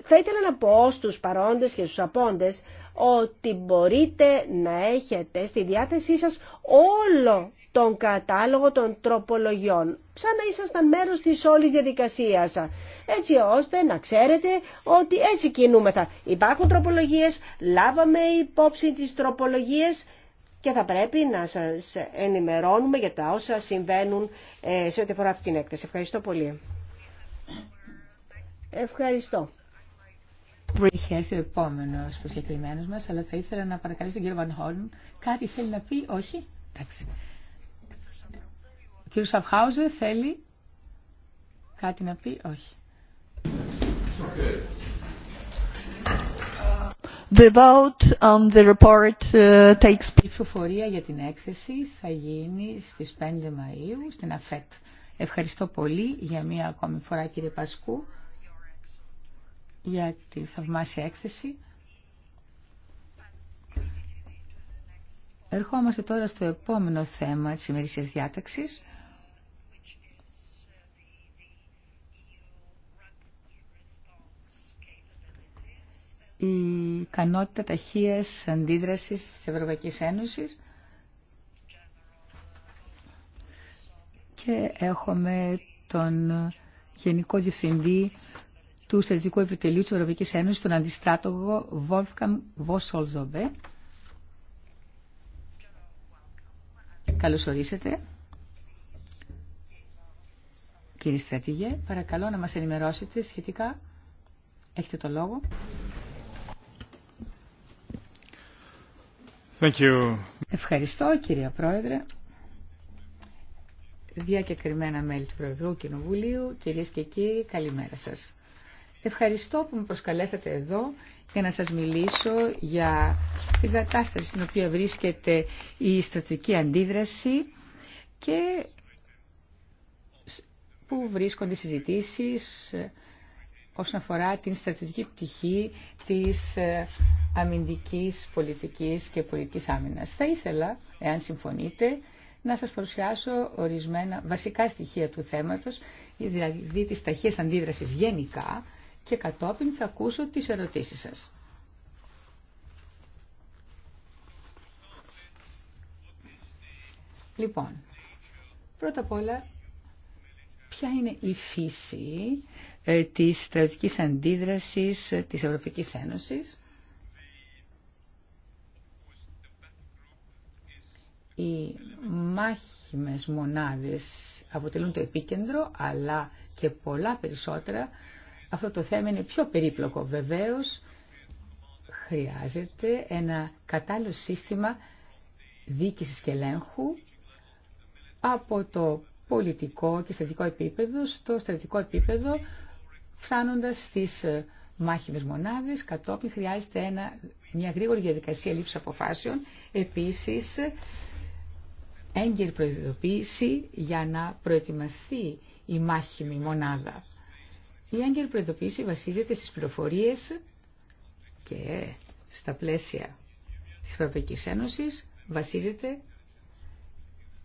Speaker 2: Θα ήθελα να πω στους παρόντες και στους απόντες ότι μπορείτε να έχετε στη διάθεσή σας όλο τον κατάλογο των τροπολογιών, σαν να ήσασταν μέρος της όλης διαδικασίας, έτσι ώστε να ξέρετε ότι έτσι κινούμεθα. Υπάρχουν τροπολογίες, λάβαμε υπόψη τις τροπολογίες και θα πρέπει να σας ενημερώνουμε για τα όσα συμβαίνουν ε, σε ό,τι αφορά αυτή την έκθεση. Ευχαριστώ πολύ.
Speaker 1: Ευχαριστώ. Είχε ο επόμενο προσκεκλημένο μα, αλλά θα ήθελα να παρακαλέσω τον κύριο Βανχόρν. Κάτι θέλει να πει, όχι. Εντάξει. Ο κύριο Σαφχάουζε θέλει κάτι να πει, όχι. The vote on the report uh, takes... Η ψηφοφορία για την έκθεση θα γίνει στις 5 Μαΐου στην ΑΦΕΤ. Ευχαριστώ πολύ για μία ακόμη φορά κύριε Πασκού για τη θαυμάσια έκθεση. Ερχόμαστε τώρα στο επόμενο θέμα της ημερήσιας διάταξης. Η ικανότητα ταχείας αντίδρασης της Ευρωπαϊκής Ένωσης και έχουμε τον Γενικό Διευθυντή του Στρατηγικού Επιτελείου της Ευρωπαϊκής Ένωσης, τον αντιστράτογο Βόλφκαμ Βόσολζομπε. Καλώς ορίσατε. Κύριε Στρατηγέ, παρακαλώ να μας ενημερώσετε σχετικά. Έχετε το λόγο. Thank you. Ευχαριστώ κύριε Πρόεδρε. Διακεκριμένα μέλη του Προεδρού Κοινοβουλίου, κυρίες και κύριοι, καλημέρα σας. Ευχαριστώ που με προσκαλέσατε εδώ για να σας μιλήσω για την κατάσταση στην οποία βρίσκεται η στρατηγική αντίδραση και που βρίσκονται συζητήσεις όσον αφορά την στρατηγική πτυχή της ε, αμυντικής πολιτικής και πολιτικής άμυνας. Θα ήθελα, εάν συμφωνείτε, να σας παρουσιάσω ορισμένα βασικά στοιχεία του θέματος, δηλαδή τις ταχείας αντίδρασης γενικά, και κατόπιν θα ακούσω τις ερωτήσεις σας. Λοιπόν, πρώτα απ' όλα, ποια είναι η φύση ε, της στρατιωτικής αντίδρασης ε, της Ευρωπαϊκής Ένωσης. Οι μάχημες μονάδες αποτελούν το επίκεντρο, αλλά και πολλά περισσότερα αυτό το θέμα είναι πιο περίπλοκο. Βεβαίως χρειάζεται ένα κατάλληλο σύστημα διοίκησης και ελέγχου από το πολιτικό και στρατικό επίπεδο στο στρατικό επίπεδο φτάνοντας στις ε, μάχημες μονάδες. Κατόπιν χρειάζεται ένα, μια γρήγορη διαδικασία λήψης αποφάσεων. Επίσης, έγκαιρη προειδοποίηση για να προετοιμαστεί η μάχημη μονάδα. Η Άγγελ προειδοποίηση βασίζεται στις πληροφορίες και στα πλαίσια της Ευρωπαϊκής Ένωσης βασίζεται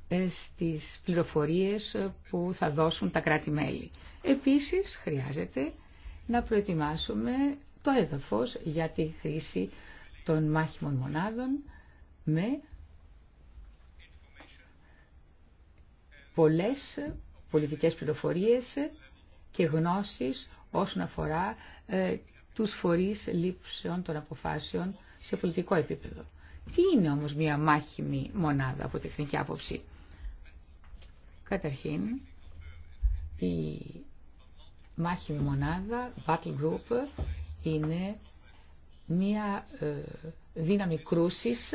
Speaker 1: ε, στις πληροφορίες που θα δώσουν τα κράτη-μέλη. Επίσης, χρειάζεται να προετοιμάσουμε το έδαφος για τη χρήση των μάχημων μονάδων με πολλές πολιτικές πληροφορίες και γνώσεις όσον αφορά ε, τους φορείς λήψεων των αποφάσεων σε πολιτικό επίπεδο. Τι είναι όμως μια μάχημη μονάδα από τεχνική άποψη. Καταρχήν, η μάχημη μονάδα, battle group, είναι μια ε, δύναμη κρούσης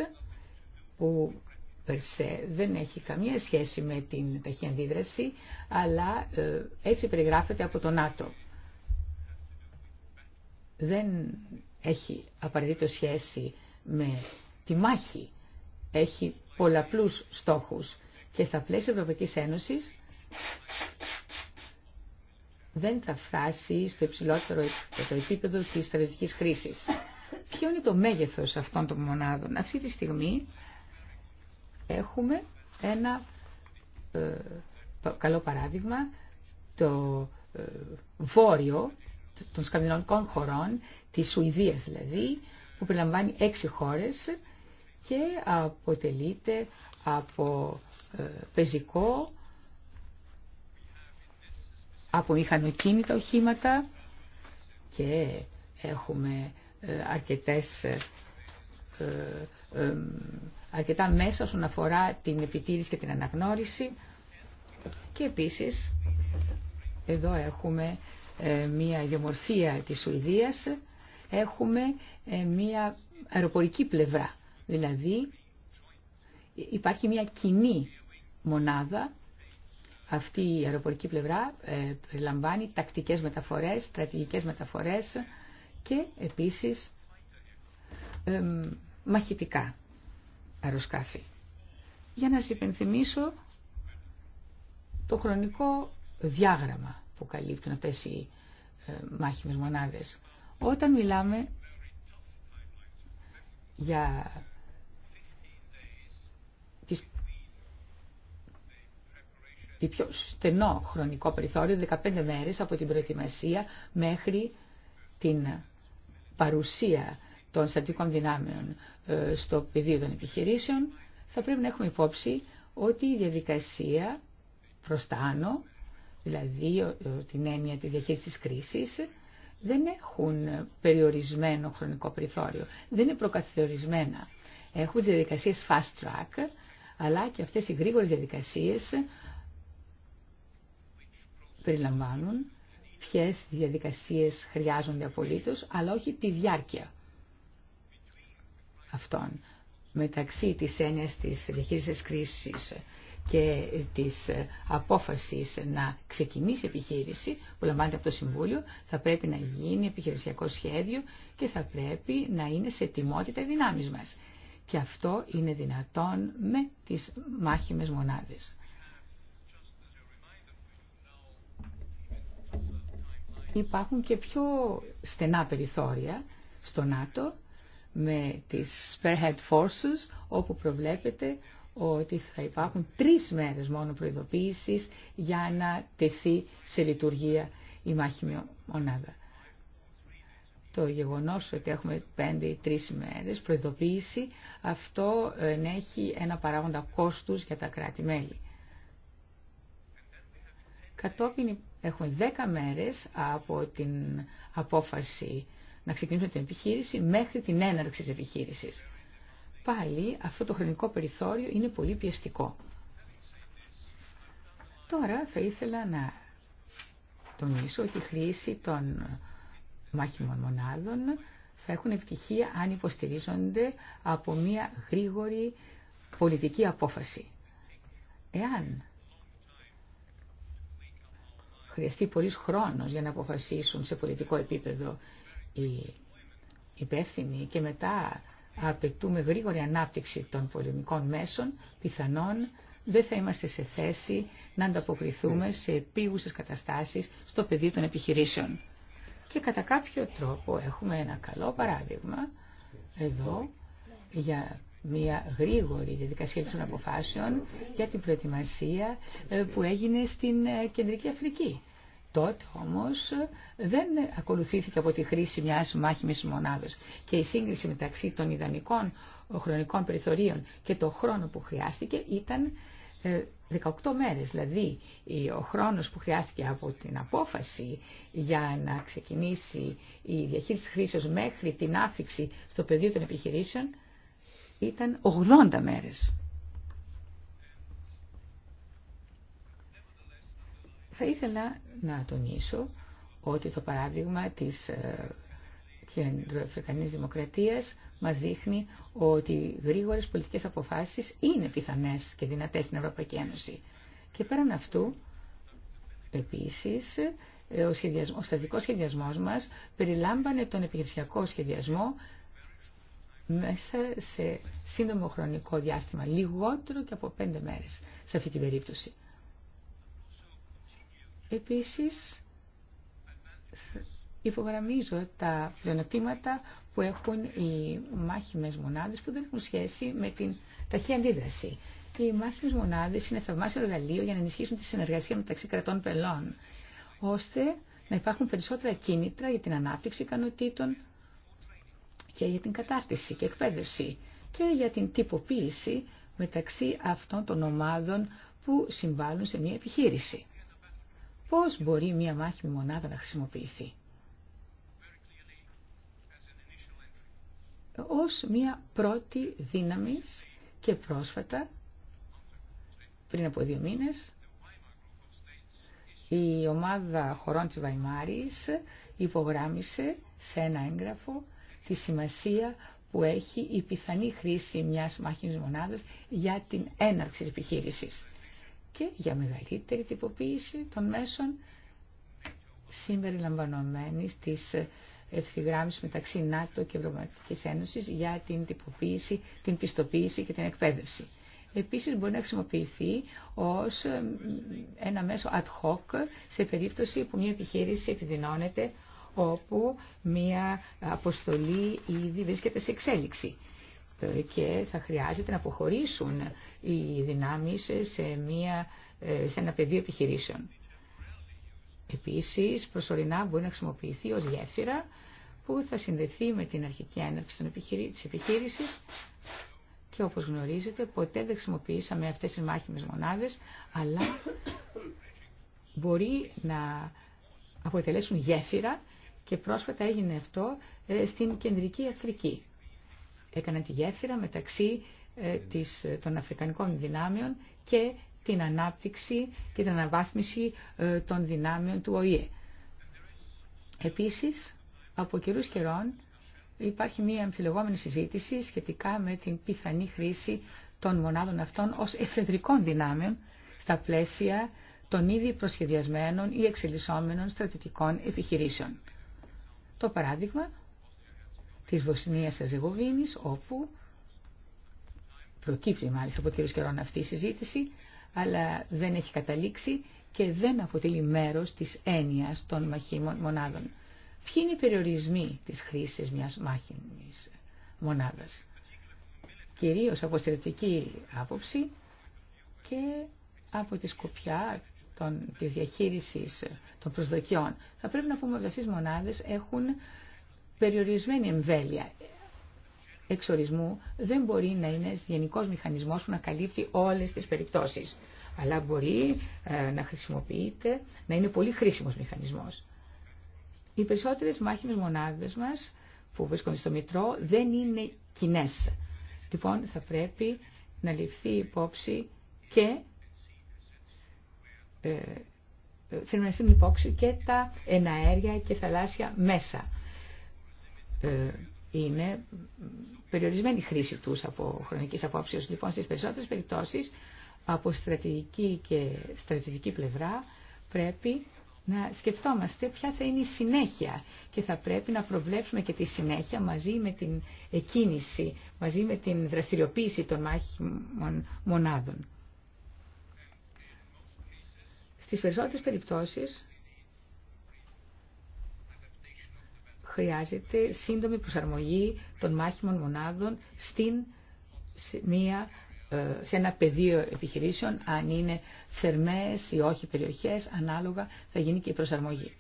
Speaker 1: που περσέ δεν έχει καμία σχέση με την ταχύ αντίδραση, αλλά ε, έτσι περιγράφεται από τον ΝΑΤΟ. Δεν έχει απαραίτητο σχέση με τη μάχη. Έχει πολλαπλούς στόχους και στα πλαίσια Ευρωπαϊκής Ένωσης δεν θα φτάσει στο υψηλότερο το επίπεδο της στρατιωτικής χρήσης. Ποιο είναι το μέγεθος αυτών των μονάδων. Αυτή τη στιγμή Έχουμε ένα ε, καλό παράδειγμα, το ε, βόρειο των σκανδιναβικών χωρών, της Σουηδίας δηλαδή, που περιλαμβάνει έξι χώρες και αποτελείται από ε, πεζικό, από μηχανοκίνητα οχήματα και έχουμε ε, αρκετές αρκετά μέσα όσον αφορά την επιτήρηση και την αναγνώριση. Και επίσης, εδώ έχουμε ε, μία γεωμορφία της Σουηδίας, έχουμε ε, μία αεροπορική πλευρά. Δηλαδή, υπάρχει μία κοινή μονάδα αυτή η αεροπορική πλευρά ε, περιλαμβάνει τακτικές μεταφορές, στρατηγικές μεταφορές και επίσης μαχητικά αεροσκάφη. Για να σας υπενθυμίσω το χρονικό διάγραμμα που καλύπτουν αυτές οι ε, μάχημες μονάδες. Όταν μιλάμε για τις... τη πιο στενό χρονικό περιθώριο, 15 μέρες από την προετοιμασία μέχρι την παρουσία των στατικών δυνάμεων ε, στο πεδίο των επιχειρήσεων, θα πρέπει να έχουμε υπόψη ότι η διαδικασία προς τα άνω, δηλαδή ε, την έννοια τη διαχείριση της κρίσης, δεν έχουν περιορισμένο χρονικό περιθώριο, δεν είναι προκαθορισμένα. Έχουν διαδικασίες fast track, αλλά και αυτές οι γρήγορες διαδικασίες περιλαμβάνουν ποιες διαδικασίες χρειάζονται απολύτως, αλλά όχι τη διάρκεια αυτών μεταξύ της έννοιας της διαχείρισης κρίσης και της ε, απόφασης να ξεκινήσει επιχείρηση που λαμβάνεται από το Συμβούλιο θα πρέπει να γίνει επιχειρησιακό σχέδιο και θα πρέπει να είναι σε τιμότητα οι δυνάμεις μας. Και αυτό είναι δυνατόν με τις μάχημες μονάδες. Υπάρχουν και πιο στενά περιθώρια στο ΝΑΤΟ με τις Spearhead Forces, όπου προβλέπεται ότι θα υπάρχουν τρεις μέρες μόνο προειδοποίησης για να τεθεί σε λειτουργία η μάχη μονάδα. Το γεγονός ότι έχουμε πέντε ή τρεις μέρες προειδοποίηση, αυτό ε, ενέχει ένα παράγοντα κόστους για τα κράτη-μέλη. Κατόπιν έχουμε δέκα μέρες από την απόφαση να ξεκινήσουν την επιχείρηση μέχρι την έναρξη της επιχείρησης. Πάλι αυτό το χρονικό περιθώριο είναι πολύ πιεστικό. Τώρα θα ήθελα να τονίσω ότι η χρήση των μάχημων μονάδων θα έχουν επιτυχία αν υποστηρίζονται από μια γρήγορη πολιτική απόφαση. Εάν χρειαστεί πολύς χρόνος για να αποφασίσουν σε πολιτικό επίπεδο η υπεύθυνοι και μετά απαιτούμε γρήγορη ανάπτυξη των πολεμικών μέσων, πιθανόν δεν θα είμαστε σε θέση να ανταποκριθούμε ναι. σε επίγουσες καταστάσεις στο πεδίο των επιχειρήσεων. Και κατά κάποιο τρόπο έχουμε ένα καλό παράδειγμα εδώ για μια γρήγορη διαδικασία των αποφάσεων για την προετοιμασία ε, που έγινε στην ε, Κεντρική Αφρική. Τότε όμως δεν ακολουθήθηκε από τη χρήση μιας μάχημης μονάδας και η σύγκριση μεταξύ των ιδανικών χρονικών περιθωρίων και το χρόνο που χρειάστηκε ήταν 18 ε, μέρες. Δηλαδή ο χρόνος που χρειάστηκε από την απόφαση για να ξεκινήσει η διαχείριση χρήσεως μέχρι την άφηξη στο πεδίο των επιχειρήσεων ήταν 80 μέρες. Θα ήθελα να τονίσω ότι το παράδειγμα της ε, κεντροαφρικανής δημοκρατίας μας δείχνει ότι γρήγορες πολιτικές αποφάσεις είναι πιθανές και δυνατές στην Ευρωπαϊκή Ένωση. Και πέραν αυτού, επίσης, ε, ο, σχεδιασμός, ο μα σχεδιασμός μας περιλάμβανε τον επιχειρησιακό σχεδιασμό μέσα σε σύντομο χρονικό διάστημα, λιγότερο και από πέντε μέρες σε αυτή την περίπτωση. Επίσης, υπογραμμίζω τα πλεονεκτήματα που έχουν οι μάχημες μονάδες που δεν έχουν σχέση με την ταχύ αντίδραση. Οι μάχημες μονάδες είναι θαυμάσιο εργαλείο για να ενισχύσουν τη συνεργασία μεταξύ κρατών πελών, ώστε να υπάρχουν περισσότερα κίνητρα για την ανάπτυξη ικανοτήτων και για την κατάρτιση και εκπαίδευση και για την τυποποίηση μεταξύ αυτών των ομάδων που συμβάλλουν σε μια επιχείρηση πώς μπορεί μία μάχημη μονάδα να χρησιμοποιηθεί. Ως μία πρώτη δύναμη και πρόσφατα, πριν από δύο μήνες, η ομάδα χωρών της Βαϊμάρης υπογράμμισε σε ένα έγγραφο τη σημασία που έχει η πιθανή χρήση μιας μάχης μονάδας για την έναρξη της επιχείρησης και για μεγαλύτερη τυποποίηση των μέσων συμπεριλαμβάνωμένη της ευθυγράμμιση μεταξύ ΝΑΤΟ και Ευρωπαϊκής Ένωσης για την τυποποίηση, την πιστοποίηση και την εκπαίδευση. Επίσης μπορεί να χρησιμοποιηθεί ως ε, ένα μέσο ad hoc σε περίπτωση που μια επιχείρηση επιδεινώνεται όπου μια αποστολή ήδη βρίσκεται σε εξέλιξη και θα χρειάζεται να αποχωρήσουν οι δυνάμεις σε, μια, σε ένα πεδίο επιχειρήσεων. Επίσης, προσωρινά μπορεί να χρησιμοποιηθεί ως γέφυρα που θα συνδεθεί με την αρχική έναρξη της επιχείρησης και όπως γνωρίζετε ποτέ δεν χρησιμοποιήσαμε αυτές τις μάχημες μονάδες, αλλά μπορεί να αποτελέσουν γέφυρα και πρόσφατα έγινε αυτό ε, στην Κεντρική Αφρική έκαναν τη γέφυρα μεταξύ ε, της, ε, των Αφρικανικών δυνάμεων και την ανάπτυξη και την αναβάθμιση ε, των δυνάμεων του ΟΗΕ. Επίσης, από καιρούς καιρών υπάρχει μια αμφιλεγόμενη συζήτηση σχετικά με την πιθανή χρήση των μονάδων αυτών ως εφεδρικών δυνάμεων στα πλαίσια των ήδη προσχεδιασμένων ή εξελισσόμενων στρατητικών επιχειρήσεων. Το παράδειγμα της Βοσνίας Αζεγοβίνης, όπου προκύπτει μάλιστα από κύριους καιρών αυτή η συζήτηση, αλλά δεν έχει καταλήξει και δεν αποτελεί μέρος της έννοιας των μαχήμων μονάδων. Ποιοι είναι οι περιορισμοί της χρήσης μιας μάχημης μονάδας. Κυρίως από στρατιωτική άποψη και από τη σκοπιά των, της διαχείρισης των προσδοκιών. Θα πρέπει να πούμε ότι αυτές οι μονάδες έχουν περιορισμένη εμβέλεια. Εξορισμού δεν μπορεί να είναι γενικός μηχανισμός που να καλύπτει όλες τις περιπτώσεις, αλλά μπορεί ε, να χρησιμοποιείται, να είναι πολύ χρήσιμος μηχανισμός. Οι περισσότερες μάχημες μονάδες μας που βρίσκονται στο Μητρό δεν είναι κοινέ. Λοιπόν, θα πρέπει να ληφθεί υπόψη και ε, θέλουμε να υπόψη και τα εναέρια και θαλάσσια μέσα ε, είναι περιορισμένη χρήση τους από χρονικής απόψεως. Λοιπόν, στις περισσότερες περιπτώσεις, από στρατηγική και στρατηγική πλευρά, πρέπει να σκεφτόμαστε ποια θα είναι η συνέχεια και θα πρέπει να προβλέψουμε και τη συνέχεια μαζί με την εκκίνηση, μαζί με την δραστηριοποίηση των μάχημων μονάδων. Στις περισσότερες περιπτώσεις χρειάζεται σύντομη προσαρμογή των μάχημων μονάδων στην, σε, μια, ε, σε ένα πεδίο επιχειρήσεων, αν είναι θερμές ή όχι περιοχές, ανάλογα θα γίνει και η προσαρμογή.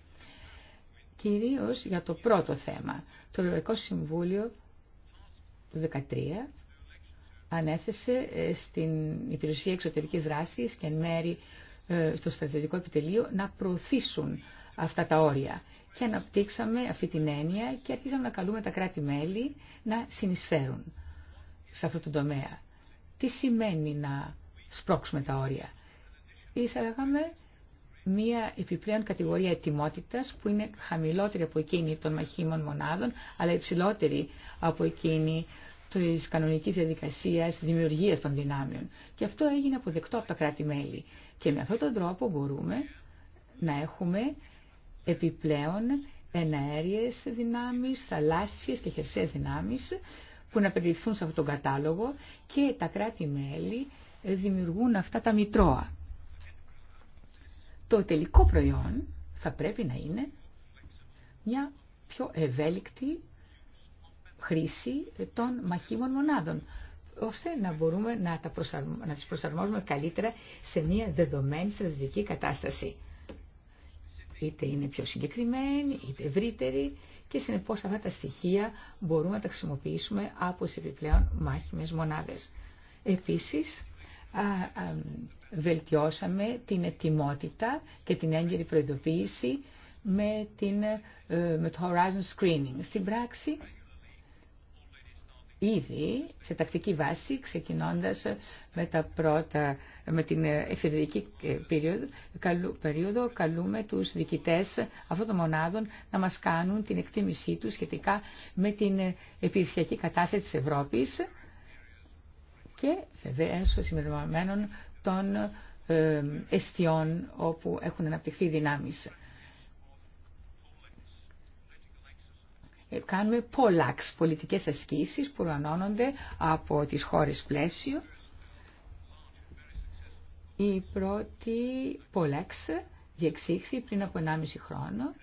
Speaker 1: Κυρίως για το πρώτο θέμα, το Ευρωπαϊκό Συμβούλιο του 2013 ανέθεσε ε, στην Υπηρεσία Εξωτερική Δράσης και εν μέρη ε, στο στρατιωτικό επιτελείο να προωθήσουν αυτά τα όρια. Και αναπτύξαμε αυτή την έννοια και αρχίσαμε να καλούμε τα κράτη-μέλη να συνεισφέρουν σε αυτό το τομέα. Τι σημαίνει να σπρώξουμε τα όρια. Εισαγάγαμε μία επιπλέον κατηγορία ετοιμότητας που είναι χαμηλότερη από εκείνη των μαχήμων μονάδων, αλλά υψηλότερη από εκείνη τη κανονική διαδικασία δημιουργίας των δυνάμεων. Και αυτό έγινε αποδεκτό από τα κράτη-μέλη. Και με αυτόν τον τρόπο μπορούμε να έχουμε επιπλέον εναέριες δυνάμεις, θαλάσσιες και χερσαίες δυνάμεις που να περιληφθούν σε αυτόν τον κατάλογο και τα κράτη-μέλη δημιουργούν αυτά τα μητρώα. Το τελικό προϊόν θα πρέπει να είναι μια πιο ευέλικτη χρήση των μαχήμων μονάδων, ώστε να μπορούμε να, τα προσαρμο... να τις προσαρμόζουμε καλύτερα σε μια δεδομένη στρατηγική κατάσταση είτε είναι πιο συγκεκριμένη, είτε ευρύτερη και συνεπώς αυτά τα στοιχεία μπορούμε να τα χρησιμοποιήσουμε από τις επιπλέον μάχημες μονάδες. Επίσης, α, α, βελτιώσαμε την ετοιμότητα και την έγκαιρη προειδοποίηση με, την, ε, με το Horizon Screening. Στην πράξη, ήδη σε τακτική βάση, ξεκινώντας με, με την εφηβετική περίοδο, καλούμε τους διοικητές αυτών των μονάδων να μας κάνουν την εκτίμησή τους σχετικά με την επιχειρησιακή κατάσταση της Ευρώπης και βεβαίω συμπεριλαμβανομένων των εστιών όπου έχουν αναπτυχθεί δυνάμεις. Ε, κάνουμε πολλάξ πολιτικές ασκήσεις που οργανώνονται από τις χώρες πλαίσιο. Η πρώτη πολλάξ διεξήχθη πριν από 1,5 χρόνο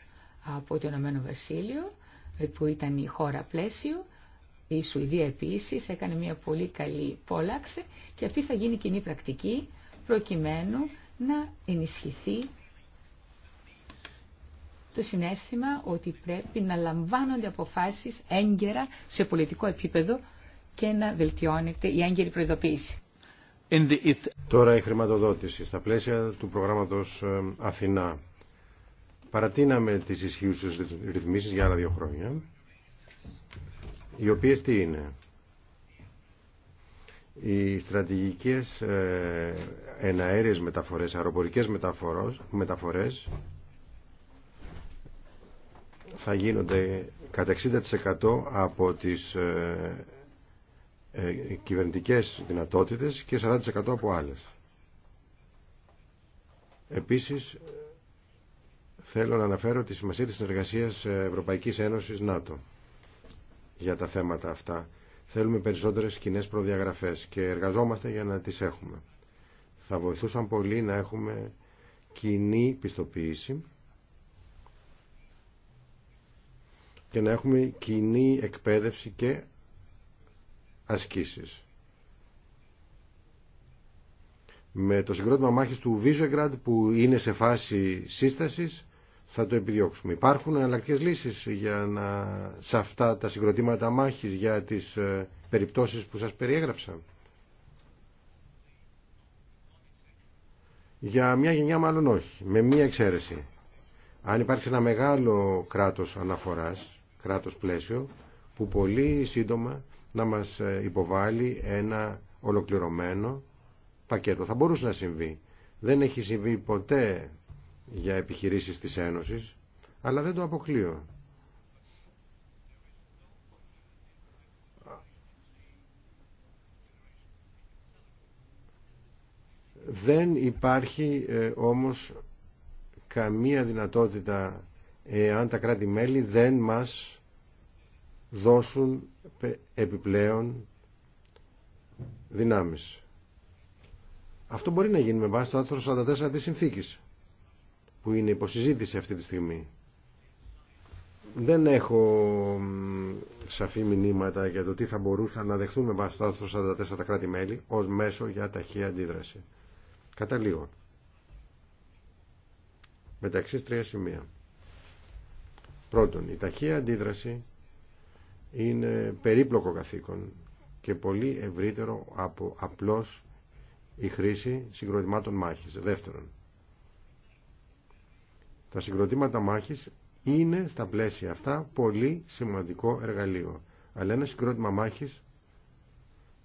Speaker 1: από το Ηνωμένο Βασίλειο ε, που ήταν η χώρα πλαίσιο. Η Σουηδία επίσης έκανε μια πολύ καλή πόλαξε και αυτή θα γίνει κοινή πρακτική προκειμένου να ενισχυθεί το συνέστημα ότι πρέπει να λαμβάνονται αποφάσεις έγκαιρα σε πολιτικό επίπεδο και να βελτιώνεται η έγκαιρη προειδοποίηση.
Speaker 3: Τώρα η χρηματοδότηση. Στα πλαίσια του προγράμματος ε, Αθηνά παρατείναμε τις ισχύουσες ρυθμίσεις για άλλα δύο χρόνια, οι οποίες τι είναι. Οι στρατηγικές ε, εναέριες μεταφορές, αεροπορικές μεταφορές θα γίνονται κατά 60% από τις ε, ε, κυβερνητικές δυνατότητες και 40% από άλλες. Επίσης, θέλω να αναφέρω τη σημασία της συνεργασίας Ευρωπαϊκής Ένωσης ΝΑΤΟ για τα θέματα αυτά. Θέλουμε περισσότερες κοινέ προδιαγραφές και εργαζόμαστε για να τις έχουμε. Θα βοηθούσαν πολύ να έχουμε κοινή πιστοποίηση και να έχουμε κοινή εκπαίδευση και ασκήσεις. Με το συγκρότημα μάχης του Βίζεγκραντ που είναι σε φάση σύστασης θα το επιδιώξουμε. Υπάρχουν εναλλακτικέ λύσεις για να, σε αυτά τα συγκροτήματα μάχης για τις ε, περιπτώσεις που σας περιέγραψα. Για μια γενιά μάλλον όχι, με μια εξαίρεση. Αν υπάρχει ένα μεγάλο κράτος αναφοράς, κράτος πλαίσιο που πολύ σύντομα να μας ε, υποβάλει ένα ολοκληρωμένο πακέτο. Θα μπορούσε να συμβεί. Δεν έχει συμβεί ποτέ για επιχειρήσεις της Ένωσης, αλλά δεν το αποκλείω. Δεν υπάρχει ε, όμως καμία δυνατότητα εάν τα κράτη-μέλη δεν μας δώσουν επιπλέον δυνάμεις. Αυτό μπορεί να γίνει με βάση το άρθρο 44 της συνθήκης που είναι υποσυζήτηση αυτή τη στιγμή. Δεν έχω σαφή μηνύματα για το τι θα μπορούσαν να δεχτούμε με βάση το άρθρο 44 τα κράτη-μέλη ως μέσο για ταχεία αντίδραση. Κατά λίγο. Μεταξύ τρία σημεία. Πρώτον, η ταχεία αντίδραση είναι περίπλοκο καθήκον και πολύ ευρύτερο από απλώς η χρήση συγκροτημάτων μάχης. Δεύτερον, τα συγκροτήματα μάχης είναι στα πλαίσια αυτά πολύ σημαντικό εργαλείο. Αλλά ένα συγκρότημα μάχης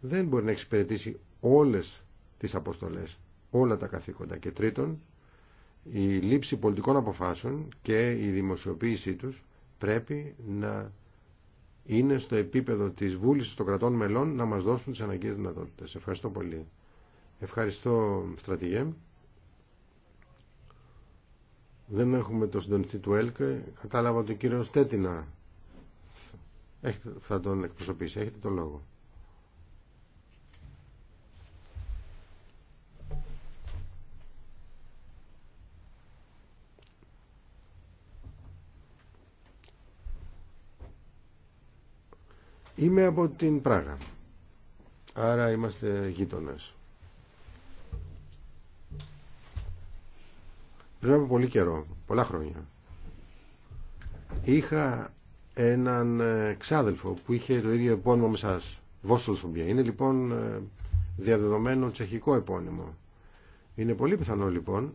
Speaker 3: δεν μπορεί να εξυπηρετήσει όλες τις αποστολές, όλα τα καθήκοντα. Και τρίτον, η λήψη πολιτικών αποφάσεων και η δημοσιοποίησή τους πρέπει να είναι στο επίπεδο της βούλησης των κρατών μελών να μας δώσουν τις αναγκαίες δυνατότητες. Ευχαριστώ πολύ. Ευχαριστώ στρατηγέ. Δεν έχουμε το συντονιστή του ΕΛΚΕ. Κατάλαβα ότι ο κύριος Τέτινα θα τον εκπροσωπήσει. Έχετε τον λόγο. Είμαι από την Πράγα. Άρα είμαστε γείτονες. Πριν από πολύ καιρό, πολλά χρόνια, είχα έναν ε, ξάδελφο που είχε το ίδιο επώνυμο με εσάς, Βόστολσομπια. Είναι λοιπόν ε, διαδεδομένο τσεχικό επώνυμο. Είναι πολύ πιθανό λοιπόν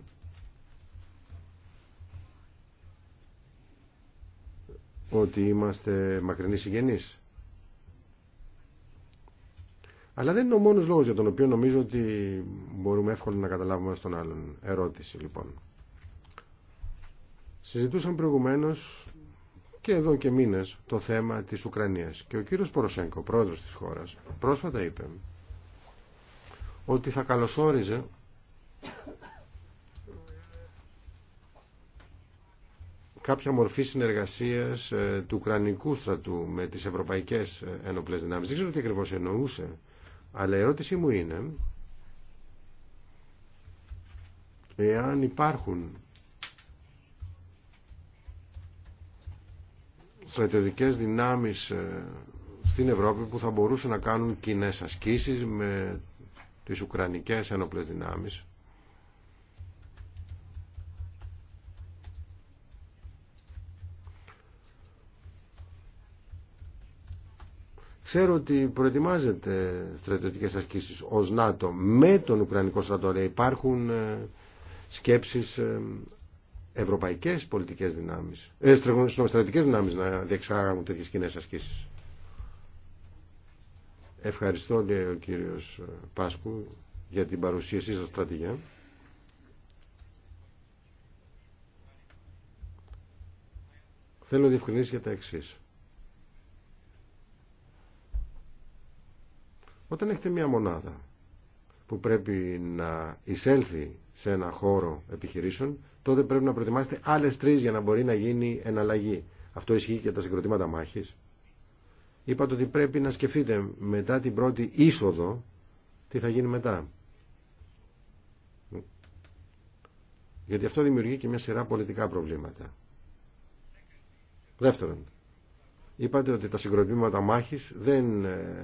Speaker 3: ότι είμαστε μακρινοί συγγενείς. Αλλά δεν είναι ο μόνος λόγος για τον οποίο νομίζω ότι μπορούμε εύκολα να καταλάβουμε στον άλλον. Ερώτηση λοιπόν. Συζητούσαν προηγουμένως και εδώ και μήνες το θέμα της Ουκρανίας και ο κύριος Ποροσέγκο, πρόεδρος της χώρας, πρόσφατα είπε ότι θα καλωσόριζε κάποια μορφή συνεργασίας ε, του Ουκρανικού στρατού με τις ευρωπαϊκές ε, ενοπλές δυνάμεις. Δεν ξέρω τι ακριβώς εννοούσε αλλά η ερώτησή μου είναι εάν υπάρχουν στρατιωτικές δυνάμεις ε, στην Ευρώπη που θα μπορούσαν να κάνουν κοινέ ασκήσεις με τις Ουκρανικές ενόπλες δυνάμεις Ξέρω ότι προετοιμάζεται στρατιωτικές ασκήσεις ως ΝΑΤΟ με τον Ουκρανικό στρατό. Υπάρχουν ε, σκέψεις ε, ευρωπαϊκές πολιτικές δυνάμεις, ε, στρατιωτικές δυνάμεις να διεξάγουν τέτοιες κοινέ ασκήσεις. Ευχαριστώ, λέει ο κύριος ε, Πάσκου, για την παρουσίασή σας στρατηγιά. Θέλω διευκρινίσει για τα εξής. Όταν έχετε μία μονάδα που πρέπει να εισέλθει σε ένα χώρο επιχειρήσεων, τότε πρέπει να προετοιμάσετε άλλες τρεις για να μπορεί να γίνει εναλλαγή. Αυτό ισχύει και τα συγκροτήματα μάχης. Είπατε ότι πρέπει να σκεφτείτε μετά την πρώτη είσοδο τι θα γίνει μετά. Γιατί αυτό δημιουργεί και μια σειρά πολιτικά προβλήματα. Δεύτερον, Είπατε ότι τα συγκροτήματα μάχης δεν ε,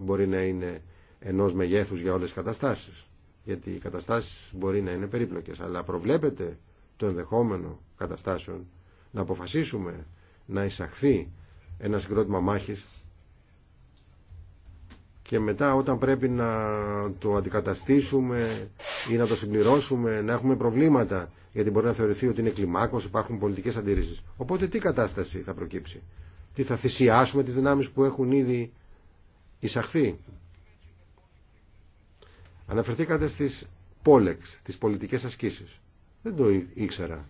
Speaker 3: μπορεί να είναι ενός μεγέθους για όλες τις καταστάσεις. Γιατί οι καταστάσεις μπορεί να είναι περίπλοκες. Αλλά προβλέπετε το ενδεχόμενο καταστάσεων να αποφασίσουμε να εισαχθεί ένα συγκρότημα μάχης και μετά όταν πρέπει να το αντικαταστήσουμε ή να το συμπληρώσουμε, να έχουμε προβλήματα, γιατί μπορεί να θεωρηθεί ότι είναι κλιμάκος, υπάρχουν πολιτικές αντίρρησεις. Οπότε τι κατάσταση θα προκύψει. Τι θα θυσιάσουμε τις δυνάμεις που έχουν ήδη εισαχθεί. Αναφερθήκατε στις πόλεξ, τις πολιτικές ασκήσεις. Δεν το ήξερα.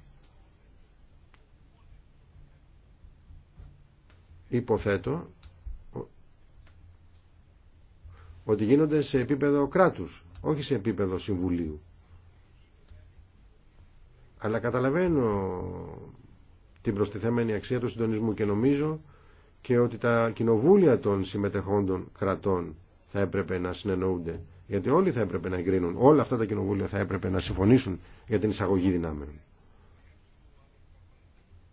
Speaker 3: Υποθέτω ότι γίνονται σε επίπεδο κράτους, όχι σε επίπεδο συμβουλίου. Αλλά καταλαβαίνω την προστιθέμενη αξία του συντονισμού και νομίζω και ότι τα κοινοβούλια των συμμετεχόντων κρατών θα έπρεπε να συνεννοούνται. Γιατί όλοι θα έπρεπε να εγκρίνουν, όλα αυτά τα κοινοβούλια θα έπρεπε να συμφωνήσουν για την εισαγωγή δυνάμεων.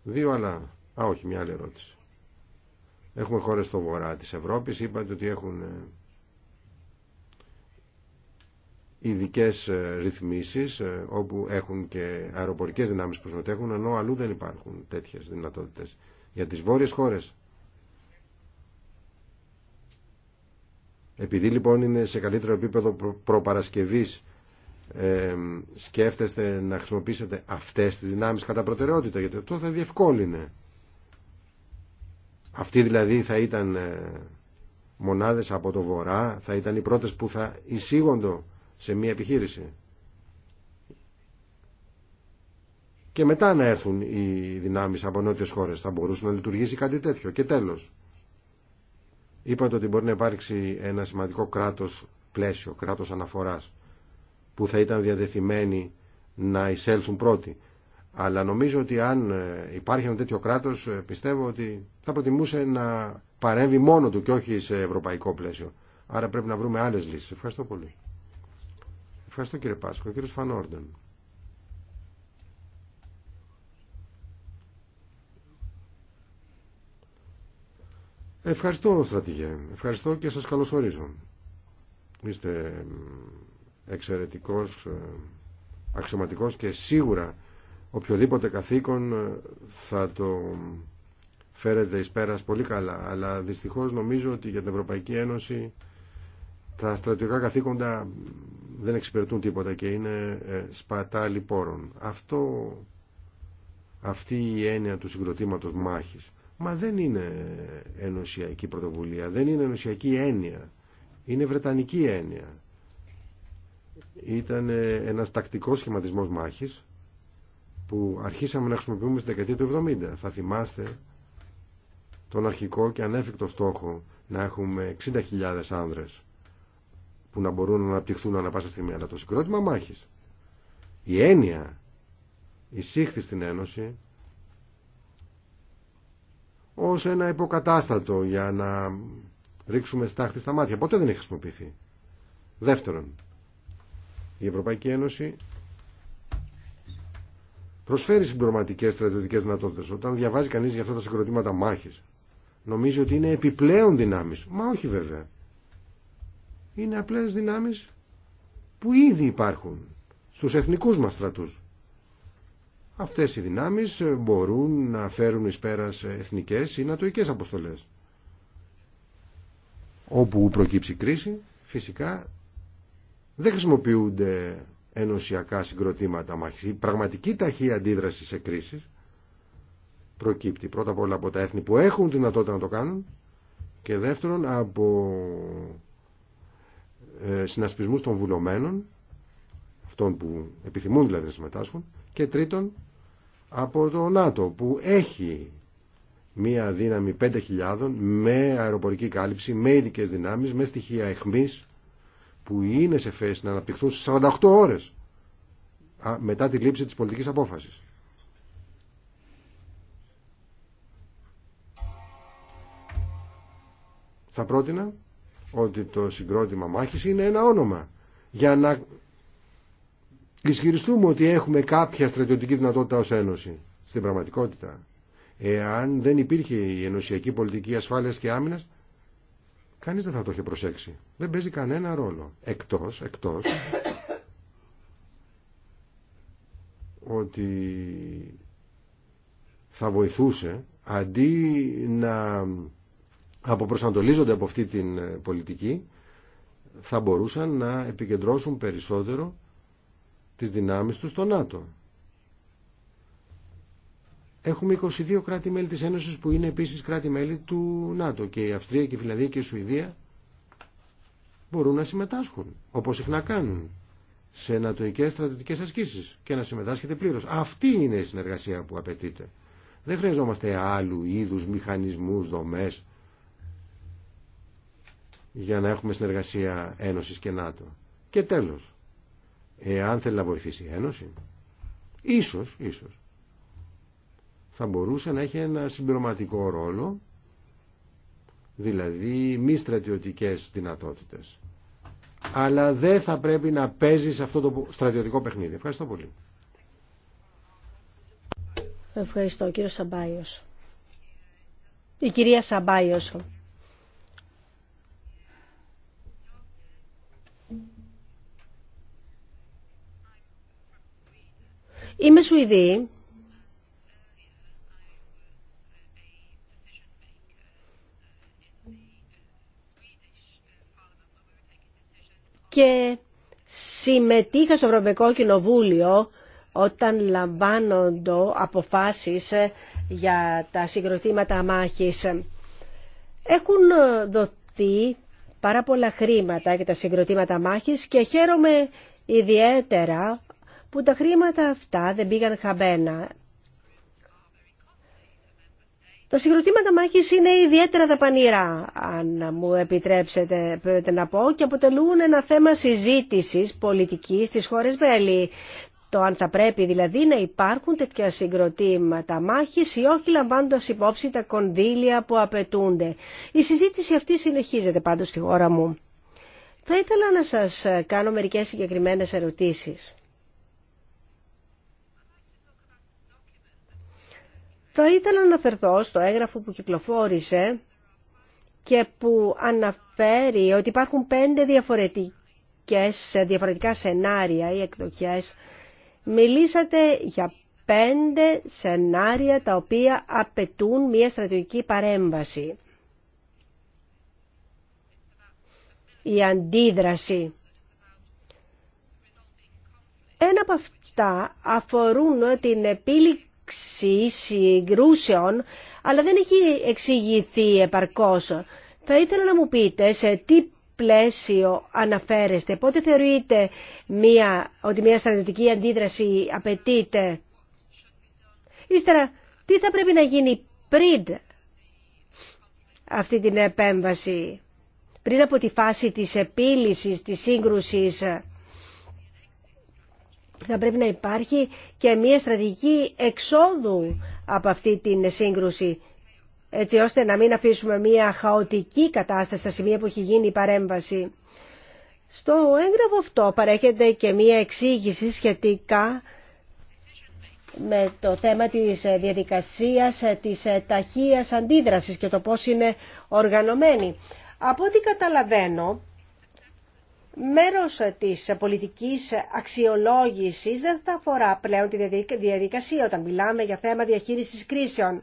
Speaker 3: Δύο άλλα. Α, όχι, μια άλλη ερώτηση. Έχουμε χώρες στο βορρά της Ευρώπης, είπατε ότι έχουν ε, ειδικέ ε, ρυθμίσεις ε, όπου έχουν και αεροπορικές δυνάμεις που συμμετέχουν ενώ αλλού δεν υπάρχουν τέτοιες δυνατότητες. Για τις βόρειες χώρες Επειδή λοιπόν είναι σε καλύτερο επίπεδο προπαρασκευής ε, σκέφτεστε να χρησιμοποιήσετε αυτές τις δυνάμεις κατά προτεραιότητα γιατί αυτό θα διευκόλυνε. Αυτοί δηλαδή θα ήταν ε, μονάδες από το βορρά, θα ήταν οι πρώτες που θα εισήγοντο σε μια επιχείρηση. Και μετά να έρθουν οι δυνάμεις από νότιες χώρες. Θα μπορούσε να λειτουργήσει κάτι τέτοιο. Και τέλος. Είπατε ότι μπορεί να υπάρξει ένα σημαντικό κράτος πλαίσιο, κράτος αναφοράς, που θα ήταν διαδεθειμένοι να εισέλθουν πρώτοι. Αλλά νομίζω ότι αν ε, υπάρχει ένα τέτοιο κράτος, ε, πιστεύω ότι θα προτιμούσε να παρέμβει μόνο του και όχι σε ευρωπαϊκό πλαίσιο. Άρα πρέπει να βρούμε άλλες λύσεις. Ευχαριστώ πολύ. Ευχαριστώ κύριε Πάσκο. Κύριος Φανόρντεν. Ευχαριστώ στρατηγέ. Ευχαριστώ και σας καλωσορίζω. Είστε εξαιρετικός, ε, αξιωματικός και σίγουρα οποιοδήποτε καθήκον ε, θα το φέρετε εις πέρας πολύ καλά. Αλλά δυστυχώς νομίζω ότι για την Ευρωπαϊκή Ένωση τα στρατιωτικά καθήκοντα δεν εξυπηρετούν τίποτα και είναι ε, σπατάλη πόρων. Αυτό, αυτή η έννοια του συγκροτήματος μάχης Μα δεν είναι ενωσιακή πρωτοβουλία, δεν είναι ενωσιακή έννοια. Είναι βρετανική έννοια. Ήταν ε, ένας τακτικός σχηματισμός μάχης που αρχίσαμε να χρησιμοποιούμε στη δεκαετία του 70. Θα θυμάστε τον αρχικό και ανέφικτο στόχο να έχουμε 60.000 άνδρες που να μπορούν να αναπτυχθούν ανα πάσα στιγμή. Αλλά το συγκρότημα μάχης, η έννοια εισήχθη στην Ένωση ως ένα υποκατάστατο για να ρίξουμε στάχτη στα μάτια. Ποτέ δεν έχει χρησιμοποιηθεί. Δεύτερον, η Ευρωπαϊκή Ένωση προσφέρει συμπληρωματικές στρατιωτικέ δυνατότητε. Όταν διαβάζει κανεί για αυτά τα συγκροτήματα μάχη, νομίζει ότι είναι επιπλέον δυνάμει. Μα όχι βέβαια. Είναι απλέ δυνάμει που ήδη υπάρχουν στου εθνικού μα στρατού. Αυτές οι δυνάμεις μπορούν να φέρουν εις πέρας εθνικές ή νατοικές αποστολές. Όπου προκύψει κρίση, φυσικά δεν χρησιμοποιούνται ενωσιακά συγκροτήματα μάχης. Η πραγματική ταχεία αντίδραση σε κρίσεις προκύπτει πρώτα απ' όλα από τα έθνη που έχουν δυνατότητα να το κάνουν και δεύτερον από ε, συνασπισμούς των βουλωμένων, αυτών που επιθυμούν δηλαδή να συμμετάσχουν, και τρίτον από το ΝΑΤΟ που έχει μία δύναμη 5.000 με αεροπορική κάλυψη, με ειδικέ δυνάμεις, με στοιχεία εχμής που είναι σε θέση να αναπτυχθούν σε 48 ώρες μετά τη λήψη της πολιτικής απόφασης. Θα πρότεινα ότι το συγκρότημα μάχης είναι ένα όνομα για να ισχυριστούμε ότι έχουμε κάποια στρατιωτική δυνατότητα ως Ένωση στην πραγματικότητα. Εάν δεν υπήρχε η ενωσιακή πολιτική ασφάλειας και άμυνας, κανείς δεν θα το είχε προσέξει. Δεν παίζει κανένα ρόλο. Εκτός, εκτός, ότι θα βοηθούσε αντί να αποπροσανατολίζονται από αυτή την πολιτική θα μπορούσαν να επικεντρώσουν περισσότερο τις δυνάμεις του στο ΝΑΤΟ. Έχουμε 22 κράτη-μέλη της Ένωσης που είναι επίσης κράτη-μέλη του ΝΑΤΟ και η Αυστρία και η Φιλανδία και η Σουηδία μπορούν να συμμετάσχουν, όπως συχνά κάνουν, σε νατοικές στρατιωτικές ασκήσεις και να συμμετάσχετε πλήρως. Αυτή είναι η συνεργασία που απαιτείται. Δεν χρειαζόμαστε άλλου είδους μηχανισμούς, δομές για να έχουμε συνεργασία Ένωσης και ΝΑΤΟ. Και τέλος, εάν θέλει να βοηθήσει η Ένωση, ίσως, ίσως, θα μπορούσε να έχει ένα συμπληρωματικό ρόλο, δηλαδή μη στρατιωτικέ δυνατότητες. Αλλά δεν θα πρέπει να παίζει σε αυτό το στρατιωτικό παιχνίδι. Ευχαριστώ πολύ.
Speaker 2: Ευχαριστώ, κύριο Σαμπάιος. Η κυρία Σαμπάιος. Είμαι Σουηδή. Και συμμετείχα στο Ευρωπαϊκό Κοινοβούλιο όταν λαμβάνονται αποφάσεις ε, για τα συγκροτήματα μάχης. Έχουν ε, δοθεί πάρα πολλά χρήματα για τα συγκροτήματα μάχης και χαίρομαι ιδιαίτερα που τα χρήματα αυτά δεν πήγαν χαμένα. Τα συγκροτήματα μάχης είναι ιδιαίτερα δαπανηρά, αν μου επιτρέψετε να πω, και αποτελούν ένα θέμα συζήτησης πολιτικής στις χώρες Βέλη. Το αν θα πρέπει δηλαδή να υπάρχουν τέτοια συγκροτήματα μάχης ή όχι λαμβάνοντας υπόψη τα κονδύλια που απαιτούνται. Η συζήτηση αυτή συνεχίζεται πάντως στη χώρα μου. Θα ήθελα να σας κάνω μερικές συγκεκριμένες ερωτήσεις. Θα ήθελα να αναφερθώ στο έγγραφο που κυκλοφόρησε και που αναφέρει ότι υπάρχουν πέντε διαφορετικές, διαφορετικά σενάρια ή εκδοχές. Μιλήσατε για πέντε σενάρια τα οποία απαιτούν μια στρατηγική παρέμβαση. Η αντίδραση. Ένα από αυτά αφορούν την επίλυση συγκρούσεων, αλλά δεν έχει εξηγηθεί επαρκώς. Θα ήθελα να μου πείτε σε τι πλαίσιο αναφέρεστε, πότε θεωρείτε μία, ότι μία στρατιωτική αντίδραση απαιτείται. Ύστερα, τι θα πρέπει να γίνει πριν αυτή την επέμβαση, πριν από τη φάση της επίλυσης, της σύγκρουσης θα πρέπει να υπάρχει και μια στρατηγική εξόδου από αυτή την σύγκρουση έτσι ώστε να μην αφήσουμε μια χαοτική κατάσταση στα σημεία που έχει γίνει η παρέμβαση. Στο έγγραφο αυτό παρέχεται και μια εξήγηση σχετικά με το θέμα της διαδικασίας της ταχείας αντίδρασης και το πώς είναι οργανωμένη. Από ό,τι καταλαβαίνω, μέρος της πολιτικής αξιολόγησης δεν θα αφορά πλέον τη διαδικασία όταν μιλάμε για θέμα διαχείρισης κρίσεων.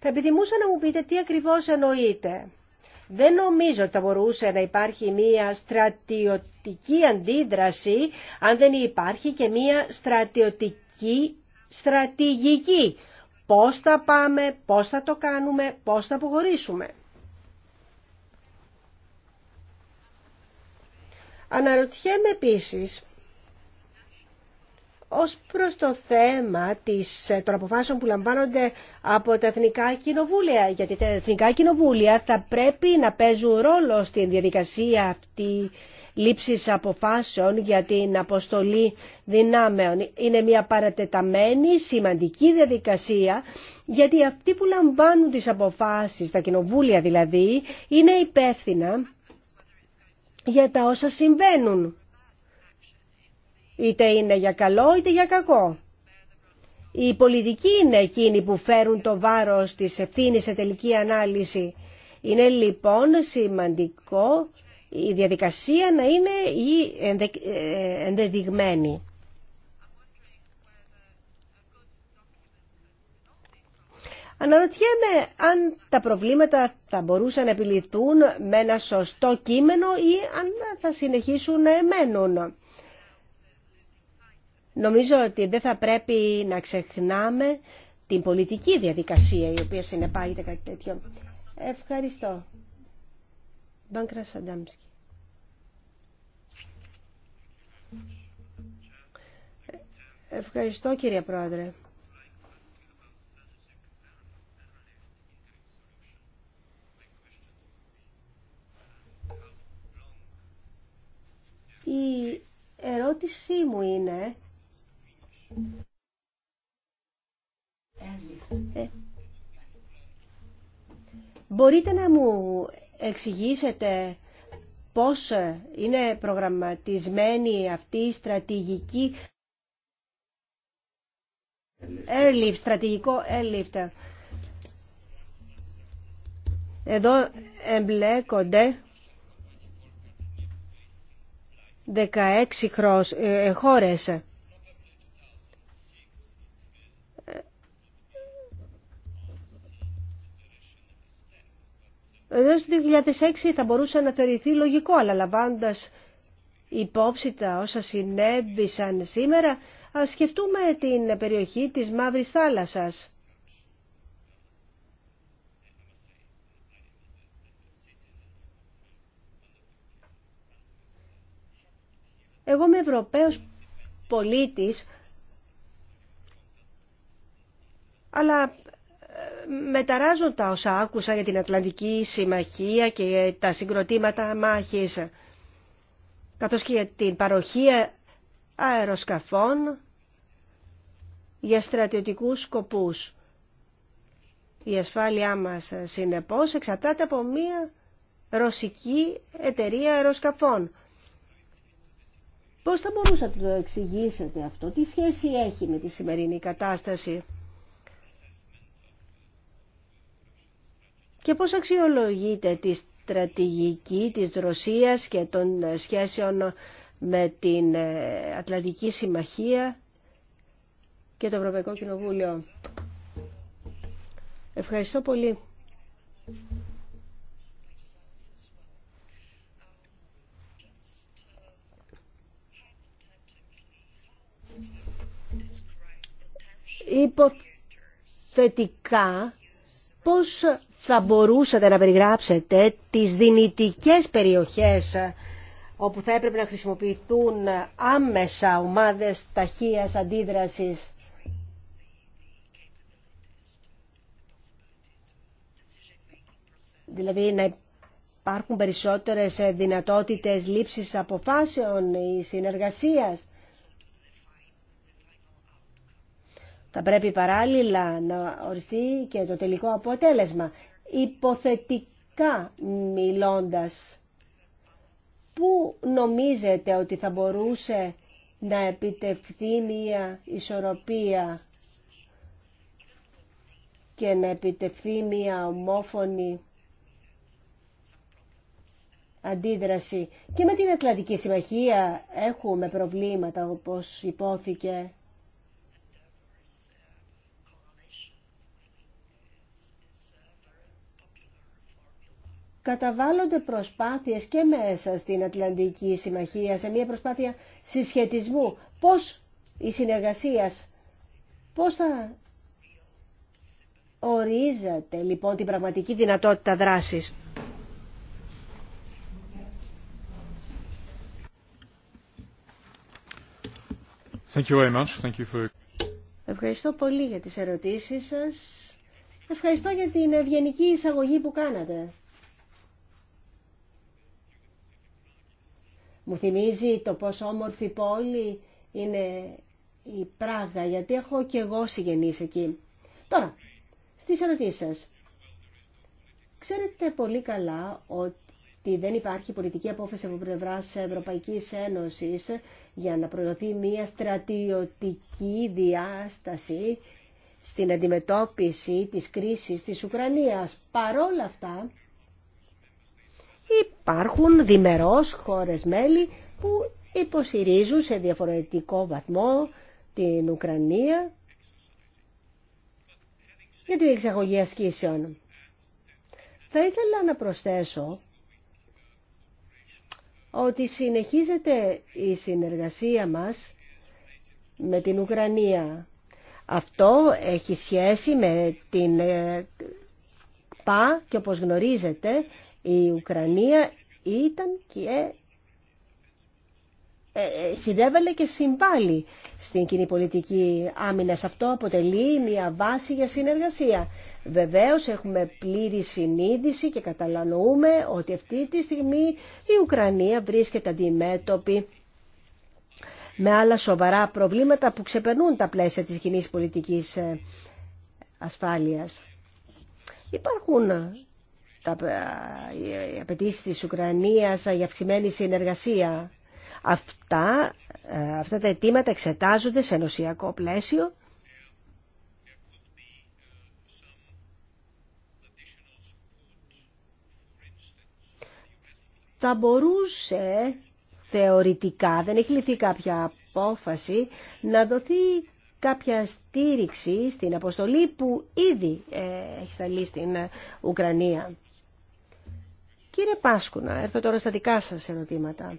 Speaker 2: Θα επιθυμούσα να μου πείτε τι ακριβώς εννοείτε. Δεν νομίζω ότι θα μπορούσε να υπάρχει μία στρατιωτική αντίδραση αν δεν υπάρχει και μία στρατιωτική στρατηγική. Πώς θα πάμε, πώς θα το κάνουμε, πώς θα αποχωρήσουμε. Αναρωτιέμαι επίσης ως προς το θέμα της, ε, των αποφάσεων που λαμβάνονται από τα εθνικά κοινοβούλια. Γιατί τα εθνικά κοινοβούλια θα πρέπει να παίζουν ρόλο στην διαδικασία αυτή λήψης αποφάσεων για την αποστολή δυνάμεων. Είναι μια παρατεταμένη, σημαντική διαδικασία, γιατί αυτοί που λαμβάνουν τις αποφάσεις, τα κοινοβούλια δηλαδή, είναι υπεύθυνα για τα όσα συμβαίνουν. Είτε είναι για καλό είτε για κακό. Οι πολιτικοί είναι εκείνοι που φέρουν το βάρος της ευθύνης σε τελική ανάλυση. Είναι λοιπόν σημαντικό η διαδικασία να είναι η ε, ενδεδειγμένη. Αναρωτιέμαι αν τα προβλήματα θα μπορούσαν να επιληθούν με ένα σωστό κείμενο ή αν θα συνεχίσουν να εμένουν. Νομίζω ότι δεν θα πρέπει να ξεχνάμε την πολιτική διαδικασία η οποία συνεπάγεται κάτι τέτοιο. Ευχαριστώ. Μπάνκρα Ευχαριστώ κύριε Πρόεδρε. Η ερώτησή μου είναι... Ε, μπορείτε να μου εξηγήσετε πώς είναι προγραμματισμένη αυτή η στρατηγική airlift, στρατηγικό airlift. Εδώ εμπλέκονται 16 ε, ε, χώρες. Ε, εδώ στο 2006 θα μπορούσε να θεωρηθεί λογικό, αλλά λαμβάνοντα υπόψη τα όσα συνέβησαν σήμερα, ας σκεφτούμε την περιοχή της Μαύρης Θάλασσας. Εγώ είμαι Ευρωπαίος πολίτης, αλλά ε, μεταράζω τα όσα άκουσα για την Ατλαντική Συμμαχία και τα συγκροτήματα μάχης, καθώς και για την παροχή αεροσκαφών για στρατιωτικούς σκοπούς. Η ασφάλειά μας, ε, συνεπώς, εξαρτάται από μία ρωσική εταιρεία αεροσκαφών. Πώς θα μπορούσατε να το εξηγήσετε αυτό, τι σχέση έχει με τη σημερινή κατάσταση και πώς αξιολογείτε τη στρατηγική της Ρωσίας και των σχέσεων με την ε, Ατλαντική Συμμαχία και το Ευρωπαϊκό Κοινοβούλιο. Ευχαριστώ πολύ. υποθετικά πώς θα μπορούσατε να περιγράψετε τις δυνητικές περιοχές όπου θα έπρεπε να χρησιμοποιηθούν άμεσα ομάδες ταχείας αντίδρασης δηλαδή να υπάρχουν περισσότερες δυνατότητες λήψης αποφάσεων ή συνεργασίας Θα πρέπει παράλληλα να οριστεί και το τελικό αποτέλεσμα. Υποθετικά μιλώντας, πού νομίζετε ότι θα μπορούσε να επιτευχθεί μία ισορροπία και να επιτευχθεί μία ομόφωνη αντίδραση. Και με την Ατλαντική Συμμαχία έχουμε προβλήματα όπως υπόθηκε. καταβάλλονται προσπάθειες και μέσα στην Ατλαντική Συμμαχία σε μια προσπάθεια συσχετισμού. Πώς η συνεργασία, πώς θα ορίζατε λοιπόν την πραγματική δυνατότητα δράσης.
Speaker 3: Thank you very much.
Speaker 1: Thank you for...
Speaker 2: Ευχαριστώ πολύ για τις ερωτήσεις σας. Ευχαριστώ για την ευγενική εισαγωγή που κάνατε. Μου θυμίζει το πόσο όμορφη πόλη είναι η Πράγα, γιατί έχω και εγώ συγγενείς εκεί. Τώρα, στις ερωτήσεις σας. Ξέρετε πολύ καλά ότι δεν υπάρχει πολιτική απόφαση από πλευρά Ευρωπαϊκή Ένωση για να προωθεί μια στρατιωτική διάσταση στην αντιμετώπιση της κρίσης της Ουκρανίας. Παρόλα αυτά, υπάρχουν διμερώς χώρες μέλη που υποστηρίζουν σε διαφορετικό βαθμό την Ουκρανία για την εξαγωγή ασκήσεων. Θα ήθελα να προσθέσω ότι συνεχίζεται η συνεργασία μας με την Ουκρανία. Αυτό έχει σχέση με την ε, ΠΑ και όπως γνωρίζετε η Ουκρανία ήταν και ε, ε, συνέβαλε και συμβάλλει στην κοινή πολιτική άμυνας. Αυτό αποτελεί μια βάση για συνεργασία. Βεβαίως έχουμε πλήρη συνείδηση και καταλανοούμε ότι αυτή τη στιγμή η Ουκρανία βρίσκεται αντιμέτωπη με άλλα σοβαρά προβλήματα που ξεπερνούν τα πλαίσια της κοινής πολιτικής ε, ασφάλειας. Υπάρχουν ε, οι απαιτήσει της Ουκρανίας για αυξημένη συνεργασία. Αυτά, ε, αυτά τα αιτήματα εξετάζονται σε ενωσιακό πλαίσιο. Θα μπορούσε θεωρητικά, δεν έχει λυθεί κάποια απόφαση, να δοθεί κάποια στήριξη στην αποστολή που ήδη ε, έχει σταλεί στην Ουκρανία. Κύριε Πάσκουνα, έρθω τώρα στα δικά σας ερωτήματα.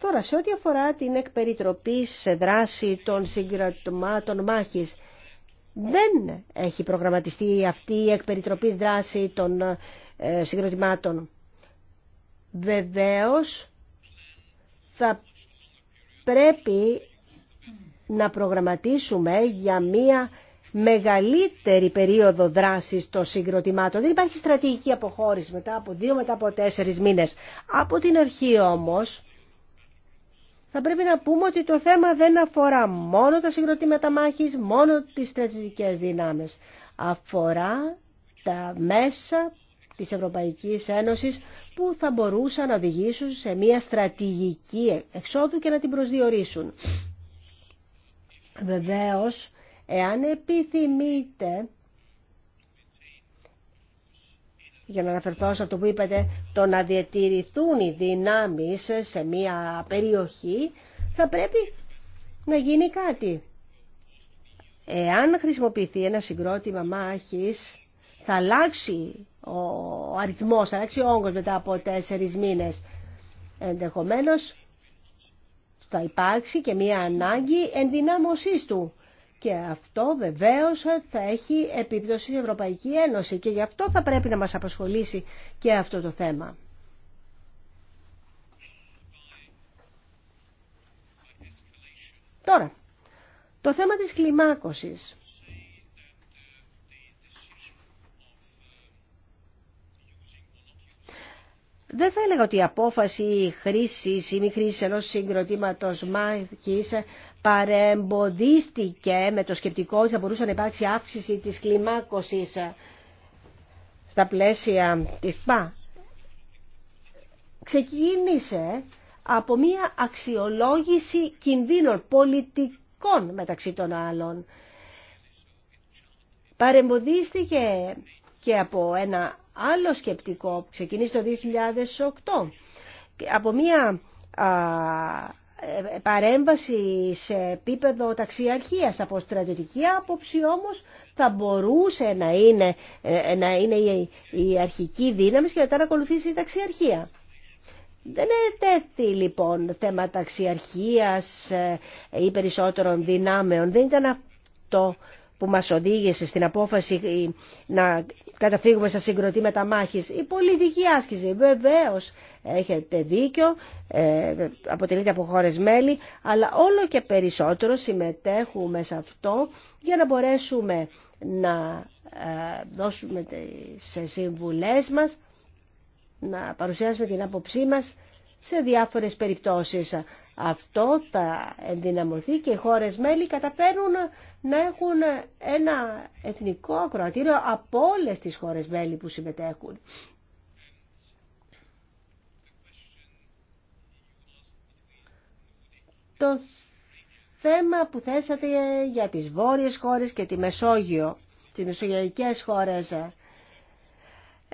Speaker 2: Τώρα, σε ό,τι αφορά την εκπεριτροπή σε δράση των συγκροτημάτων μάχης, δεν έχει προγραμματιστεί αυτή η εκπεριτροπή δράση των ε, συγκροτημάτων. Βεβαίως, θα πρέπει να προγραμματίσουμε για μία μεγαλύτερη περίοδο δράσης των συγκροτημάτων. Δεν υπάρχει στρατηγική αποχώρηση μετά από δύο, μετά από τέσσερις μήνες. Από την αρχή όμως θα πρέπει να πούμε ότι το θέμα δεν αφορά μόνο τα συγκροτήματα μάχης, μόνο τις στρατιωτικές δυνάμεις. Αφορά τα μέσα της Ευρωπαϊκής Ένωσης που θα μπορούσαν να οδηγήσουν σε μια στρατηγική εξόδου και να την προσδιορίσουν. Βεβαίως, Εάν επιθυμείτε, για να αναφερθώ σε αυτό που είπατε, το να διατηρηθούν οι δυνάμεις σε μια περιοχή, θα πρέπει να γίνει κάτι. Εάν χρησιμοποιηθεί ένα συγκρότημα μάχης, θα αλλάξει ο αριθμός, θα αλλάξει ο όγκος μετά από τέσσερις μήνες. Ενδεχομένως θα υπάρξει και μια ανάγκη ενδυνάμωσής του και αυτό βεβαίως θα έχει επίπτωση στην Ευρωπαϊκή Ένωση και γι' αυτό θα πρέπει να μας απασχολήσει και αυτό το θέμα. Τώρα, το θέμα της κλιμάκωσης. Δεν θα έλεγα ότι η απόφαση χρήση ή μη χρήση ενός συγκροτήματο μάχη παρεμποδίστηκε με το σκεπτικό ότι θα μπορούσε να υπάρξει αύξηση της κλιμάκωσης στα πλαίσια τη ΠΑ. Ξεκίνησε από μία αξιολόγηση κινδύνων πολιτικών μεταξύ των άλλων. Παρεμποδίστηκε και από ένα άλλο σκεπτικό. Ξεκινήσει το 2008. Από μια ε, παρέμβαση σε επίπεδο ταξιαρχίας από στρατιωτική άποψη όμως θα μπορούσε να είναι, ε, να είναι η αρχική δύναμη και μετά να ακολουθήσει η ταξιαρχία. Δεν ετέθη λοιπόν θέμα ταξιαρχίας ε, ή περισσότερων δυνάμεων. Δεν ήταν αυτό που μας οδήγησε στην απόφαση ε, να καταφύγουμε στα συγκροτήματα μάχης. Η πολιτική άσκηση βεβαίως έχετε δίκιο, ε, αποτελείται από χώρες μέλη, αλλά όλο και περισσότερο συμμετέχουμε σε αυτό για να μπορέσουμε να ε, δώσουμε σε συμβουλές μας, να παρουσιάσουμε την άποψή μας σε διάφορες περιπτώσεις. Αυτό θα ενδυναμωθεί και οι χώρες μέλη καταφέρνουν να έχουν ένα εθνικό ακροατήριο από όλες τις χώρες μέλη που συμμετέχουν. Το θέμα που θέσατε για τις βόρειες χώρες και τη Μεσόγειο, τις μεσογειακές χώρες,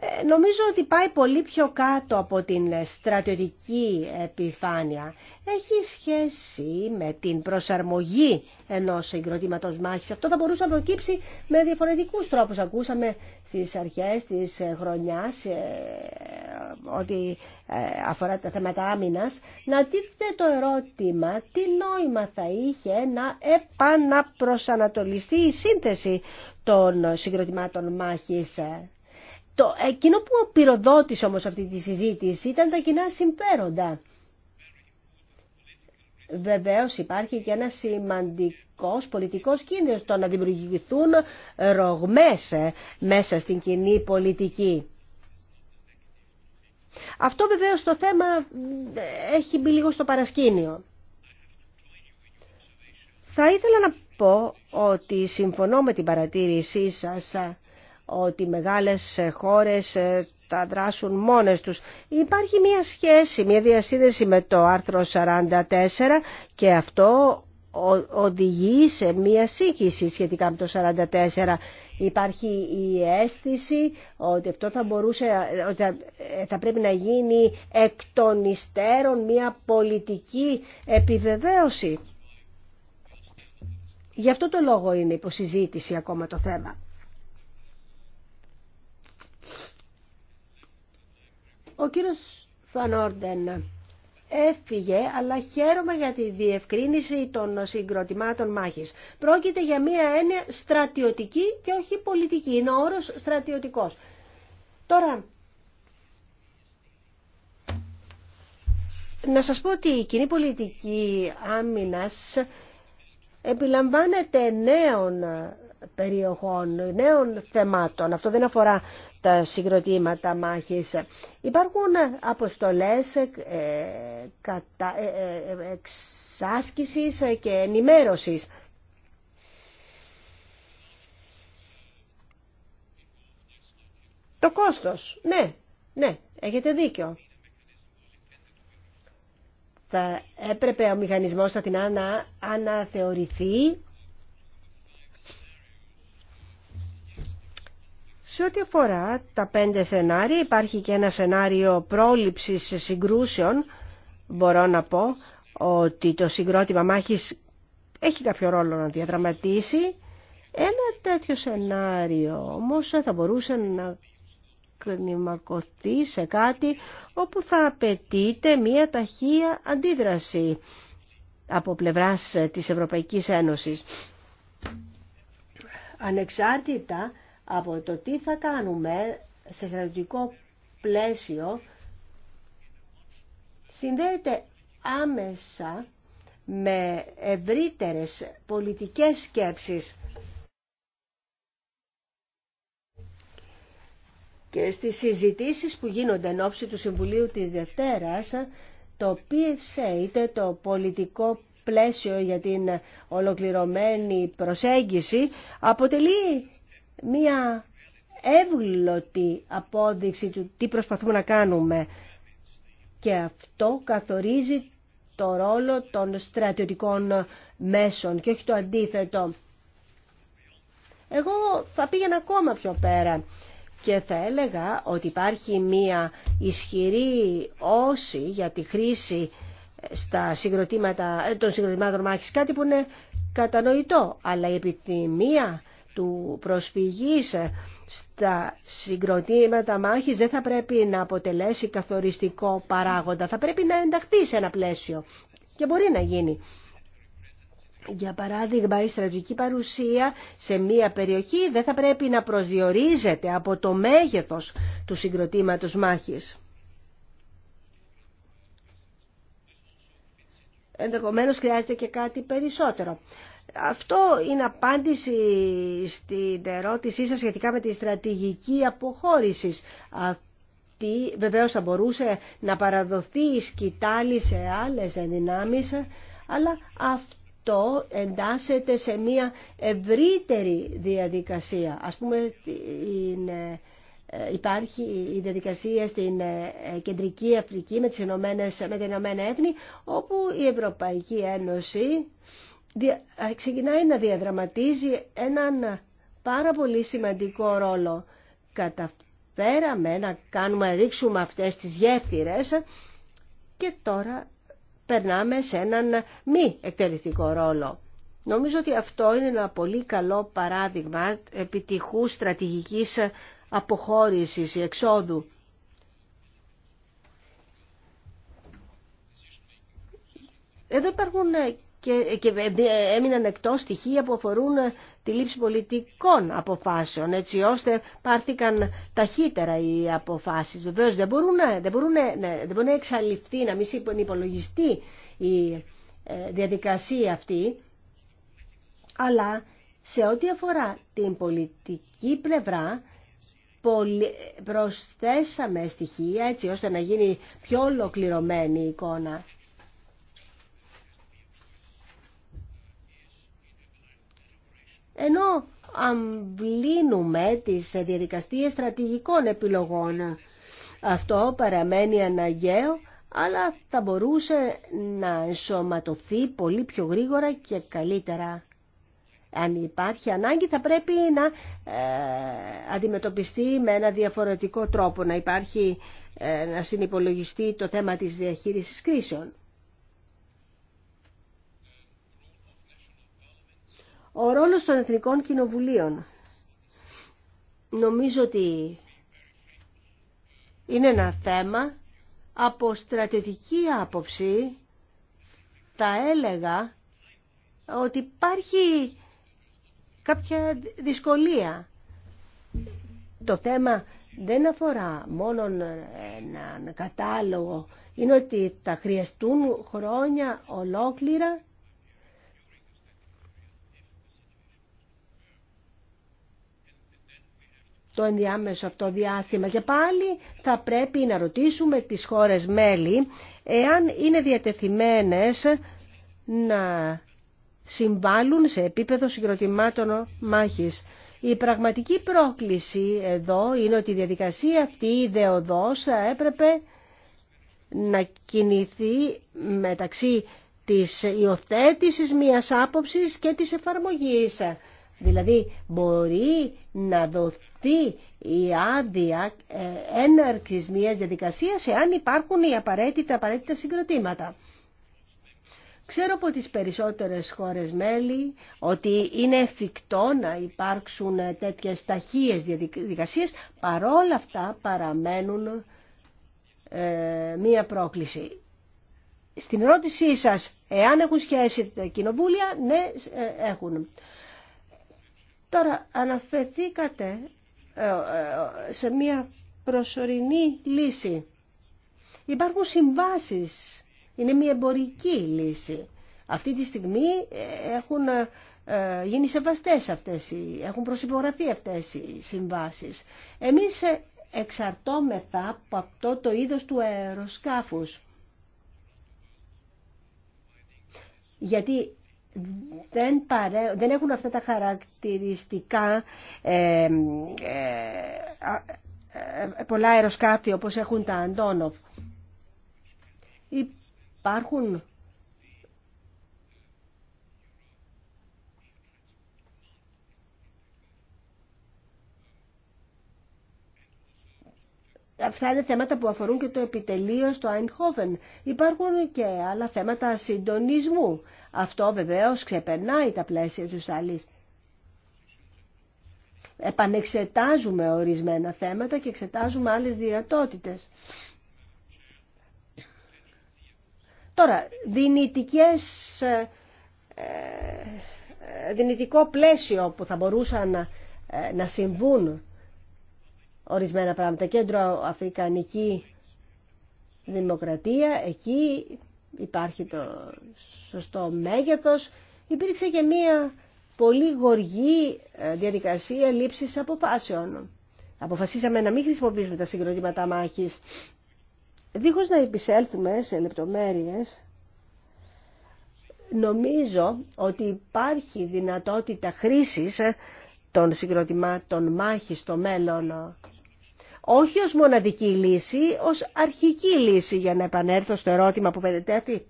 Speaker 2: ε, νομίζω ότι πάει πολύ πιο κάτω από την στρατιωτική επιφάνεια. Έχει σχέση με την προσαρμογή ενός συγκροτήματος μάχης. Αυτό θα μπορούσε να προκύψει με διαφορετικούς τρόπους. Ακούσαμε στις αρχές της χρονιάς ε, ότι ε, αφορά τα θέματα άμυνας. Να τίθεται το ερώτημα τι νόημα θα είχε να επαναπροσανατολιστεί η σύνθεση των συγκροτημάτων μάχης το, εκείνο που πυροδότησε όμως αυτή τη συζήτηση ήταν τα κοινά συμφέροντα. Βεβαίως υπάρχει και ένα σημαντικός πολιτικός κίνδυνος το να δημιουργηθούν ρογμές ε, μέσα στην κοινή πολιτική. Αυτό βεβαίως το θέμα ε, έχει μπει λίγο στο παρασκήνιο. Θα ήθελα να πω ότι συμφωνώ με την παρατήρησή σας ε, ότι μεγάλες χώρες ε, θα δράσουν μόνες τους. Υπάρχει μια σχέση, μια διασύνδεση με το άρθρο 44 και αυτό οδηγεί σε μια σύγχυση σχετικά με το 44. Υπάρχει η αίσθηση ότι αυτό θα μπορούσε, ότι θα ε, πρέπει να γίνει εκ των υστέρων μια πολιτική επιβεβαίωση. Γι' αυτό το λόγο είναι υποσυζήτηση ακόμα το θέμα. Ο κύριος Φανόρντεν έφυγε, αλλά χαίρομαι για τη διευκρίνηση των συγκροτημάτων μάχης. Πρόκειται για μία έννοια στρατιωτική και όχι πολιτική. Είναι ο όρος στρατιωτικός. Τώρα, να σας πω ότι η κοινή πολιτική άμυνας επιλαμβάνεται νέων περιοχών, νέων θεμάτων. Αυτό δεν αφορά τα συγκροτήματα μάχης. Υπάρχουν αποστολές ε, κατα, ε, ε, εξάσκησης και ενημέρωσης. Το κόστος, ναι, ναι, έχετε δίκιο. Θα έπρεπε ο μηχανισμός Αθηνά να αναθεωρηθεί Σε ό,τι αφορά τα πέντε σενάρια, υπάρχει και ένα σενάριο πρόληψης συγκρούσεων. Μπορώ να πω ότι το συγκρότημα μάχης έχει κάποιο ρόλο να διαδραματίσει. Ένα τέτοιο σενάριο όμως θα μπορούσε να κλιμακωθεί σε κάτι όπου θα απαιτείται μία ταχεία αντίδραση από πλευράς της Ευρωπαϊκής Ένωσης. Ανεξάρτητα από το τι θα κάνουμε σε στρατιωτικό πλαίσιο συνδέεται άμεσα με ευρύτερες πολιτικές σκέψεις. Και στις συζητήσεις που γίνονται εν ώψη του Συμβουλίου της Δευτέρας, το PFC, είτε το πολιτικό πλαίσιο για την ολοκληρωμένη προσέγγιση, αποτελεί μία εύγλωτη απόδειξη του τι προσπαθούμε να κάνουμε. Και αυτό καθορίζει το ρόλο των στρατιωτικών μέσων και όχι το αντίθετο. Εγώ θα πήγαινα ακόμα πιο πέρα και θα έλεγα ότι υπάρχει μία ισχυρή όση για τη χρήση στα συγκροτήματα, των συγκροτημάτων μάχης, κάτι που είναι κατανοητό, αλλά η επιθυμία του προσφυγής στα συγκροτήματα μάχης δεν θα πρέπει να αποτελέσει καθοριστικό παράγοντα. Θα πρέπει να ενταχθεί σε ένα πλαίσιο και μπορεί να γίνει. Για παράδειγμα, η στρατηγική παρουσία σε μία περιοχή δεν θα πρέπει να προσδιορίζεται από το μέγεθος του συγκροτήματος μάχης. Ενδεχομένως χρειάζεται και κάτι περισσότερο. Αυτό είναι απάντηση στην ερώτησή σας σχετικά με τη στρατηγική αποχώρησης. Αυτή βεβαίως θα μπορούσε να παραδοθεί η σκητάλη σε άλλες δυνάμεις, αλλά αυτό εντάσσεται σε μια ευρύτερη διαδικασία. Ας πούμε, είναι υπάρχει η διαδικασία στην ε, Κεντρική Αφρική με, τις Ηνωμένες, με Ηνωμένα Έθνη, όπου η Ευρωπαϊκή Ένωση ξεκινάει να διαδραματίζει έναν πάρα πολύ σημαντικό ρόλο. Καταφέραμε να κάνουμε, ρίξουμε αυτές τις γέφυρες και τώρα περνάμε σε έναν μη εκτελεστικό ρόλο. Νομίζω ότι αυτό είναι ένα πολύ καλό παράδειγμα επιτυχού στρατηγικής αποχώρησης ή εξόδου. Εδώ υπάρχουν και, έμειναν εκτός στοιχεία που αφορούν ε, τη λήψη πολιτικών αποφάσεων, έτσι ώστε πάρθηκαν ταχύτερα οι αποφάσεις. Βεβαίως δεν, μπορούν, δεν, μπορούν, δεν μπορεί να εξαλειφθεί, να μην υπολογιστεί η ε, διαδικασία αυτή, αλλά σε ό,τι αφορά την πολιτική πλευρά, προσθέσαμε στοιχεία έτσι ώστε να γίνει πιο ολοκληρωμένη η εικόνα. ενώ αμβλύνουμε τις διαδικασίες στρατηγικών επιλογών. Αυτό παραμένει αναγκαίο, αλλά θα μπορούσε να ενσωματωθεί πολύ πιο γρήγορα και καλύτερα. Αν υπάρχει ανάγκη θα πρέπει να ε, αντιμετωπιστεί με ένα διαφορετικό τρόπο, να υπάρχει ε, να συνυπολογιστεί το θέμα της διαχείρισης κρίσεων. Ο ρόλος των Εθνικών Κοινοβουλίων. Νομίζω ότι είναι ένα θέμα από στρατιωτική άποψη Τα έλεγα ότι υπάρχει κάποια δυσκολία. Το θέμα δεν αφορά μόνο έναν κατάλογο, είναι ότι τα χρειαστούν χρόνια ολόκληρα το ενδιάμεσο αυτό διάστημα. Και πάλι θα πρέπει να ρωτήσουμε τις χώρες μέλη εάν είναι διατεθειμένες να συμβάλλουν σε επίπεδο συγκροτημάτων μάχης. Η πραγματική πρόκληση εδώ είναι ότι η διαδικασία αυτή η έπρεπε να κινηθεί μεταξύ της υιοθέτηση μιας άποψης και της εφαρμογής. Δηλαδή μπορεί να δοθεί η άδεια ε, έναρξης μιας διαδικασίας εάν υπάρχουν οι απαραίτητα, απαραίτητα συγκροτήματα. Ξέρω από τις περισσότερες χώρες μέλη ότι είναι εφικτό να υπάρξουν τέτοιες ταχείες διαδικασίες, παρόλα αυτά παραμένουν ε, μία πρόκληση. Στην ερώτησή σας, εάν έχουν σχέση τα κοινοβούλια, ναι, ε, έχουν. Τώρα αναφεθήκατε ε, ε, σε μια προσωρινή λύση. Υπάρχουν συμβάσεις. Είναι μια εμπορική λύση. Αυτή τη στιγμή ε, έχουν γίνει σεβαστές αυτές, οι, έχουν προσυπογραφεί αυτές οι συμβάσεις. Εμείς εξαρτώμεθα από αυτό το είδος του αεροσκάφους. Γιατί δεν, έχουν αυτά τα χαρακτηριστικά ε, ε, ε, πολλά αεροσκάφη όπως έχουν τα Αντόνοφ. Υπάρχουν Αυτά είναι θέματα που αφορούν και το επιτελείο στο Eindhoven. Υπάρχουν και άλλα θέματα συντονισμού. Αυτό βεβαίως ξεπερνάει τα πλαίσια του άλλη. Επανεξετάζουμε ορισμένα θέματα και εξετάζουμε άλλες δυνατότητες. Τώρα, δυνητικές, ε, ε, δυνητικό πλαίσιο που θα μπορούσαν ε, να συμβούν ορισμένα πράγματα. Κέντρο Αφρικανική Δημοκρατία, εκεί υπάρχει το σωστό μέγεθος. Υπήρξε και μία πολύ γοργή ε, διαδικασία λήψης αποφάσεων. Αποφασίσαμε να μην χρησιμοποιήσουμε τα συγκροτήματα μάχης. Δίχως να επισέλθουμε σε λεπτομέρειες, νομίζω ότι υπάρχει δυνατότητα χρήσης ε, των συγκροτημάτων μάχης στο μέλλον όχι ως μοναδική λύση, ως αρχική λύση για να επανέλθω στο ερώτημα που πετετέθη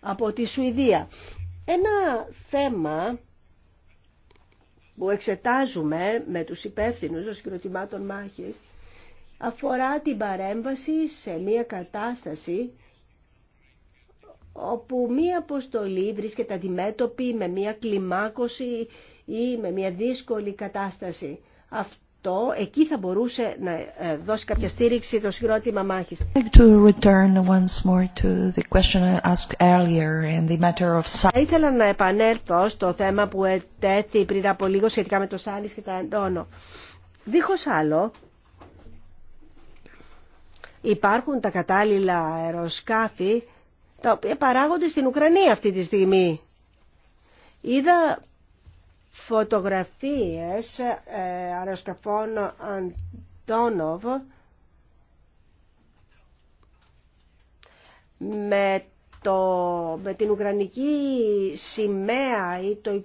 Speaker 2: από τη Σουηδία. Ένα θέμα που εξετάζουμε με τους υπεύθυνους των συγκροτημάτων μάχης αφορά την παρέμβαση σε μια κατάσταση όπου μία αποστολή βρίσκεται αντιμέτωπη με μία κλιμάκωση ή με μία δύσκολη κατάσταση εκεί θα μπορούσε να ε, δώσει κάποια στήριξη το συγκρότημα μάχης. Θα ήθελα να επανέλθω στο θέμα που ετέθη πριν από λίγο σχετικά με το Σάλις και τα Αντώνο. Δίχως άλλο, υπάρχουν τα κατάλληλα αεροσκάφη τα οποία παράγονται στην Ουκρανία αυτή τη στιγμή. Είδα φωτογραφίες ε, αεροσκαφών Αντόνοβ με, με την Ουκρανική σημαία ή το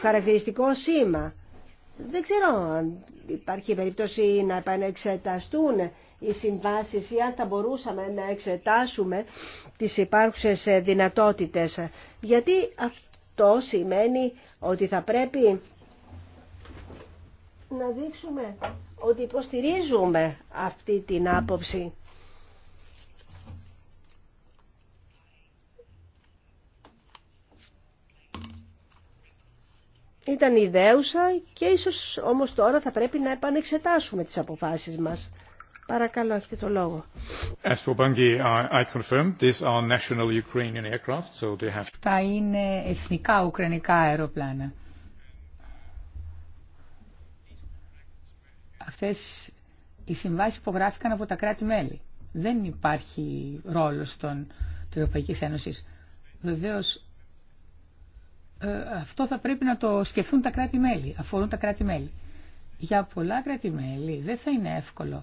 Speaker 2: χαρακτηριστικό σήμα. Δεν ξέρω αν υπάρχει περίπτωση να επανεξεταστούν οι συμβάσεις ή αν θα μπορούσαμε να εξετάσουμε τις υπάρχουσες δυνατότητες. Γιατί αυτό το σημαίνει ότι θα πρέπει να δείξουμε ότι υποστηρίζουμε αυτή την άποψη. Ήταν ιδέουσα και ίσως όμως τώρα θα πρέπει να επανεξετάσουμε τις αποφάσεις μας. Παρακαλώ, έχετε το
Speaker 1: λόγο. Αυτά είναι εθνικά ουκρανικά αεροπλάνα. Αυτές οι συμβάσεις υπογράφηκαν από τα κράτη-μέλη. Δεν υπάρχει ρόλος των, της Ευρωπαϊκής Ένωσης. Βεβαίως, ε, αυτό θα πρέπει να το σκεφτούν τα κράτη-μέλη, αφορούν τα κράτη-μέλη. Για πολλά κράτη-μέλη δεν θα είναι εύκολο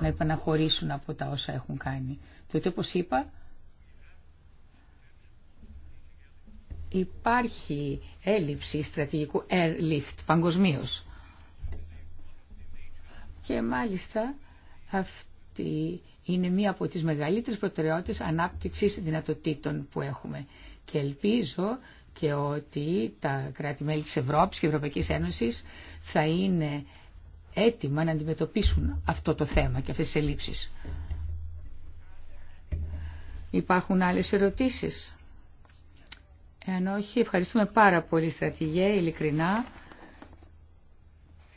Speaker 1: να επαναχωρήσουν από τα όσα έχουν κάνει. Διότι όπως είπα υπάρχει έλλειψη στρατηγικού airlift παγκοσμίω. Και μάλιστα αυτή είναι μία από τις μεγαλύτερες προτεραιότητες ανάπτυξης δυνατοτήτων που έχουμε. Και ελπίζω και ότι τα κράτη-μέλη της Ευρώπης και Ευρωπαϊκής Ένωσης θα είναι έτοιμα να αντιμετωπίσουν αυτό το θέμα και αυτές τις ελλείψεις. Υπάρχουν άλλες ερωτήσεις. Εάν όχι, ευχαριστούμε πάρα πολύ στρατηγέ, ειλικρινά,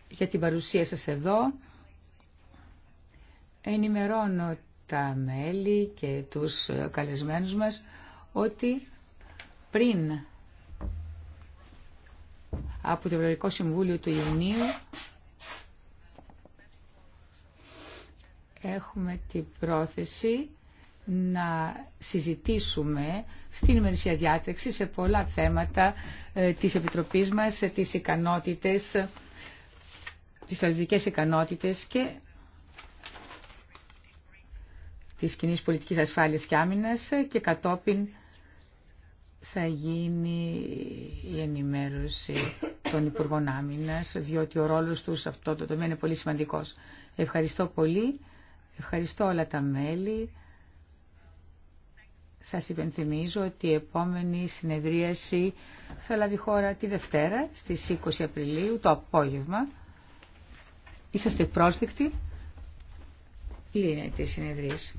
Speaker 1: για την παρουσία σας εδώ. Ενημερώνω τα μέλη και τους καλεσμένους μας ότι πριν από το Ευρωπαϊκό Συμβούλιο του Ιουνίου έχουμε την πρόθεση να συζητήσουμε στην ημερησία διάταξη σε πολλά θέματα ε, της Επιτροπής μας, τις ικανότητες, τις στρατιωτικές ικανότητες και της κοινή πολιτικής ασφάλειας και άμυνας και κατόπιν θα γίνει η ενημέρωση των Υπουργών Άμυνας, διότι ο ρόλος τους σε αυτό το τομέα είναι πολύ σημαντικός. Ευχαριστώ πολύ. Ευχαριστώ όλα τα μέλη. Σας υπενθυμίζω ότι η επόμενη συνεδρίαση θα λάβει χώρα τη Δευτέρα στις 20 Απριλίου το απόγευμα. Είσαστε πρόσδεκτοι. Λύνεται η συνεδρίαση.